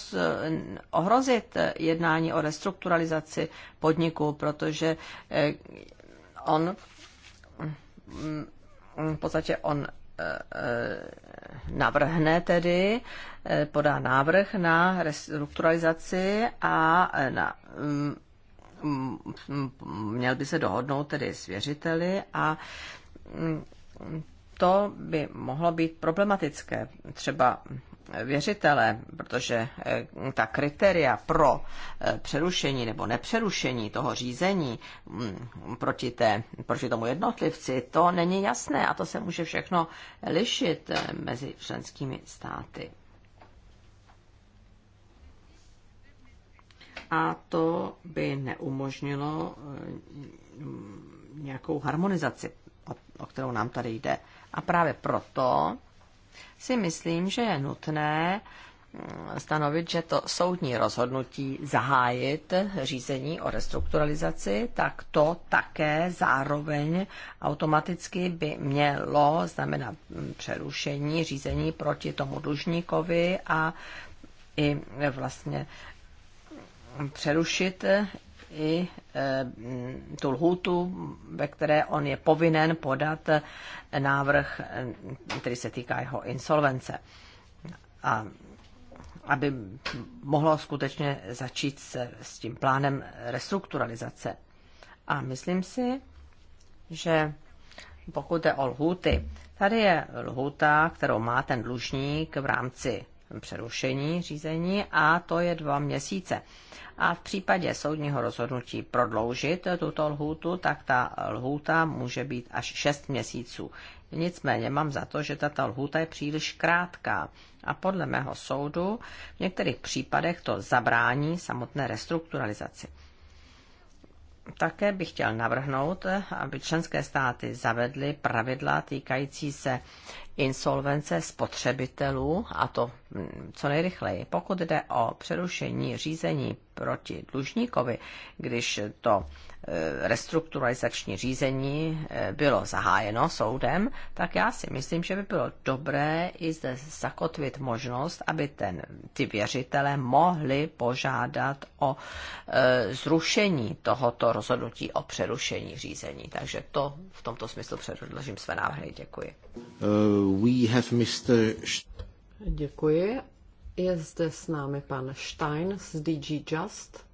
ohrozit jednání o restrukturalizaci podniku, protože eh, on mm, v podstatě on eh, eh, navrhne tedy, podá návrh na restrukturalizaci a na, mm, mm, měl by se dohodnout tedy s věřiteli a to by mohlo být problematické. Třeba věřitele, protože eh, ta kritéria pro eh, přerušení nebo nepřerušení toho řízení mm, proti, té, proti tomu jednotlivci, to není jasné a to se může všechno lišit eh, mezi členskými státy. A to by neumožnilo nějakou harmonizaci, o kterou nám tady jde. A právě proto si myslím, že je nutné mm, stanovit, že to soudní rozhodnutí zahájit řízení o restrukturalizaci, tak to také zároveň automaticky by mělo znamenat mm, přerušení řízení proti tomu dlužníkovi a i vlastně mm, přerušit i e, tu lhůtu, ve které on je povinen podat e, návrh, e, který se týká jeho insolvence. A aby mohlo skutečně začít se, s tím plánem restrukturalizace. A myslím si, že pokud je o lhůty, tady je lhůta, kterou má ten dlužník v rámci přerušení řízení a to je dva měsíce. A v případě soudního rozhodnutí prodloužit tuto lhůtu, tak ta lhůta může být až 6 měsíců. Nicméně mám za to, že tato lhůta je příliš krátká a podle mého soudu v některých případech to zabrání samotné restrukturalizaci. Také bych chtěl navrhnout, aby členské státy zavedly pravidla týkající se insolvence spotřebitelů, a to mm, co nejrychleji. Pokud jde o přerušení řízení proti dlužníkovi, když to eh, restrukturalizační řízení eh, bylo zahájeno soudem, tak já si myslím, že by bylo dobré i zde zakotvit možnost, aby ten, ty věřitele mohli požádat o e, zrušení tohoto rozhodnutí o přerušení řízení. Takže to v tomto smyslu předložím své návrhy. Děkuji. Uh, we have Mr. Děkuji je zde s námi pan Stein z DG Just.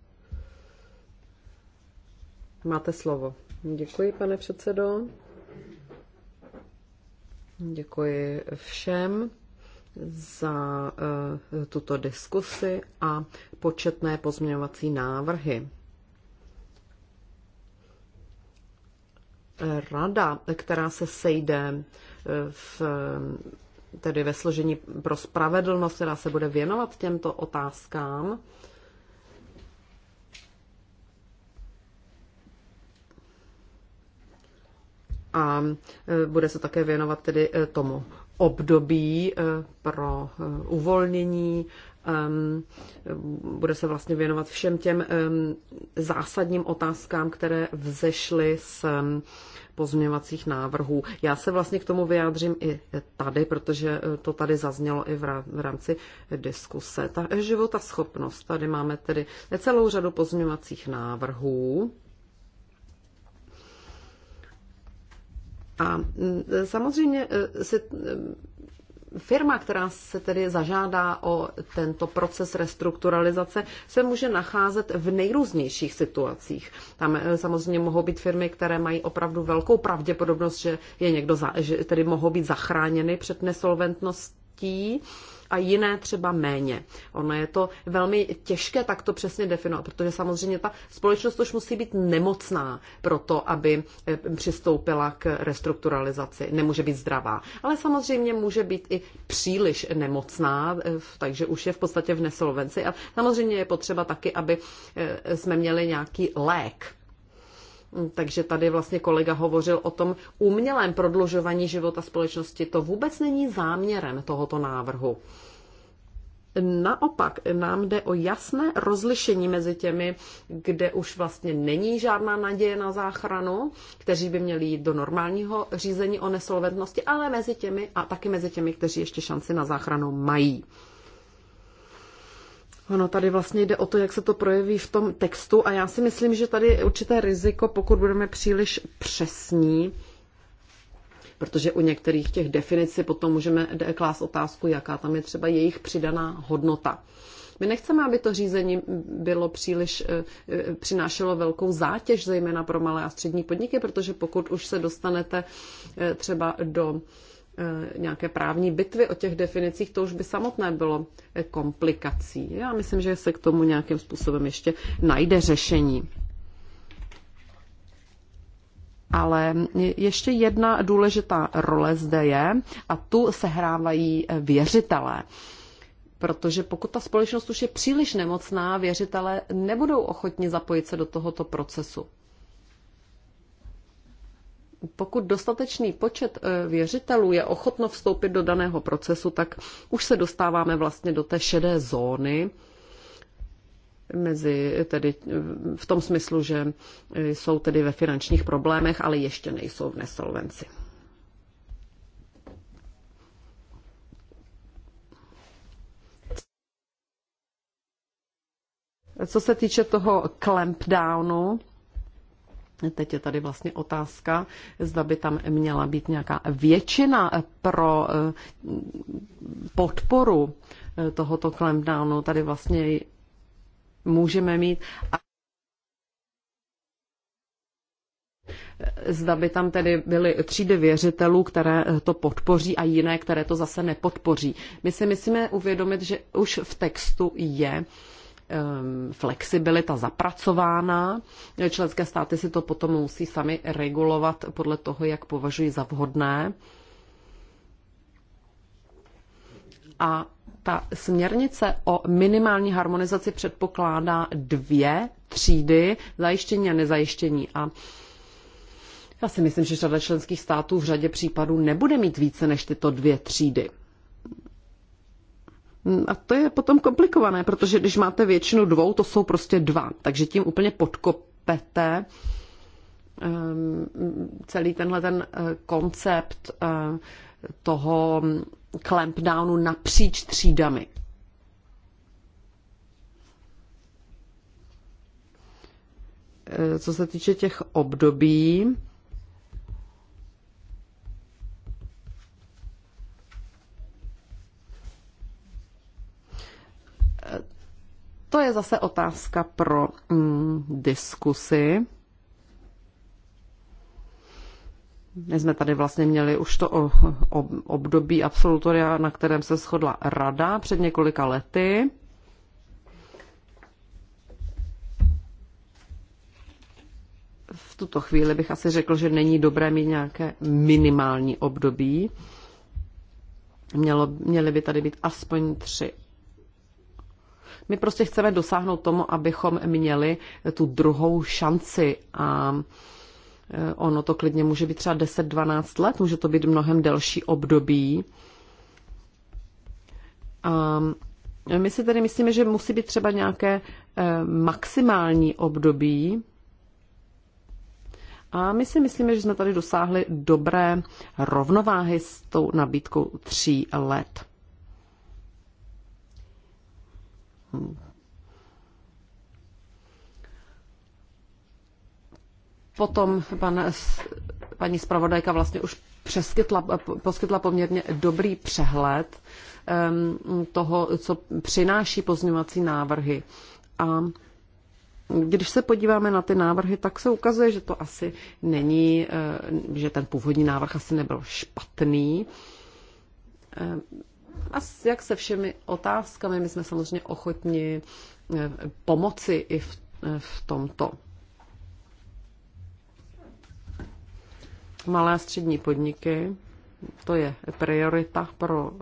Máte slovo. Děkuji, pane předsedo. Děkuji všem za eh, tuto diskusi a početné pozměňovací návrhy. Rada, která se sejde eh, v tedy ve složení pro spravedlnost, která se bude věnovat těmto otázkám. A e, bude se také věnovat tedy e, tomu období e, pro uvolnění, bude se vlastně věnovat všem těm zásadním otázkám, které vzešly z pozměňovacích návrhů. Já se vlastně k tomu vyjádřím i tady, protože e, to tady zaznělo i v rámci diskuse. Ta života schopnost. Tady máme tedy celou řadu pozměňovacích návrhů. A e, samozřejmě e, si firma, která se tedy zažádá o tento proces restrukturalizace, se může nacházet v nejrůznějších situacích. Tam eh, samozřejmě mohou být firmy, které mají opravdu velkou pravděpodobnost, že je někdo, za, že tedy mohou být zachráněny před nesolventností a jiné třeba méně. Ono je to velmi těžké tak to přesně definovat, protože samozřejmě ta společnost už musí být nemocná pro to, aby eh, přistoupila k restrukturalizaci. Nemůže být zdravá, ale samozřejmě může být i příliš nemocná, eh, takže už je v podstatě v nesolvenci. A samozřejmě je potřeba taky, aby eh, jsme měli nějaký lék Mm, takže tady vlastně kolega hovořil o tom umělém prodlužování života společnosti. To vůbec není záměrem tohoto návrhu. Naopak nám jde o jasné rozlišení mezi těmi, kde už vlastně není žádná naděje na záchranu, kteří by měli jít do normálního řízení o nesolventnosti, ale mezi těmi a taky mezi těmi, kteří ještě šanci na záchranu mají. Ono tady vlastně jde o to, jak se to projeví v tom textu a já si myslím, že tady je určité riziko, pokud budeme příliš přesní, protože u některých těch definicí potom můžeme klást otázku, jaká tam je třeba jejich přidaná hodnota. My nechceme, aby to řízení bylo příliš, eh, eh, přinášelo velkou zátěž, zejména pro malé a střední podniky, protože pokud už se dostanete eh, třeba do Eh, nějaké právní bitvy o těch definicích, to už by samotné bylo eh, komplikací. Já myslím, že se k tomu nějakým způsobem ještě najde řešení. Ale eh, ještě jedna důležitá role zde je a tu sehrávají věřitelé. Protože pokud ta společnost už je příliš nemocná, věřitelé nebudou ochotni zapojit se do tohoto procesu pokud dostatečný počet e, věřitelů je ochotno vstoupit do daného procesu, tak už se dostáváme vlastně do té šedé zóny, mezi tedy e, v tom smyslu, že e, jsou tedy ve finančních problémech, ale ještě nejsou v nesolvenci. Co se týče toho clampdownu, Teď je tady vlastně otázka, zda by tam měla být nějaká většina pro eh, podporu eh, tohoto klemdánu. Tady vlastně můžeme mít. Zda by tam tedy byly třídy věřitelů, které to podpoří a jiné, které to zase nepodpoří. My si myslíme uvědomit, že už v textu je uh, Ehm, flexibilita zapracována. Členské státy si to potom musí sami regulovat podle toho, jak považují za vhodné. A ta směrnice o minimální harmonizaci předpokládá dvě třídy, zajištění a nezajištění. A já si myslím, že řada členských států v řadě případů nebude mít více než tyto dvě třídy. A to je potom komplikované, protože když máte většinu dvou, to jsou prostě dva. Takže tím úplně podkopete ehm, celý tenhle ten eh, koncept eh, toho clampdownu napříč třídami. Eh, co se týče těch období, To je zase otázka pro mm, diskusy. My jsme tady vlastně měli už to o, o, období absolutoria, na kterém se shodla rada před několika lety. V tuto chvíli bych asi řekl, že není dobré mít nějaké minimální období. Mělo, měly by tady být aspoň tři my prostě chceme dosáhnout tomu, abychom měli tu druhou šanci a eh, ono to klidně může být třeba 10-12 let, může to být mnohem delší období. A eh, my si tedy myslíme, že musí být třeba nějaké eh, maximální období, a my si myslíme, že jsme tady dosáhli dobré rovnováhy s tou nabídkou tří let. Potom pan, paní zpravodajka vlastně už přeskytla, poskytla poměrně dobrý přehled toho, co přináší pozměňovací návrhy. A když se podíváme na ty návrhy, tak se ukazuje, že to asi není, že ten původní návrh asi nebyl špatný. A jak se všemi otázkami, my jsme samozřejmě ochotni eh, pomoci i v, eh, v tomto. Malé a střední podniky, to je priorita pro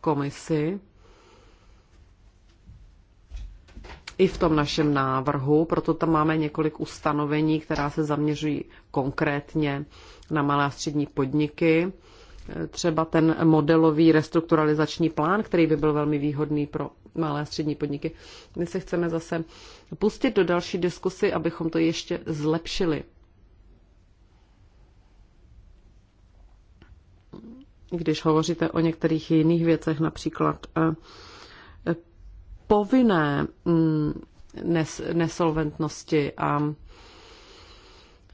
komisi. I v tom našem návrhu, proto tam máme několik ustanovení, která se zaměřují konkrétně na malé a střední podniky třeba ten modelový restrukturalizační plán, který by byl velmi výhodný pro malé a střední podniky. My se chceme zase pustit do další diskusy, abychom to ještě zlepšili. Když hovoříte o některých jiných věcech, například eh, povinné mm, nesolventnosti a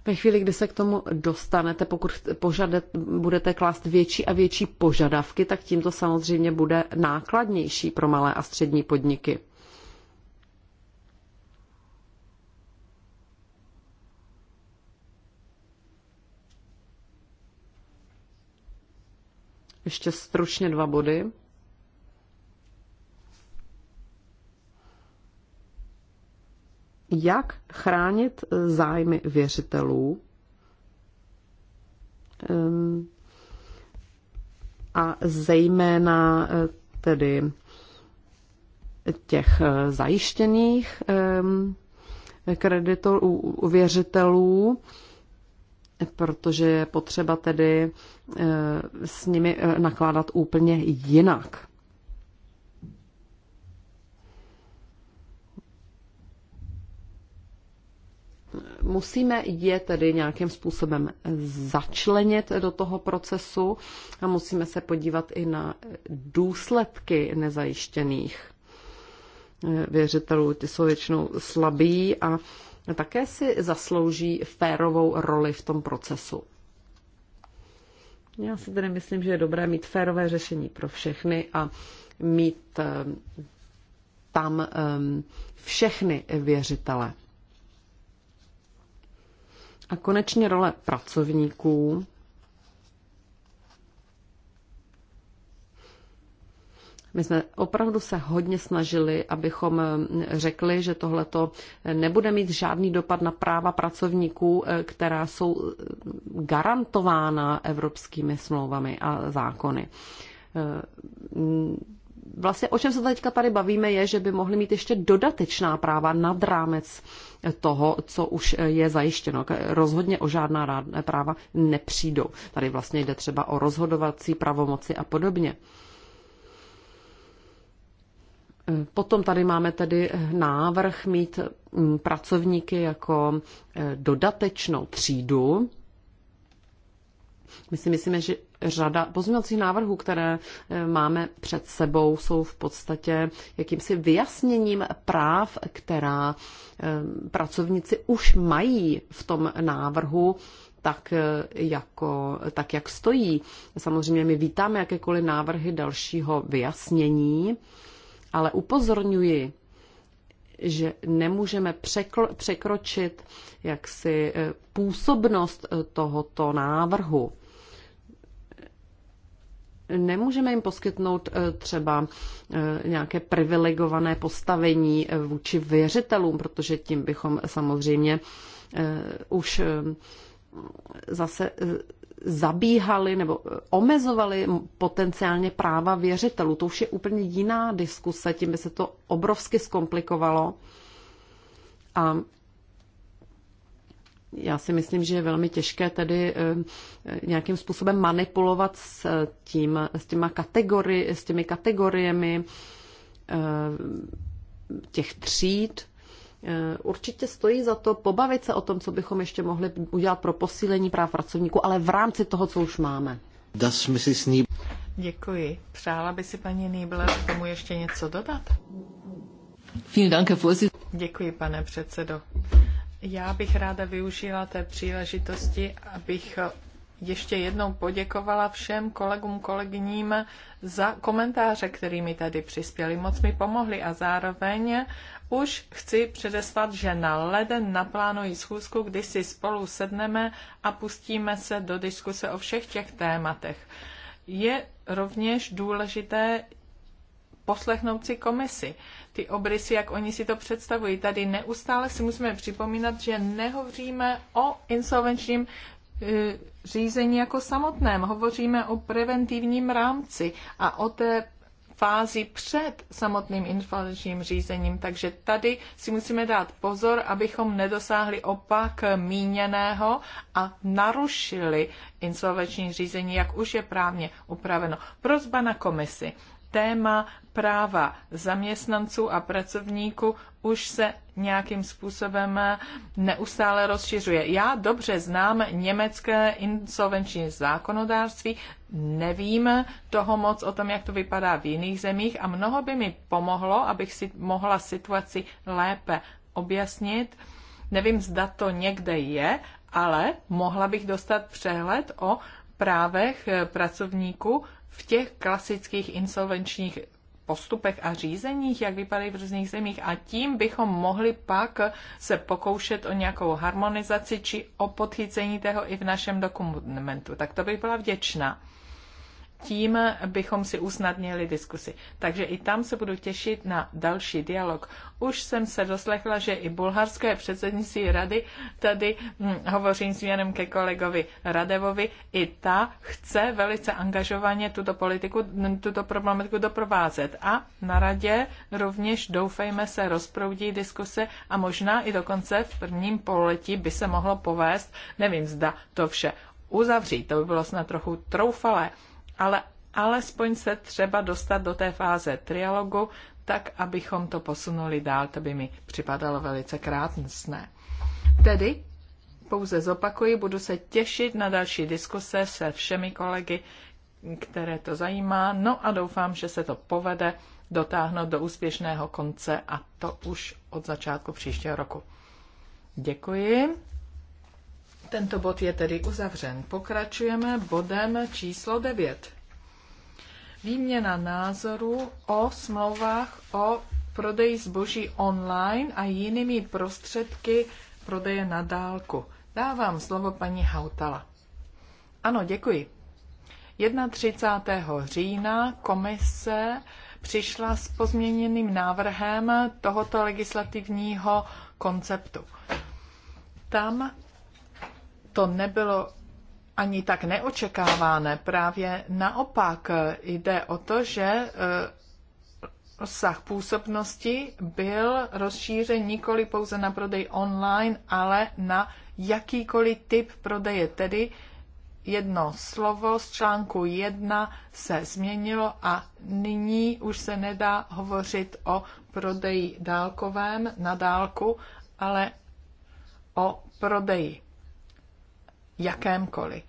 ve chvíli, kdy se k tomu dostanete, pokud požadet, budete klást větší a větší požadavky, tak tím to samozřejmě bude nákladnější pro malé a střední podniky. Ještě stručně dva body. jak chránit eh, zájmy věřitelů ehm, a zejména eh, tedy těch eh, zajištěných ehm, kreditorů, věřitelů, protože je potřeba tedy s nimi nakládat úplně jinak. musíme je tedy nějakým způsobem začlenit do toho procesu a musíme se podívat i na důsledky nezajištěných věřitelů. Ty jsou většinou slabí a také si zaslouží férovou roli v tom procesu. Já si tedy myslím, že je dobré mít férové řešení pro všechny a mít eh, tam eh, všechny věřitele. A konečně role pracovníků. My jsme opravdu se hodně snažili, abychom eh, řekli, že tohleto eh, nebude mít žádný dopad na práva pracovníků, eh, která jsou garantována evropskými smlouvami a zákony vlastně o čem se teďka tady bavíme, je, že by mohli mít ještě dodatečná práva nad rámec toho, co už je zajištěno. Rozhodně o žádná práva nepřijdou. Tady vlastně jde třeba o rozhodovací pravomoci a podobně. Potom tady máme tedy návrh mít mm, pracovníky jako eh, dodatečnou třídu, my si myslíme, že řada pozměňovacích návrhů, které eh, máme před sebou, jsou v podstatě jakýmsi vyjasněním práv, která eh, pracovníci už mají v tom návrhu, tak, eh, jako, tak jak stojí. Samozřejmě my vítáme jakékoliv návrhy dalšího vyjasnění, ale upozorňuji, že nemůžeme překl- překročit jaksi působnost tohoto návrhu nemůžeme jim poskytnout eh, třeba eh, nějaké privilegované postavení eh, vůči věřitelům, protože tím bychom samozřejmě už zase zabíhali nebo omezovali potenciálně práva věřitelů. To už je úplně jiná diskuse, tím by se to obrovsky zkomplikovalo. A já si myslím, že je velmi těžké tady eh, nějakým způsobem manipulovat s, eh, tím, s, těma kategori, s těmi kategoriemi eh, těch tříd. Určitě stojí za to pobavit se o tom, co bychom ještě mohli udělat pro posílení práv pracovníků, ale v rámci toho, co už máme. Das Mrs. Děkuji. Přála by si paní Nýbler k tomu ještě něco dodat? Vielen Dank, Děkuji, pane předsedo. Já bych ráda využila té příležitosti, abych ještě jednou poděkovala všem kolegům, kolegyním za komentáře, kterými tady přispěli. Moc mi pomohli a zároveň už chci předeslat, že na leden naplánuji schůzku, kdy si spolu sedneme a pustíme se do diskuse o všech těch tématech. Je rovněž důležité poslechnout si komisi ty obrysy, jak oni si to představují. Tady neustále si musíme připomínat, že nehovoříme o insolvenčním e, řízení jako samotném. Hovoříme o preventivním rámci a o té fázi před samotným insolvenčním řízením. Takže tady si musíme dát pozor, abychom nedosáhli opak míněného a narušili insolvenční řízení, jak už je právně upraveno. Prozba na komisi téma práva zaměstnanců a pracovníků už se nějakým způsobem neustále rozšiřuje. Já dobře znám německé insolvenční zákonodárství, nevím toho moc o tom, jak to vypadá v jiných zemích a mnoho by mi pomohlo, abych si mohla situaci lépe objasnit. Nevím, zda to někde je, ale mohla bych dostat přehled o právech pracovníků v těch klasických insolvenčních postupech a řízeních, jak vypadají v různých zemích a tím bychom mohli pak se pokoušet o nějakou harmonizaci či o podchycení toho i v našem dokumentu. Tak to bych byla vděčná tím bychom si usnadnili diskusi. Takže i tam se budu těšit na další dialog. Už jsem se doslechla, že i bulharské předsednictví rady, tady hm, hovořím směrem ke kolegovi Radevovi, i ta chce velice angažovaně tuto politiku, hm, tuto problematiku doprovázet. A na radě rovněž doufejme se rozproudí diskuse a možná i dokonce v prvním pololetí by se mohlo povést, nevím, zda to vše uzavřít. To by bylo snad trochu troufalé, ale alespoň se třeba dostat do té fáze trialogu, tak abychom to posunuli dál, to by mi připadalo velice krátné. Tedy pouze zopakuji, budu se těšit na další diskuse se všemi kolegy, které to zajímá, no a doufám, že se to povede dotáhnout do úspěšného konce a to už od začátku příštího roku. Děkuji. Tento bod je tedy uzavřen. Pokračujeme bodem číslo 9. Výměna názorů o smlouvách o prodeji zboží online a jinými prostředky prodeje na dálku. Dávám slovo paní Hautala. Ano, děkuji. 31. října komise přišla s pozměněným návrhem tohoto legislativního konceptu. Tam to nebylo ani tak neočekávané. Právě naopak jde o to, že eh, rozsah působnosti byl rozšířen nikoli pouze na prodej online, ale na jakýkoliv typ prodeje. Tedy jedno slovo z článku 1 se změnilo a nyní už se nedá hovořit o prodeji dálkovém na dálku, ale o prodeji jakémkoliv.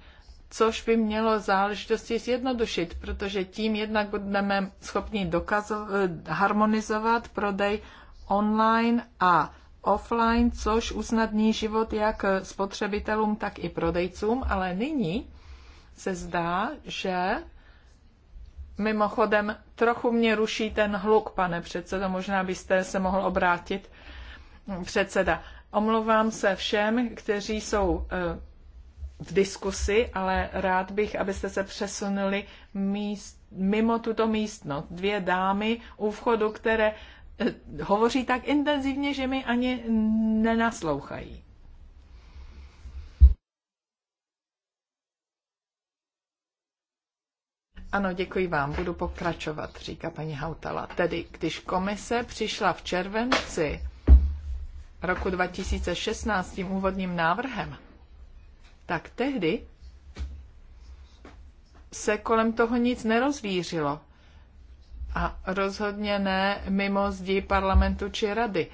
Což by mělo záležitosti zjednodušit, protože tím jednak budeme schopni eh, harmonizovat prodej online a offline, což usnadní život jak spotřebitelům, tak i prodejcům, ale nyní se zdá, že mimochodem trochu mě ruší ten hluk, pane předsedo, možná byste se mohl obrátit mm, předseda. Omlouvám se všem, kteří jsou eh, v diskusi, ale rád bych, abyste se přesunuli míst, mimo tuto místnost. Dvě dámy u vchodu, které eh, hovoří tak intenzivně, že mi ani nenaslouchají. Ano, děkuji vám, budu pokračovat, říká paní Hautala. Tedy, když komise přišla v červenci roku 2016 tím úvodním návrhem, tak tehdy se kolem toho nic nerozvířilo. A rozhodně ne mimo zdi parlamentu či rady.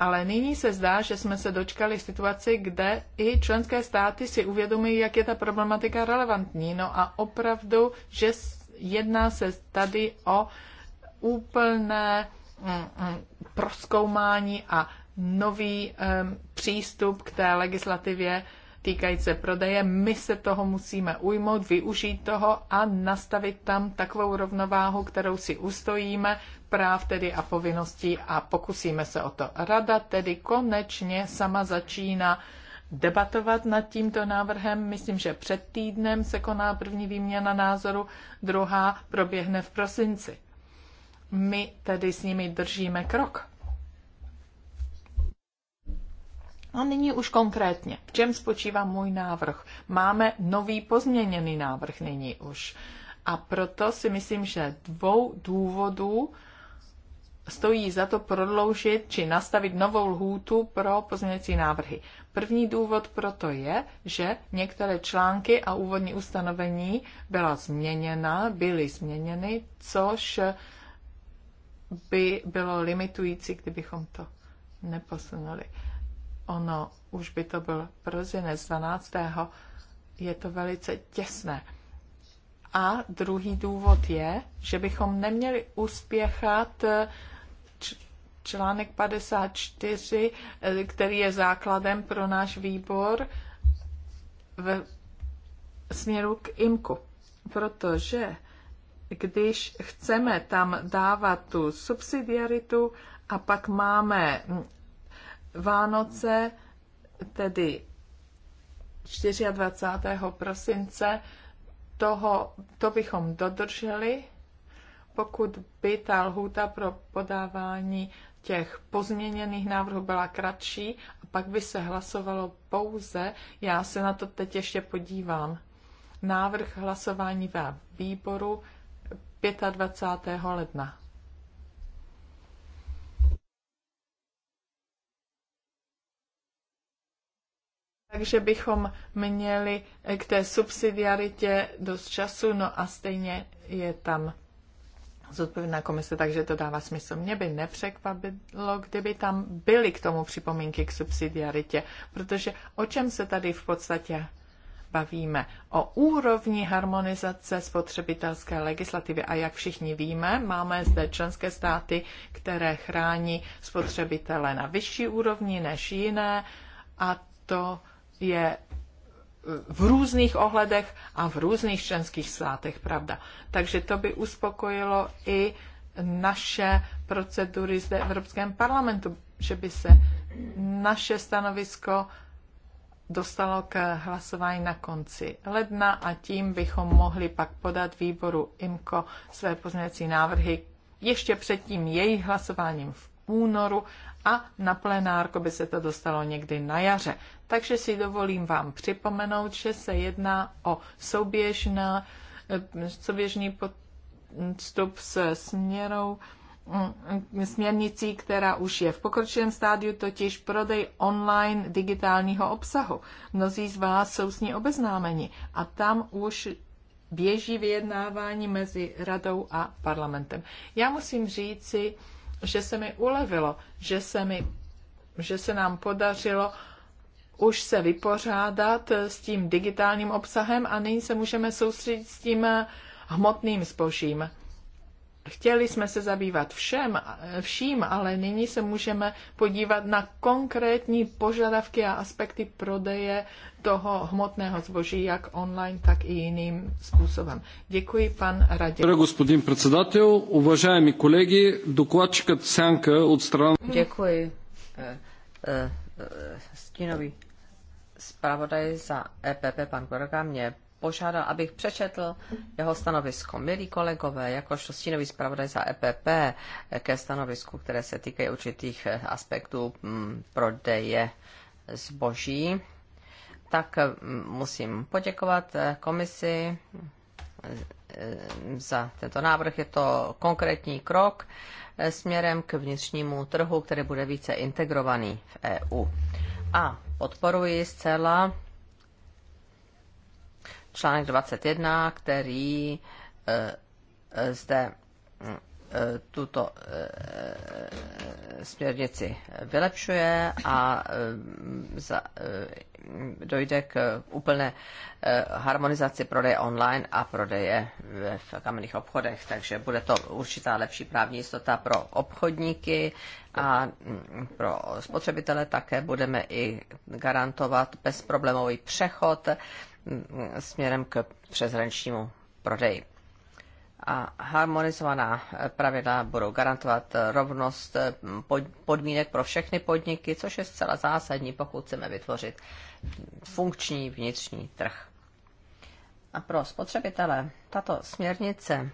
Ale nyní se zdá, že jsme se dočkali situaci, kde i členské státy si uvědomují, jak je ta problematika relevantní. No a opravdu, že jedná se tady o úplné mm, mm, proskoumání a nový um, přístup k té legislativě týkající se prodeje. My se toho musíme ujmout, využít toho a nastavit tam takovou rovnováhu, kterou si ustojíme, práv tedy a povinností a pokusíme se o to. Rada tedy konečně sama začíná debatovat nad tímto návrhem. Myslím, že před týdnem se koná první výměna názoru, druhá proběhne v prosinci. My tedy s nimi držíme krok A nyní už konkrétně, v čem spočívá můj návrh? Máme nový pozměněný návrh nyní už. A proto si myslím, že dvou důvodů stojí za to prodloužit či nastavit novou lhůtu pro pozměňující návrhy. První důvod proto je, že některé články a úvodní ustanovení byla změněna, byly změněny, což by bylo limitující, kdybychom to neposunuli ono už by to byl prozinec 12. je to velice těsné. A druhý důvod je, že bychom neměli uspěchat eh, článek 54, eh, který je základem pro náš výbor v směru k IMKU. Protože když chceme tam dávat tu subsidiaritu a pak máme hm, Vánoce, tedy 24. prosince, toho, to bychom dodrželi, pokud by ta lhůta pro podávání těch pozměněných návrhů byla kratší a pak by se hlasovalo pouze, já se na to teď ještě podívám, návrh hlasování ve výboru 25. ledna. Takže bychom měli k té subsidiaritě dost času, no a stejně je tam zodpovědná komise, takže to dává smysl. Mě by nepřekvapilo, kdyby tam byly k tomu připomínky k subsidiaritě, protože o čem se tady v podstatě bavíme? O úrovni harmonizace spotřebitelské legislativy. A jak všichni víme, máme zde členské státy, které chrání spotřebitele na vyšší úrovni než jiné a to je eh, v různých ohledech a v různých členských státech, pravda. Takže to by uspokojilo i naše procedury zde v Evropském parlamentu, že by se naše stanovisko dostalo k hlasování na konci ledna a tím bychom mohli pak podat výboru IMKO své pozměňovací návrhy ještě před tím jejich hlasováním v únoru a na plenárko by se to dostalo někdy na jaře. Takže si dovolím vám připomenout, že se jedná o souběžná, eh, souběžný podstup se směrou mm, směrnicí, která už je v pokročilém stádiu, totiž prodej online digitálního obsahu. Mnozí z vás jsou s ní obeznámeni a tam už běží vyjednávání mezi radou a parlamentem. Já musím říci, že se mi ulevilo, že se, mi, že se nám podařilo už se vypořádat s tím digitálním obsahem a nyní se můžeme soustředit s tím hmotným zbožím. Chtěli jsme se zabývat všem, vším, ale nyní se můžeme podívat na konkrétní požadavky a aspekty prodeje toho hmotného zboží, jak online, tak i jiným způsobem. Děkuji, pan Raděk. Děkuji, předsedatel, uvažajeme kolegy, dokladčka Sanka od strany... Děkuji. Eh, eh, eh, stínový zpravodaj za EPP, pan Korka, mě požádal, abych přečetl jeho stanovisko. Milí kolegové, jakožto stínový zpravodaj za EPP ke stanovisku, které se týkají určitých eh, aspektů mm, prodeje zboží, tak mm, musím poděkovat eh, komisi eh, za tento návrh. Je to konkrétní krok směrem k vnitřnímu trhu, který bude více integrovaný v EU. A podporuji zcela článek 21, který eh, eh, zde hm, eh, tuto směrnici vylepšuje a hm, hm, dojde k úplné harmonizaci prodeje online a prodeje v kamenných obchodech, takže bude to určitá lepší právní jistota pro obchodníky a pro spotřebitele také budeme i garantovat bezproblémový přechod směrem k přeshraničnímu prodeji. A harmonizovaná pravidla budou garantovat rovnost podmínek pro všechny podniky, což je zcela zásadní, pokud chceme vytvořit funkční vnitřní trh. A pro spotřebitele tato směrnice,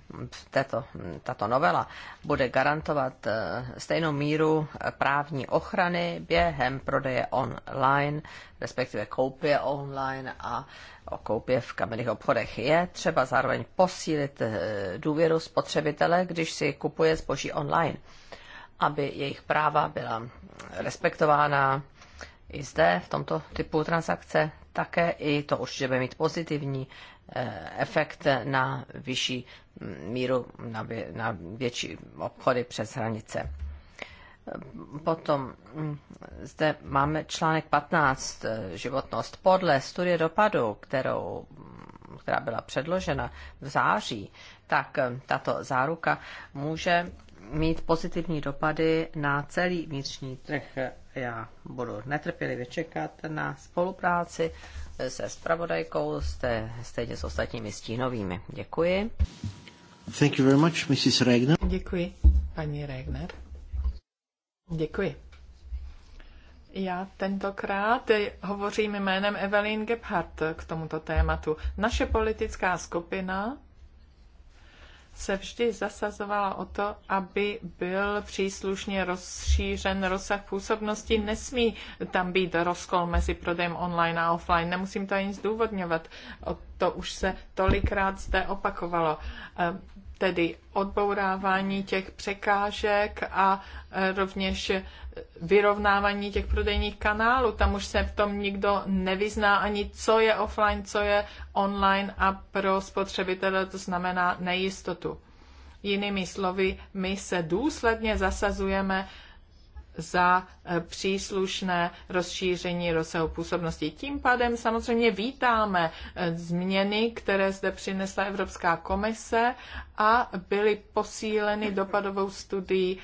tato, tato novela, bude garantovat eh, stejnou míru právní ochrany během prodeje online, respektive koupě online a o koupě v kamenných obchodech. Je třeba zároveň posílit eh, důvěru spotřebitele, když si kupuje zboží online, aby jejich práva byla respektována i zde, v tomto typu transakce, také i to určitě bude mít pozitivní Eh, efekt na vyšší míru, na, vě, na větší obchody přes hranice. Potom hm, zde máme článek 15, eh, životnost. Podle studie dopadu, kterou, která byla předložena v září, tak eh, tato záruka může mít pozitivní dopady na celý vnitřní trh. Já budu netrpělivě čekat na spolupráci se spravodajkou, jste, stejně s ostatními stínovými. Děkuji. Thank you very much, Mrs. Regner. Děkuji, paní Regner. Děkuji. Já tentokrát hovořím jménem Evelyn Gebhardt k tomuto tématu. Naše politická skupina se vždy zasazovala o to, aby byl příslušně rozšířen rozsah působnosti. Nesmí tam být rozkol mezi prodejem online a offline. Nemusím to ani zdůvodňovat. to už se tolikrát zde opakovalo tedy odbourávání těch překážek a e, rovněž vyrovnávání těch prodejních kanálů. Tam už se v tom nikdo nevyzná ani, co je offline, co je online a pro spotřebitele to znamená nejistotu. Jinými slovy, my se důsledně zasazujeme za eh, příslušné rozšíření rozsahu působnosti. Tím pádem samozřejmě vítáme eh, změny, které zde přinesla Evropská komise a byly posíleny dopadovou studií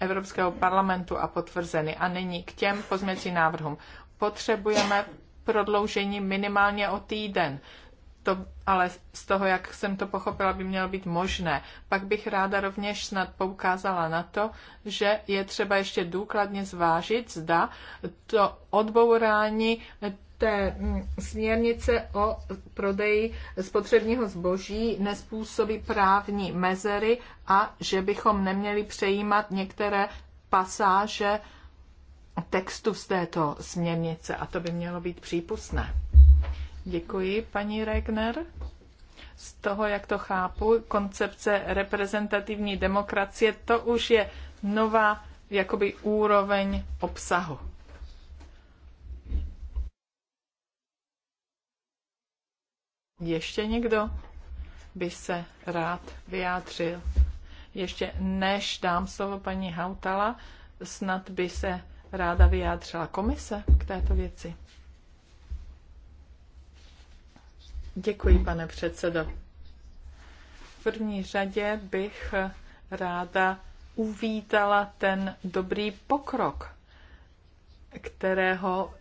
Evropského parlamentu a potvrzeny. A nyní k těm pozměcí návrhům. Potřebujeme prodloužení minimálně o týden to ale z toho, jak jsem to pochopila, by mělo být možné. Pak bych ráda rovněž snad poukázala na to, že je třeba ještě důkladně zvážit, zda to odbourání té mm, směrnice o prodeji spotřebního zboží nespůsobí právní mezery a že bychom neměli přejímat některé pasáže textu z této směrnice a to by mělo být přípustné. Děkuji, paní Regner. Z toho, jak to chápu, koncepce reprezentativní demokracie, to už je nová jakoby úroveň obsahu. Ještě někdo by se rád vyjádřil? Ještě než dám slovo paní Hautala, snad by se ráda vyjádřila komise k této věci. Děkuji, pane předsedo. V první řadě bych ráda uvítala ten dobrý pokrok, kterého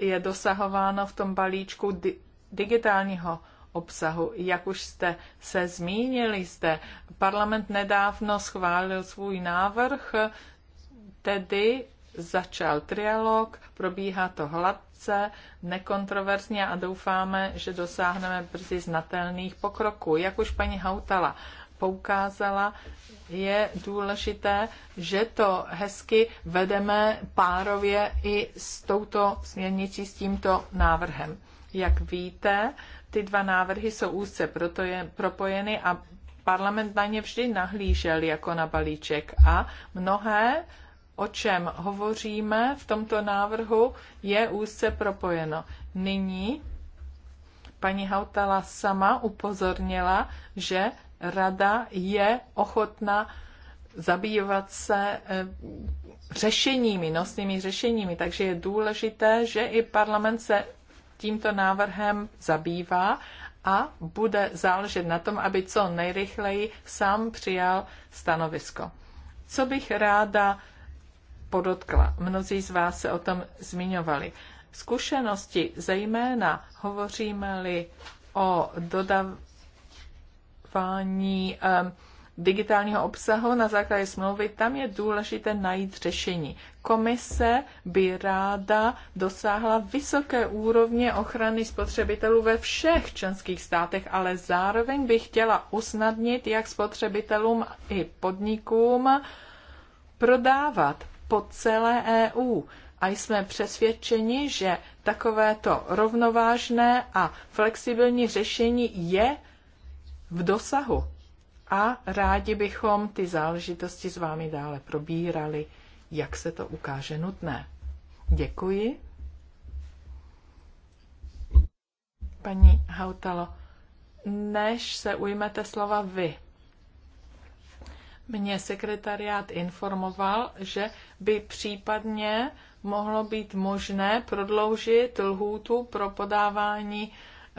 je dosahováno v tom balíčku di- digitálního obsahu. Jak už jste se zmínili zde, parlament nedávno schválil svůj návrh, tedy začal trialog, probíhá to hladce, nekontroverzně a doufáme, že dosáhneme brzy znatelných pokroků. Jak už paní Hautala poukázala, je důležité, že to hezky vedeme párově i s touto směrnicí, s tímto návrhem. Jak víte, ty dva návrhy jsou úzce proto je, propojeny a parlament na ně vždy nahlížel jako na balíček a mnohé o čem hovoříme v tomto návrhu, je úzce propojeno. Nyní paní Hautala sama upozornila, že rada je ochotna zabývat se eh, řešeními, nosnými řešeními. Takže je důležité, že i parlament se tímto návrhem zabývá a bude záležet na tom, aby co nejrychleji sám přijal stanovisko. Co bych ráda podotkla. Mnozí z vás se o tom zmiňovali. Zkušenosti, zejména hovoříme-li o dodávání um, digitálního obsahu na základě smlouvy, tam je důležité najít řešení. Komise by ráda dosáhla vysoké úrovně ochrany spotřebitelů ve všech členských státech, ale zároveň by chtěla usnadnit jak spotřebitelům i podnikům prodávat po celé EU. A jsme přesvědčeni, že takovéto rovnovážné a flexibilní řešení je v dosahu. A rádi bychom ty záležitosti s vámi dále probírali, jak se to ukáže nutné. Děkuji. Paní Hautalo, než se ujmete slova vy, mě sekretariát informoval, že by případně mohlo být možné prodloužit lhůtu pro podávání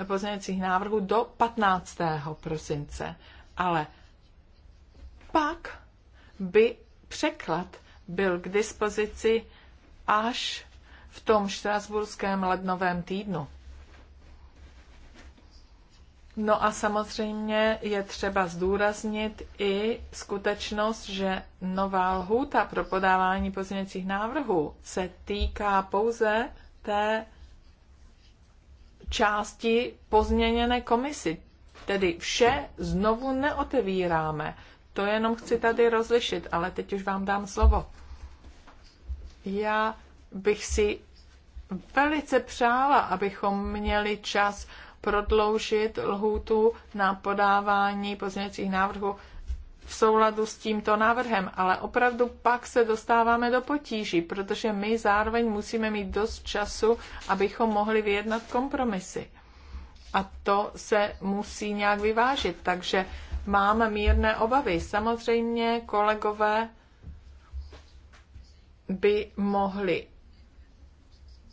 pozměňovacích návrhů do 15. prosince. Ale pak by překlad byl k dispozici až v tom štrasburském lednovém týdnu. No a samozřejmě je třeba zdůraznit i skutečnost, že nová lhůta pro podávání pozměňujících návrhů se týká pouze té části pozměněné komisy. Tedy vše znovu neotevíráme. To jenom chci tady rozlišit, ale teď už vám dám slovo. Já bych si velice přála, abychom měli čas prodloužit lhůtu na podávání pozměňovacích návrhů v souladu s tímto návrhem, ale opravdu pak se dostáváme do potíží, protože my zároveň musíme mít dost času, abychom mohli vyjednat kompromisy. A to se musí nějak vyvážit, takže mám mírné obavy. Samozřejmě kolegové by mohli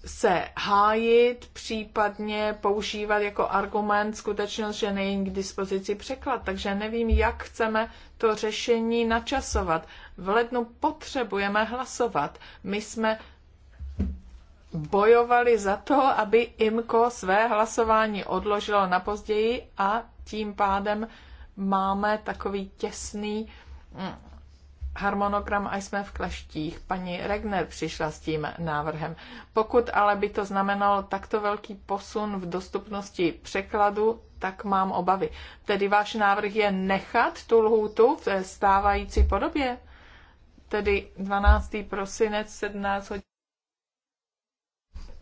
se hájit, případně používat jako argument skutečnost, že není k dispozici překlad. Takže nevím, jak chceme to řešení načasovat. V lednu potřebujeme hlasovat. My jsme bojovali za to, aby IMKO své hlasování odložilo na později a tím pádem máme takový těsný mm, harmonogram a jsme v kleštích. Paní Regner přišla s tím návrhem. Pokud ale by to znamenalo takto velký posun v dostupnosti překladu, tak mám obavy. Tedy váš návrh je nechat tu lhůtu v stávající podobě? Tedy 12. prosinec 17 hodin.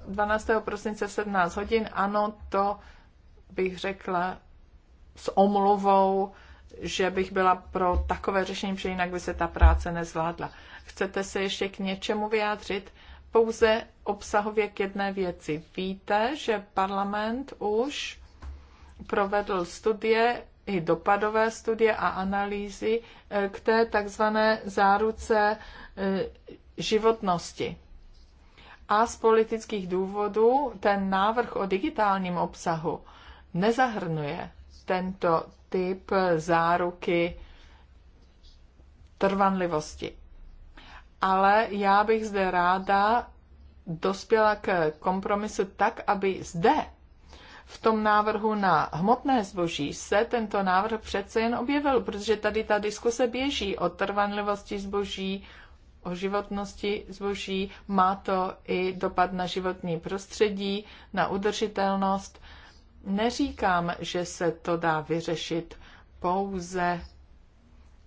12. prosince 17 hodin, ano, to bych řekla s omluvou že bych byla pro takové řešení, že jinak by se ta práce nezvládla. Chcete se ještě k něčemu vyjádřit? Pouze obsahově k jedné věci. Víte, že parlament už provedl studie, i dopadové studie a analýzy eh, k té takzvané záruce eh, životnosti. A z politických důvodů ten návrh o digitálním obsahu nezahrnuje tento typ záruky trvanlivosti. Ale já bych zde ráda dospěla k kompromisu tak, aby zde v tom návrhu na hmotné zboží se tento návrh přece jen objevil, protože tady ta diskuse běží o trvanlivosti zboží, o životnosti zboží, má to i dopad na životní prostředí, na udržitelnost neříkám, že se to dá vyřešit pouze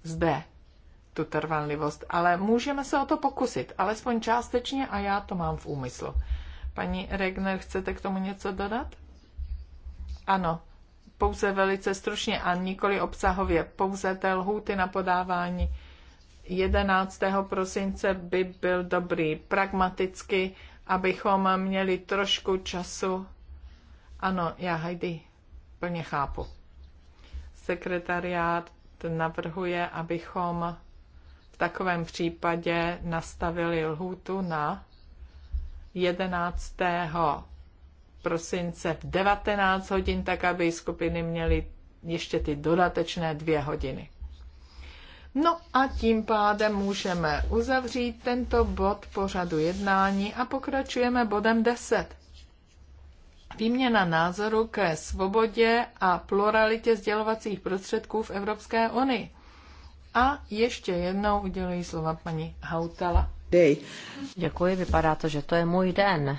zde, tu trvanlivost, ale můžeme se o to pokusit, alespoň částečně a já to mám v úmyslu. Paní Regner, chcete k tomu něco dodat? Ano, pouze velice stručně a nikoli obsahově, pouze té lhůty na podávání 11. prosince by byl dobrý pragmaticky, abychom měli trošku času ano, já Heidi plně chápu. Sekretariát navrhuje, abychom v takovém případě nastavili lhůtu na 11. prosince v 19 hodin, tak aby skupiny měly ještě ty dodatečné dvě hodiny. No a tím pádem můžeme uzavřít tento bod pořadu jednání a pokračujeme bodem 10 výměna názoru ke svobodě a pluralitě sdělovacích prostředků v Evropské unii. A ještě jednou udělují slova paní Hautala. Dej. Děkuji, vypadá to, že to je můj den.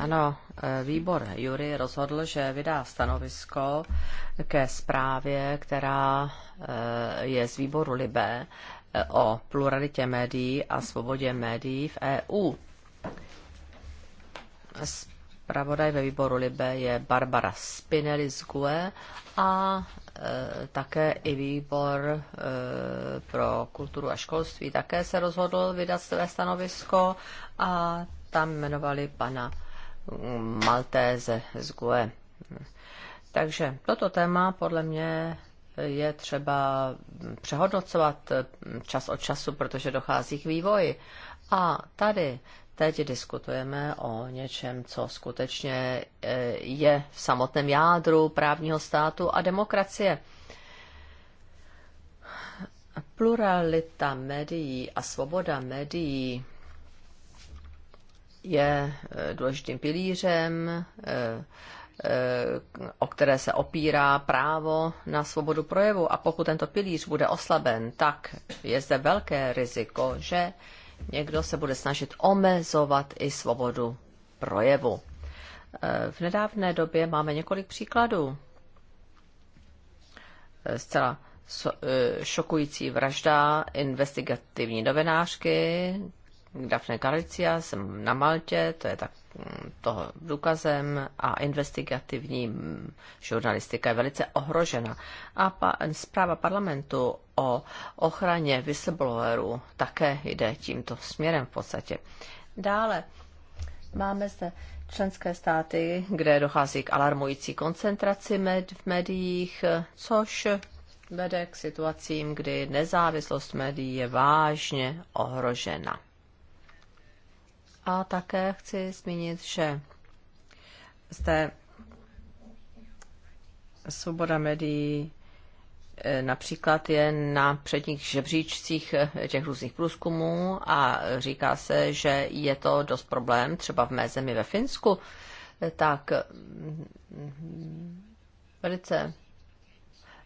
Ano, eh, výbor Jury rozhodl, že vydá stanovisko ke zprávě, která eh, je z výboru Libé eh, o pluralitě médií a svobodě médií v EU zpravodaj ve výboru Libe je Barbara Spinelli z GUE a e, také i výbor e, pro kulturu a školství také se rozhodl vydat své stanovisko a tam jmenovali pana mm, Maltéze z GUE. Takže toto téma podle mě je třeba přehodnocovat mm, čas od času, protože dochází k vývoji. A tady teď diskutujeme o něčem, co skutečně e, je v samotném jádru právního státu a demokracie. Pluralita médií a svoboda médií je e, důležitým pilířem, e, o které se opírá právo na svobodu projevu. A pokud tento pilíř bude oslaben, tak je zde velké riziko, že někdo se bude snažit omezovat i svobodu projevu. Eh, v nedávné době máme několik příkladů. Eh, zcela eh, šokující vražda investigativní novinářky, Daphne Galicia na Maltě, to je tak mm, toho důkazem a investigativní mm, žurnalistika je velice ohrožena. A pa, zpráva parlamentu o ochraně whistleblowerů také jde tímto směrem v podstatě. Dále máme zde členské státy, kde dochází k alarmující koncentraci med v médiích, což vede k situacím, kdy nezávislost médií je vážně ohrožena. A také chci zmínit, že zde svoboda médií e, například je na předních žebříčcích e, těch různých průzkumů a říká se, že je to dost problém, třeba v mé zemi ve Finsku, e, tak mm, velice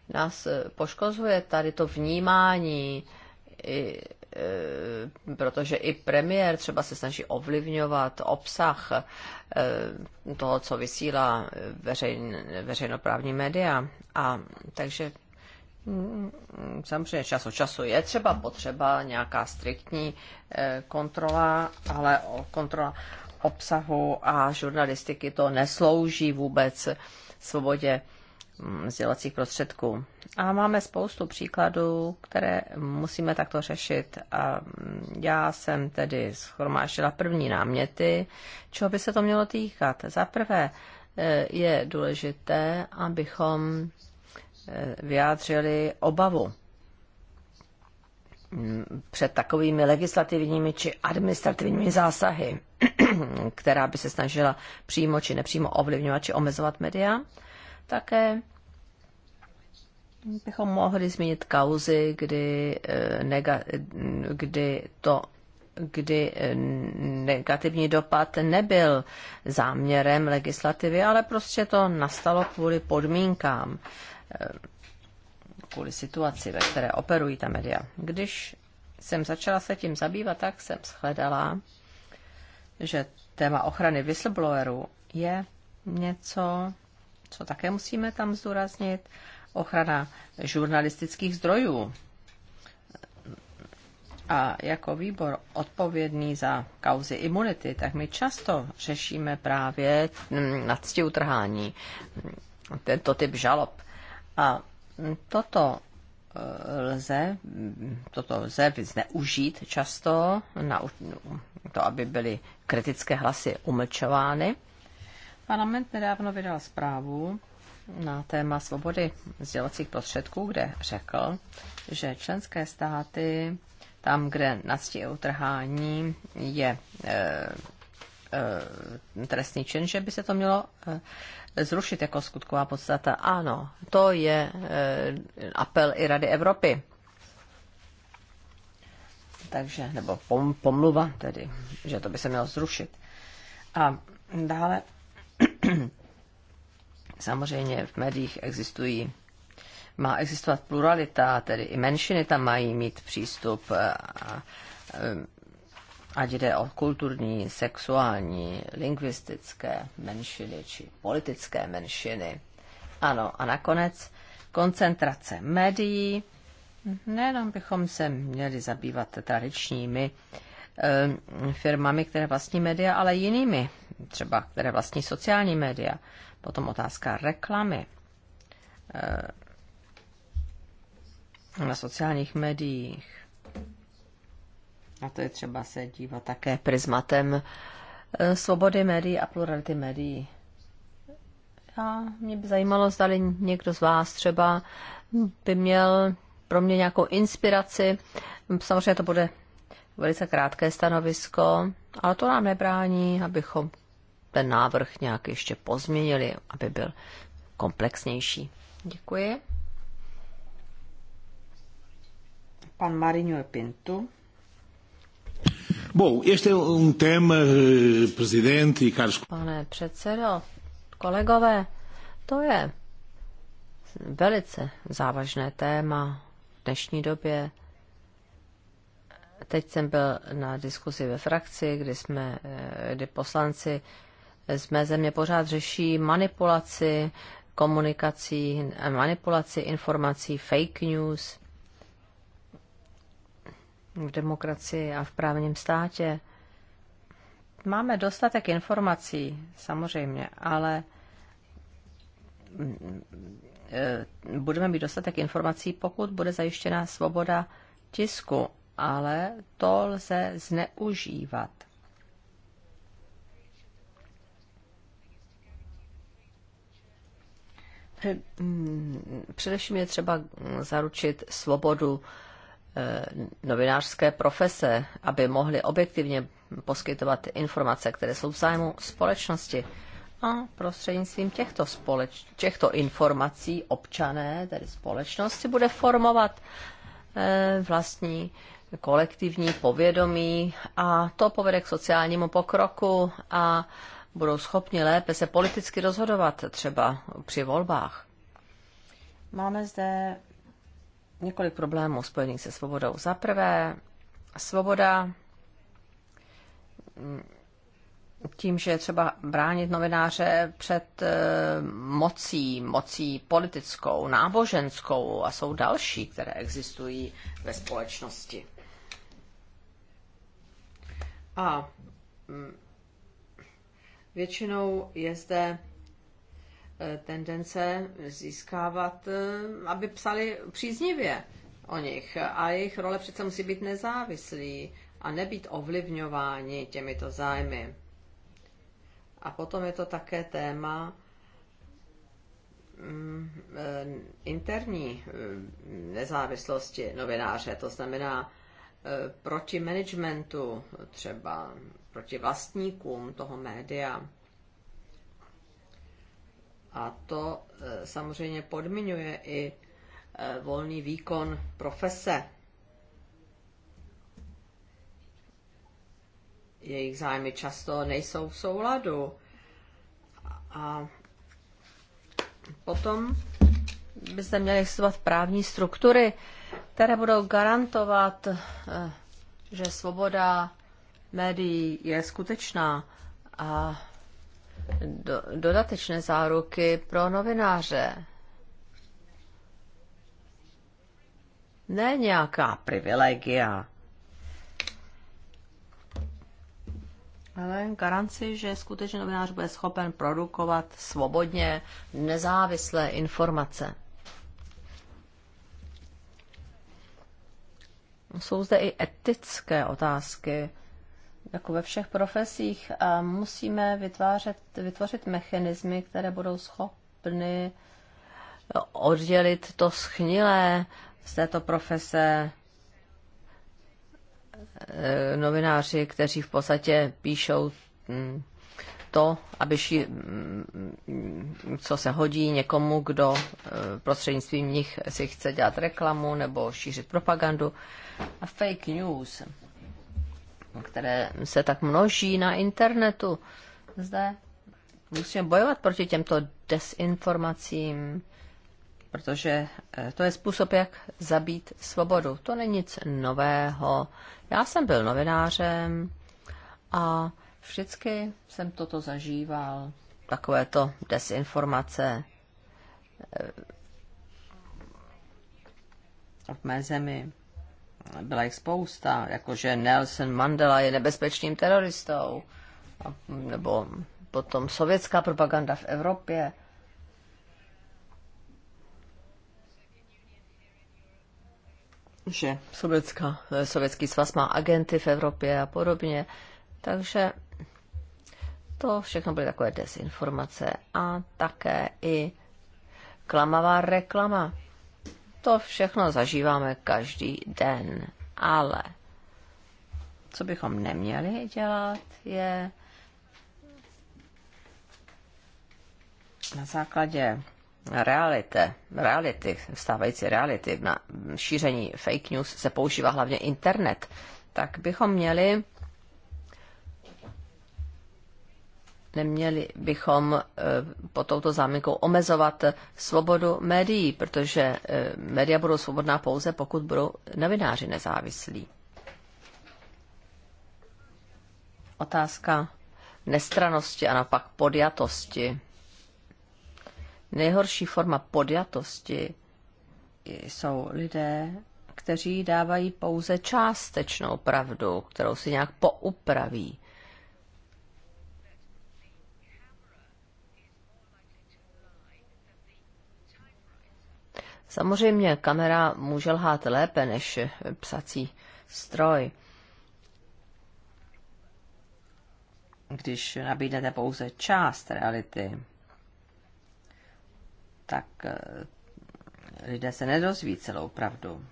nás poškozuje tady to vnímání i, e, protože i premiér třeba se snaží ovlivňovat obsah e, toho, co vysílá veřejn, veřejnoprávní média. A takže mm, samozřejmě čas od času je třeba potřeba nějaká striktní e, kontrola, ale kontrola obsahu a žurnalistiky to neslouží vůbec svobodě sdělacích prostředků. A máme spoustu příkladů, které musíme takto řešit. A já jsem tedy schromáždila první náměty, čeho by se to mělo týkat. Za prvé eh, je důležité, abychom eh, vyjádřili obavu mm, před takovými legislativními či administrativními zásahy, která by se snažila přímo či nepřímo ovlivňovat či omezovat média. Také bychom mohli zmínit kauzy, kdy, eh, nega, kdy to kdy eh, negativní dopad nebyl záměrem legislativy, ale prostě to nastalo kvůli podmínkám, eh, kvůli situaci, ve které operují ta média. Když jsem začala se tím zabývat, tak jsem shledala, že téma ochrany whistleblowerů je něco, co také musíme tam zdůraznit, ochrana žurnalistických zdrojů. A jako výbor odpovědný za kauzy imunity, tak my často řešíme právě mm, nadsti utrhání, mm, tento typ žalob. A toto e, lze, toto lze zneužít často na to, aby byly kritické hlasy umlčovány. Parlament nedávno vydal zprávu na téma svobody sdělovacích prostředků, kde řekl, že členské státy, tam, kde nadstí utrhání je e, e, trestný čin, že by se to mělo e, zrušit jako skutková podstata. Ano, to je e, apel i Rady Evropy. Takže, nebo pom, pomluva tedy, že to by se mělo zrušit. A dále Samozřejmě v médiích existují, má existovat pluralita, tedy i menšiny tam mají mít přístup, a, e, ať jde o kulturní, sexuální, lingvistické menšiny či politické menšiny. Ano, a nakonec koncentrace médií. Nejenom bychom se měli zabývat tradičními e, firmami, které vlastní média, ale jinými, třeba které vlastní sociální média. Potom otázka reklamy eh, na sociálních médiích. A to je třeba se dívat také prismatem eh, svobody médií a plurality médií. A mě by zajímalo, zda někdo z vás třeba by měl pro mě nějakou inspiraci. Samozřejmě to bude velice krátké stanovisko, ale to nám nebrání, abychom ten návrh nějak ještě pozměnili, aby byl komplexnější. Děkuji. Pan Marinho Pinto. Bom, este é um tema, eh, presidente e caros... Pane předsedo, kolegové, to je velice závažné téma v dnešní době. Teď jsem byl na diskusi ve frakci, kdy jsme, eh, kdy poslanci z mé země pořád řeší manipulaci komunikací, manipulaci informací, fake news v demokracii a v právním státě. Máme dostatek informací, samozřejmě, ale mm, e, budeme mít dostatek informací, pokud bude zajištěna svoboda tisku, ale to lze zneužívat. Hm, především je třeba zaručit svobodu eh, novinářské profese, aby mohli objektivně poskytovat informace, které jsou v zájmu společnosti. A prostřednictvím těchto, společ- těchto informací občané, tedy společnosti, bude formovat eh, vlastní kolektivní povědomí a to povede k sociálnímu pokroku a budou schopni lépe se politicky rozhodovat třeba při volbách. Máme zde několik problémů spojených se svobodou. Za prvé, svoboda mm, tím, že je třeba bránit novináře před eh, mocí, mocí politickou, náboženskou a jsou další, které existují ve společnosti. A mm, Většinou je zde eh, tendence získávat, eh, aby psali příznivě o nich. A jejich role přece musí být nezávislý a nebýt ovlivňováni těmito zájmy. A potom je to také téma mm, eh, interní nezávislosti novináře, to znamená proti managementu třeba proti vlastníkům toho média. A to e, samozřejmě podmiňuje i e, volný výkon profese. Jejich zájmy často nejsou v souladu. A potom byste měli existovat právní struktury, které budou garantovat, e, že svoboda médií je skutečná a do, dodatečné záruky pro novináře. Ne nějaká privilegia, ale garanci, že skutečně novinář bude schopen produkovat svobodně, nezávislé informace. Jsou zde i etické otázky jako ve všech profesích a musíme vytvářet, vytvořit mechanismy, které budou schopny oddělit to schnilé z této profese eh, novináři, kteří v podstatě píšou mm, to, aby ší, mm, co se hodí někomu, kdo eh, prostřednictvím nich si chce dělat reklamu nebo šířit propagandu. A fake news, které se tak množí na internetu. Zde musíme bojovat proti těmto desinformacím, protože eh, to je způsob, jak zabít svobodu. To není nic nového. Já jsem byl novinářem a vždycky jsem toto zažíval, takovéto desinformace eh, v mé zemi byla jich spousta, jakože Nelson Mandela je nebezpečným teroristou, nebo potom sovětská propaganda v Evropě. že Sovětská, eh, Sovětský svaz má agenty v Evropě a podobně. Takže to všechno byly takové dezinformace a také i klamavá reklama. To všechno zažíváme každý den. Ale co bychom neměli dělat, je na základě reality, reality, vstávající reality, na šíření fake news se používá hlavně internet, tak bychom měli Neměli bychom eh, po touto zámykou omezovat svobodu médií, protože eh, média budou svobodná pouze, pokud budou novináři nezávislí. Otázka nestranosti a naopak podjatosti. Nejhorší forma podjatosti jsou lidé, kteří dávají pouze částečnou pravdu, kterou si nějak poupraví. Samozřejmě kamera může lhát lépe než psací stroj. Když nabídnete pouze část reality, tak eh, lidé se nedozví celou pravdu.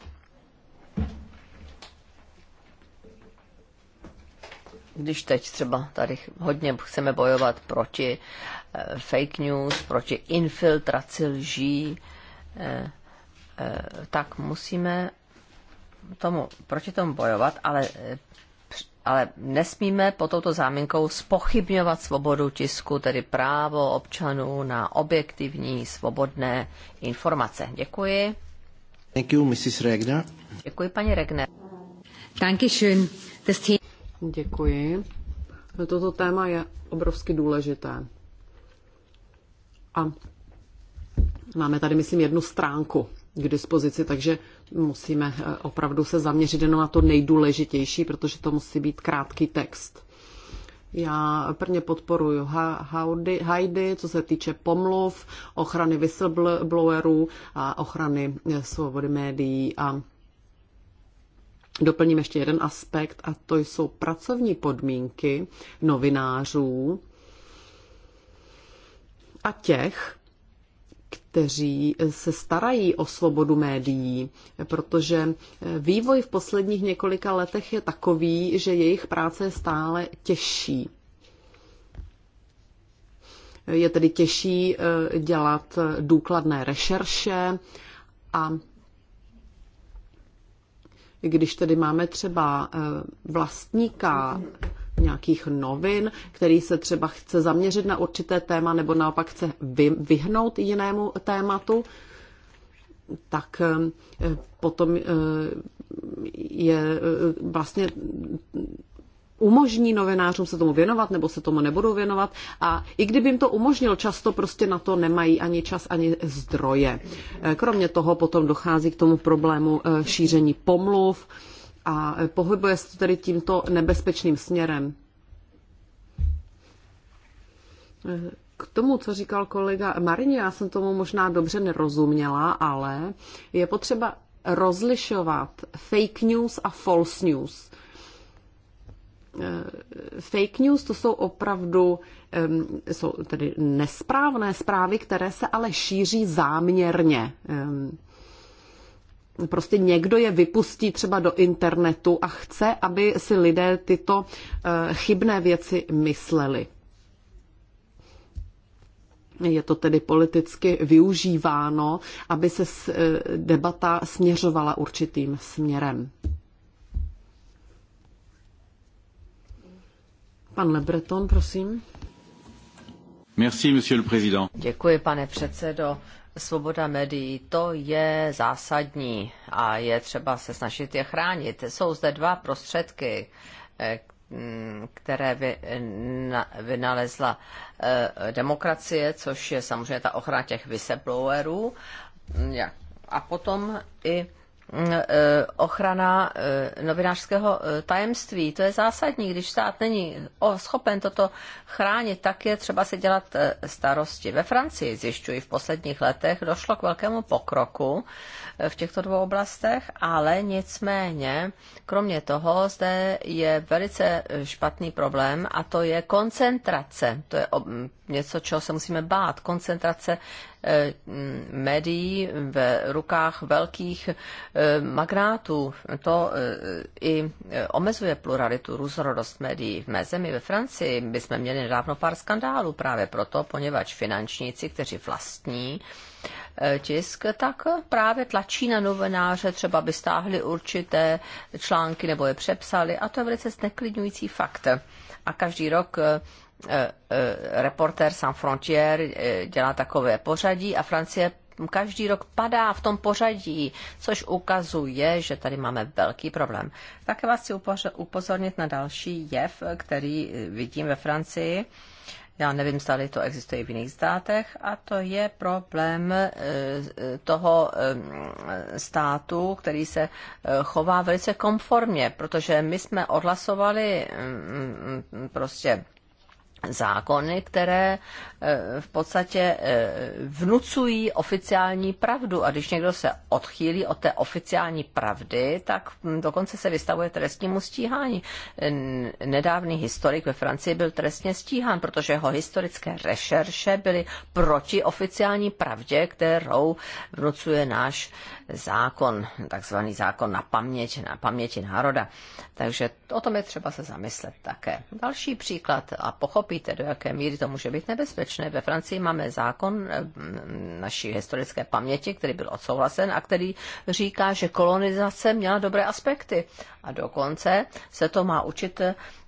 Když teď třeba tady hodně chceme bojovat proti eh, fake news, proti infiltraci lží, eh, Eh, tak musíme tomu, proti tomu bojovat, ale, eh, ale nesmíme po touto záminkou spochybňovat svobodu tisku, tedy právo občanů na objektivní, svobodné informace. Děkuji. Thank you, Mrs. Regner. Děkuji, paní Regner. you, Děkuji. No, toto téma je obrovsky důležité. A máme tady, myslím, jednu stránku k dispozici, takže musíme eh, opravdu se zaměřit jenom na to nejdůležitější, protože to musí být krátký text. Já prvně podporuji Heidi, co se týče pomluv, ochrany whistleblowerů a ochrany eh, svobody médií a Doplním ještě jeden aspekt a to jsou pracovní podmínky novinářů a těch, kteří se starají o svobodu médií, protože vývoj v posledních několika letech je takový, že jejich práce je stále těžší. Je tedy těžší eh, dělat důkladné rešerše a když tedy máme třeba eh, vlastníka nějakých novin, který se třeba chce zaměřit na určité téma nebo naopak chce vyhnout jinému tématu, tak eh, potom eh, je eh, vlastně umožní novinářům se tomu věnovat nebo se tomu nebudou věnovat. A i kdyby jim to umožnil, často prostě na to nemají ani čas, ani zdroje. Kromě toho potom dochází k tomu problému šíření pomluv, a pohybuje se to tedy tímto nebezpečným směrem. K tomu, co říkal kolega Marině, já jsem tomu možná dobře nerozuměla, ale je potřeba rozlišovat fake news a false news. Fake news to jsou opravdu jsou tedy nesprávné zprávy, které se ale šíří záměrně prostě někdo je vypustí třeba do internetu a chce, aby si lidé tyto eh, chybné věci mysleli. Je to tedy politicky využíváno, aby se eh, debata směřovala určitým směrem. Pan Lebreton, prosím. Merci, monsieur le président. Děkuji, pane předsedo svoboda médií, to je zásadní a je třeba se snažit je chránit. Jsou zde dva prostředky, eh, mm, které vynalezla eh, demokracie, což je samozřejmě ta ochrana těch whistleblowerů, mm, a potom i Mm, eh, ochrana eh, novinářského eh, tajemství. To je zásadní. Když stát není schopen toto chránit, tak je třeba si dělat starosti. Ve Francii, zjišťuji, v posledních letech došlo k velkému pokroku v těchto dvou oblastech, ale nicméně, kromě toho, zde je velice špatný problém a to je koncentrace. To je mm, něco, čeho se musíme bát. Koncentrace Eh, médií v rukách velkých eh, magnátů. To eh, i omezuje pluralitu, různorodost médií. V mé zemi ve Francii jsme měli nedávno pár skandálů právě proto, poněvadž finančníci, kteří vlastní tisk, tak právě tlačí na novináře, třeba by stáhli určité články nebo je přepsali a to je velice zneklidňující fakt. A každý rok Eh, eh, reporter Sans Frontier eh, dělá takové pořadí a Francie každý rok padá v tom pořadí, což ukazuje, že tady máme velký problém. Také vás chci upozornit na další jev, který vidím ve Francii. Já nevím, zda to existuje v jiných státech, a to je problém toho státu, který se chová velice konformně, protože my jsme odhlasovali mm, mm, mm, prostě zákony, které e, v podstatě e, vnucují oficiální pravdu. A když někdo se odchýlí od té oficiální pravdy, tak hm, dokonce se vystavuje trestnímu stíhání. Nedávný historik ve Francii byl trestně stíhán, protože jeho historické rešerše byly proti oficiální pravdě, kterou vnucuje náš zákon, takzvaný zákon na paměť, na paměti národa. Takže o tom je třeba se zamyslet také. Další příklad a pochopíte, do jaké míry to může být nebezpečné. Ve Francii máme zákon eh, naší historické paměti, který byl odsouhlasen a který říká, že kolonizace měla dobré aspekty. A dokonce se to má učit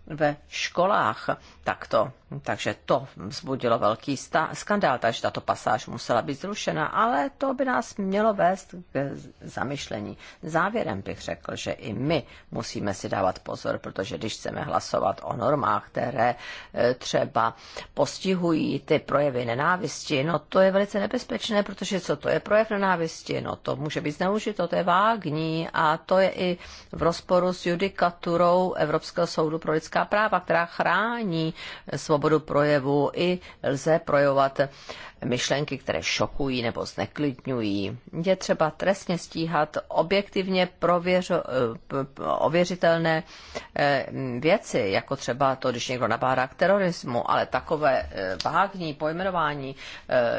ve školách takto. Takže to vzbudilo velký skandál, takže tato pasáž musela být zrušena, ale to by nás mělo vést k zamyšlení. Závěrem bych řekl, že i my musíme si dávat pozor, protože když chceme hlasovat o normách, které e, třeba postihují ty projevy nenávisti, no to je velice nebezpečné, protože co to je projev nenávisti? No to může být zneužito, to je vágní a to je i v rozporu s judikaturou Evropského soudu pro lidská práva, která chrání svobodu svobodu projevu i lze projevovat myšlenky, které šokují nebo zneklidňují. Je třeba trestně stíhat objektivně prověřo, eh, ověřitelné eh, věci, jako třeba to, když někdo nabádá k terorismu, ale takové eh, vágní pojmenování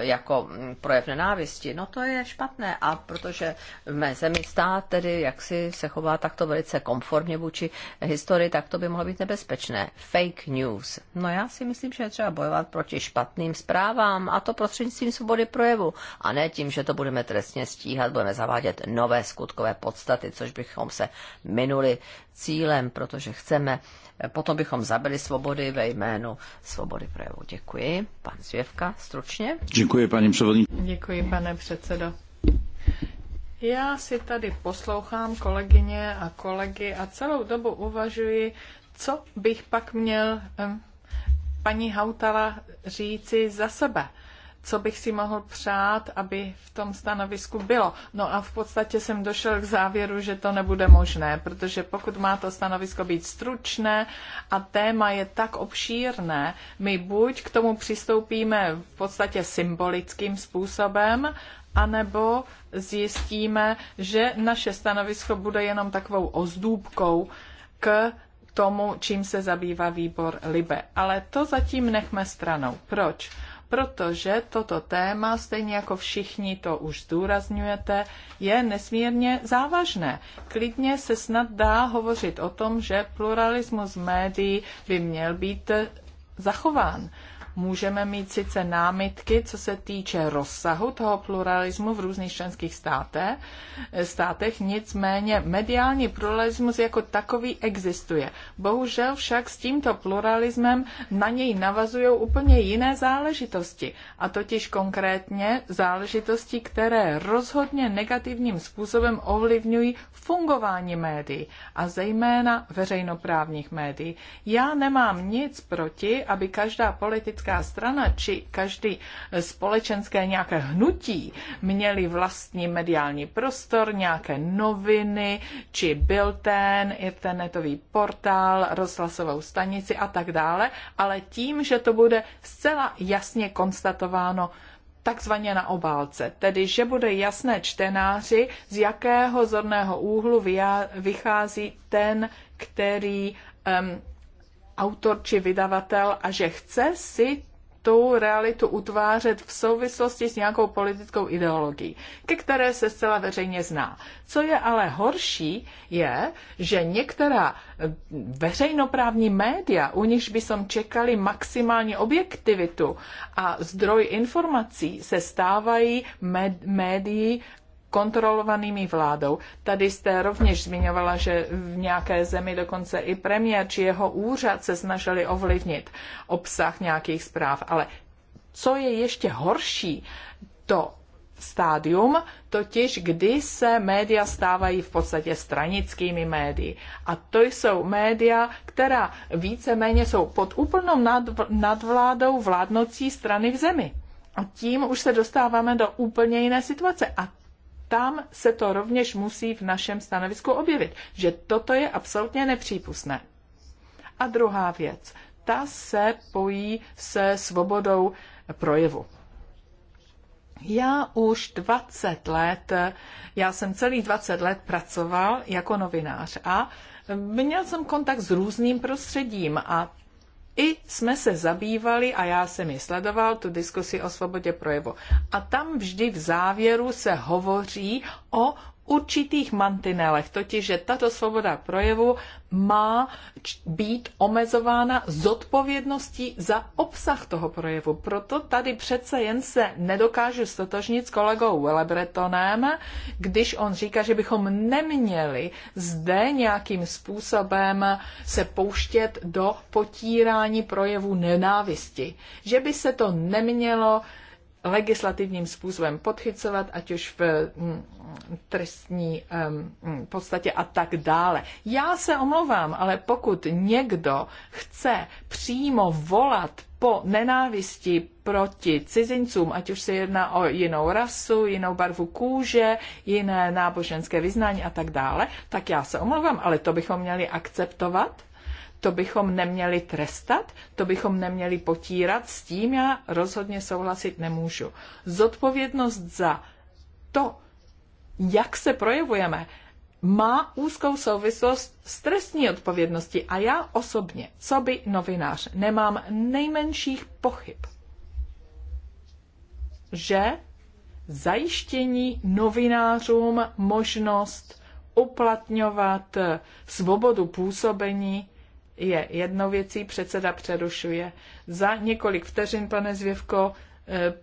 jako mm, projev nenávisti, no to je špatné a protože v mé zemi stát tedy, jak si se chová takto velice konformně vůči historii, tak to by mohlo být nebezpečné. Fake news. No já si myslím, myslím, že je třeba bojovat proti špatným zprávám a to prostřednictvím svobody projevu. A ne tím, že to budeme trestně stíhat, budeme zavádět nové skutkové podstaty, což bychom se minuli cílem, protože chceme, potom bychom zabili svobody ve jménu svobody projevu. Děkuji. Pan Zvěvka, stručně. Děkuji, paní předsedo. Děkuji, pane předsedo. Já si tady poslouchám kolegyně a kolegy a celou dobu uvažuji, co bych pak měl paní Hautala říci za sebe, co bych si mohl přát, aby v tom stanovisku bylo. No a v podstatě jsem došel k závěru, že to nebude možné, protože pokud má to stanovisko být stručné a téma je tak obšírné, my buď k tomu přistoupíme v podstatě symbolickým způsobem, anebo zjistíme, že naše stanovisko bude jenom takovou ozdůbkou k tomu, čím se zabývá výbor Libe. Ale to zatím nechme stranou. Proč? Protože toto téma, stejně jako všichni to už zdůrazňujete, je nesmírně závažné. Klidně se snad dá hovořit o tom, že pluralismus médií by měl být zachován. Můžeme mít sice námitky, co se týče rozsahu toho pluralismu v různých členských státech, státech nicméně mediální pluralismus jako takový existuje. Bohužel však s tímto pluralismem na něj navazují úplně jiné záležitosti, a totiž konkrétně záležitosti, které rozhodně negativním způsobem ovlivňují fungování médií a zejména veřejnoprávních médií. Já nemám nic proti, aby každá politická politická strana či každý společenské nějaké hnutí měli vlastní mediální prostor, nějaké noviny či bilten, internetový portál, rozhlasovou stanici a tak dále, ale tím, že to bude zcela jasně konstatováno takzvaně na obálce, tedy že bude jasné čtenáři, z jakého zorného úhlu vychází ten, který um, autor či vydavatel a že chce si tu realitu utvářet v souvislosti s nějakou politickou ideologií, ke které se zcela veřejně zná. Co je ale horší, je, že některá eh, veřejnoprávní média, u nichž by som čekali maximální objektivitu a zdroj informací, se stávají médií kontrolovanými vládou. Tady jste rovněž zmiňovala, že v nějaké zemi dokonce i premiér či jeho úřad se snažili ovlivnit obsah nějakých zpráv. Ale co je ještě horší, to stádium, totiž kdy se média stávají v podstatě stranickými médii. A to jsou média, která víceméně jsou pod úplnou nadvládou vládnoucí strany v zemi. A tím už se dostáváme do úplně jiné situace. A tam se to rovněž musí v našem stanovisku objevit, že toto je absolutně nepřípustné. A druhá věc, ta se pojí se svobodou projevu. Já už 20 let, já jsem celých 20 let pracoval jako novinář a měl jsem kontakt s různým prostředím a i jsme se zabývali, a já jsem ji sledoval, tu diskusi o svobodě projevu. A tam vždy v závěru se hovoří o určitých mantinelech, totiž, že tato svoboda projevu má být omezována zodpovědností za obsah toho projevu. Proto tady přece jen se nedokážu stotožnit s kolegou Willebretonem, když on říká, že bychom neměli zde nějakým způsobem se pouštět do potírání projevu nenávisti. Že by se to nemělo legislativním způsobem podchycovat, ať už v mm, trestní mm, podstatě a tak dále. Já se omlouvám, ale pokud někdo chce přímo volat po nenávisti proti cizincům, ať už se jedná o jinou rasu, jinou barvu kůže, jiné náboženské vyznání a tak dále, tak já se omlouvám, ale to bychom měli akceptovat to bychom neměli trestat, to bychom neměli potírat, s tím já rozhodně souhlasit nemůžu. Zodpovědnost za to, jak se projevujeme, má úzkou souvislost s trestní odpovědností a já osobně, co by novinář, nemám nejmenších pochyb, že zajištění novinářům možnost uplatňovat svobodu působení je jednou věcí, předseda přerušuje. Za několik vteřin, pane Zvěvko, eh,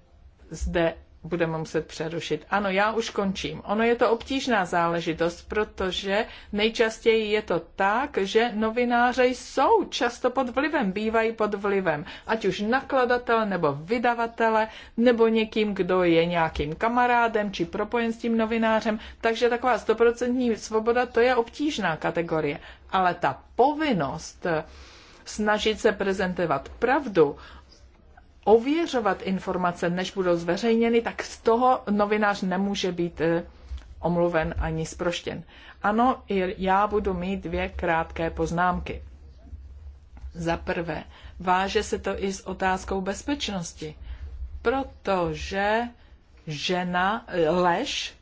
zde budeme muset přerušit. Ano, já už končím. Ono je to obtížná záležitost, protože nejčastěji je to tak, že novináři jsou často pod vlivem, bývají pod vlivem, ať už nakladatele nebo vydavatele, nebo někým, kdo je nějakým kamarádem či propojen s tím novinářem, takže taková stoprocentní svoboda, to je obtížná kategorie. Ale ta povinnost snažit se prezentovat pravdu, ověřovat informace, než budou zveřejněny, tak z toho novinář nemůže být eh, omluven ani sproštěn. Ano, já budu mít dvě krátké poznámky. Za prvé, váže se to i s otázkou bezpečnosti, protože žena eh, lež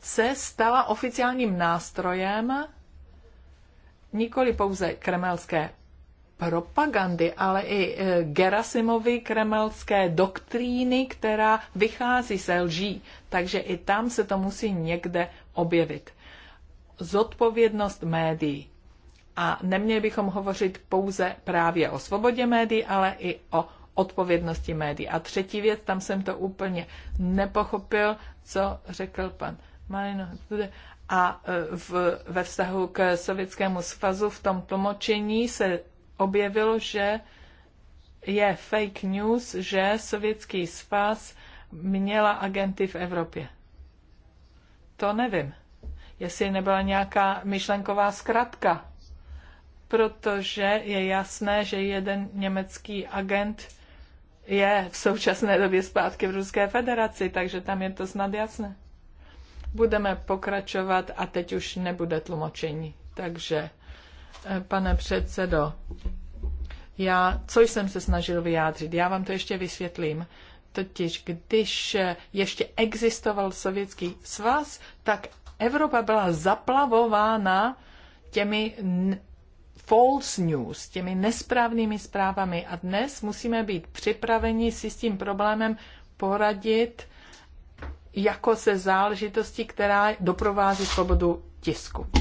se stala oficiálním nástrojem nikoli pouze kremelské propagandy, ale i e, Gerasimovy kremelské doktríny, která vychází se lží. Takže i tam se to musí někde objevit. Zodpovědnost médií. A neměli bychom hovořit pouze právě o svobodě médií, ale i o odpovědnosti médií. A třetí věc, tam jsem to úplně nepochopil, co řekl pan Marino. A e, v, ve vztahu k Sovětskému svazu v tom tlumočení se objevilo, že je fake news, že sovětský svaz měla agenty v Evropě. To nevím, jestli nebyla nějaká myšlenková zkratka, protože je jasné, že jeden německý agent je v současné době zpátky v Ruské federaci, takže tam je to snad jasné. Budeme pokračovat a teď už nebude tlumočení, takže Eh, pane předsedo. Já, co jsem se snažil vyjádřit, já vám to ještě vysvětlím. Totiž, když eh, ještě existoval Sovětský svaz, tak Evropa byla zaplavována těmi false news, těmi nesprávnými zprávami. A dnes musíme být připraveni si s tím problémem poradit jako se záležitostí, která doprovází svobodu tisku.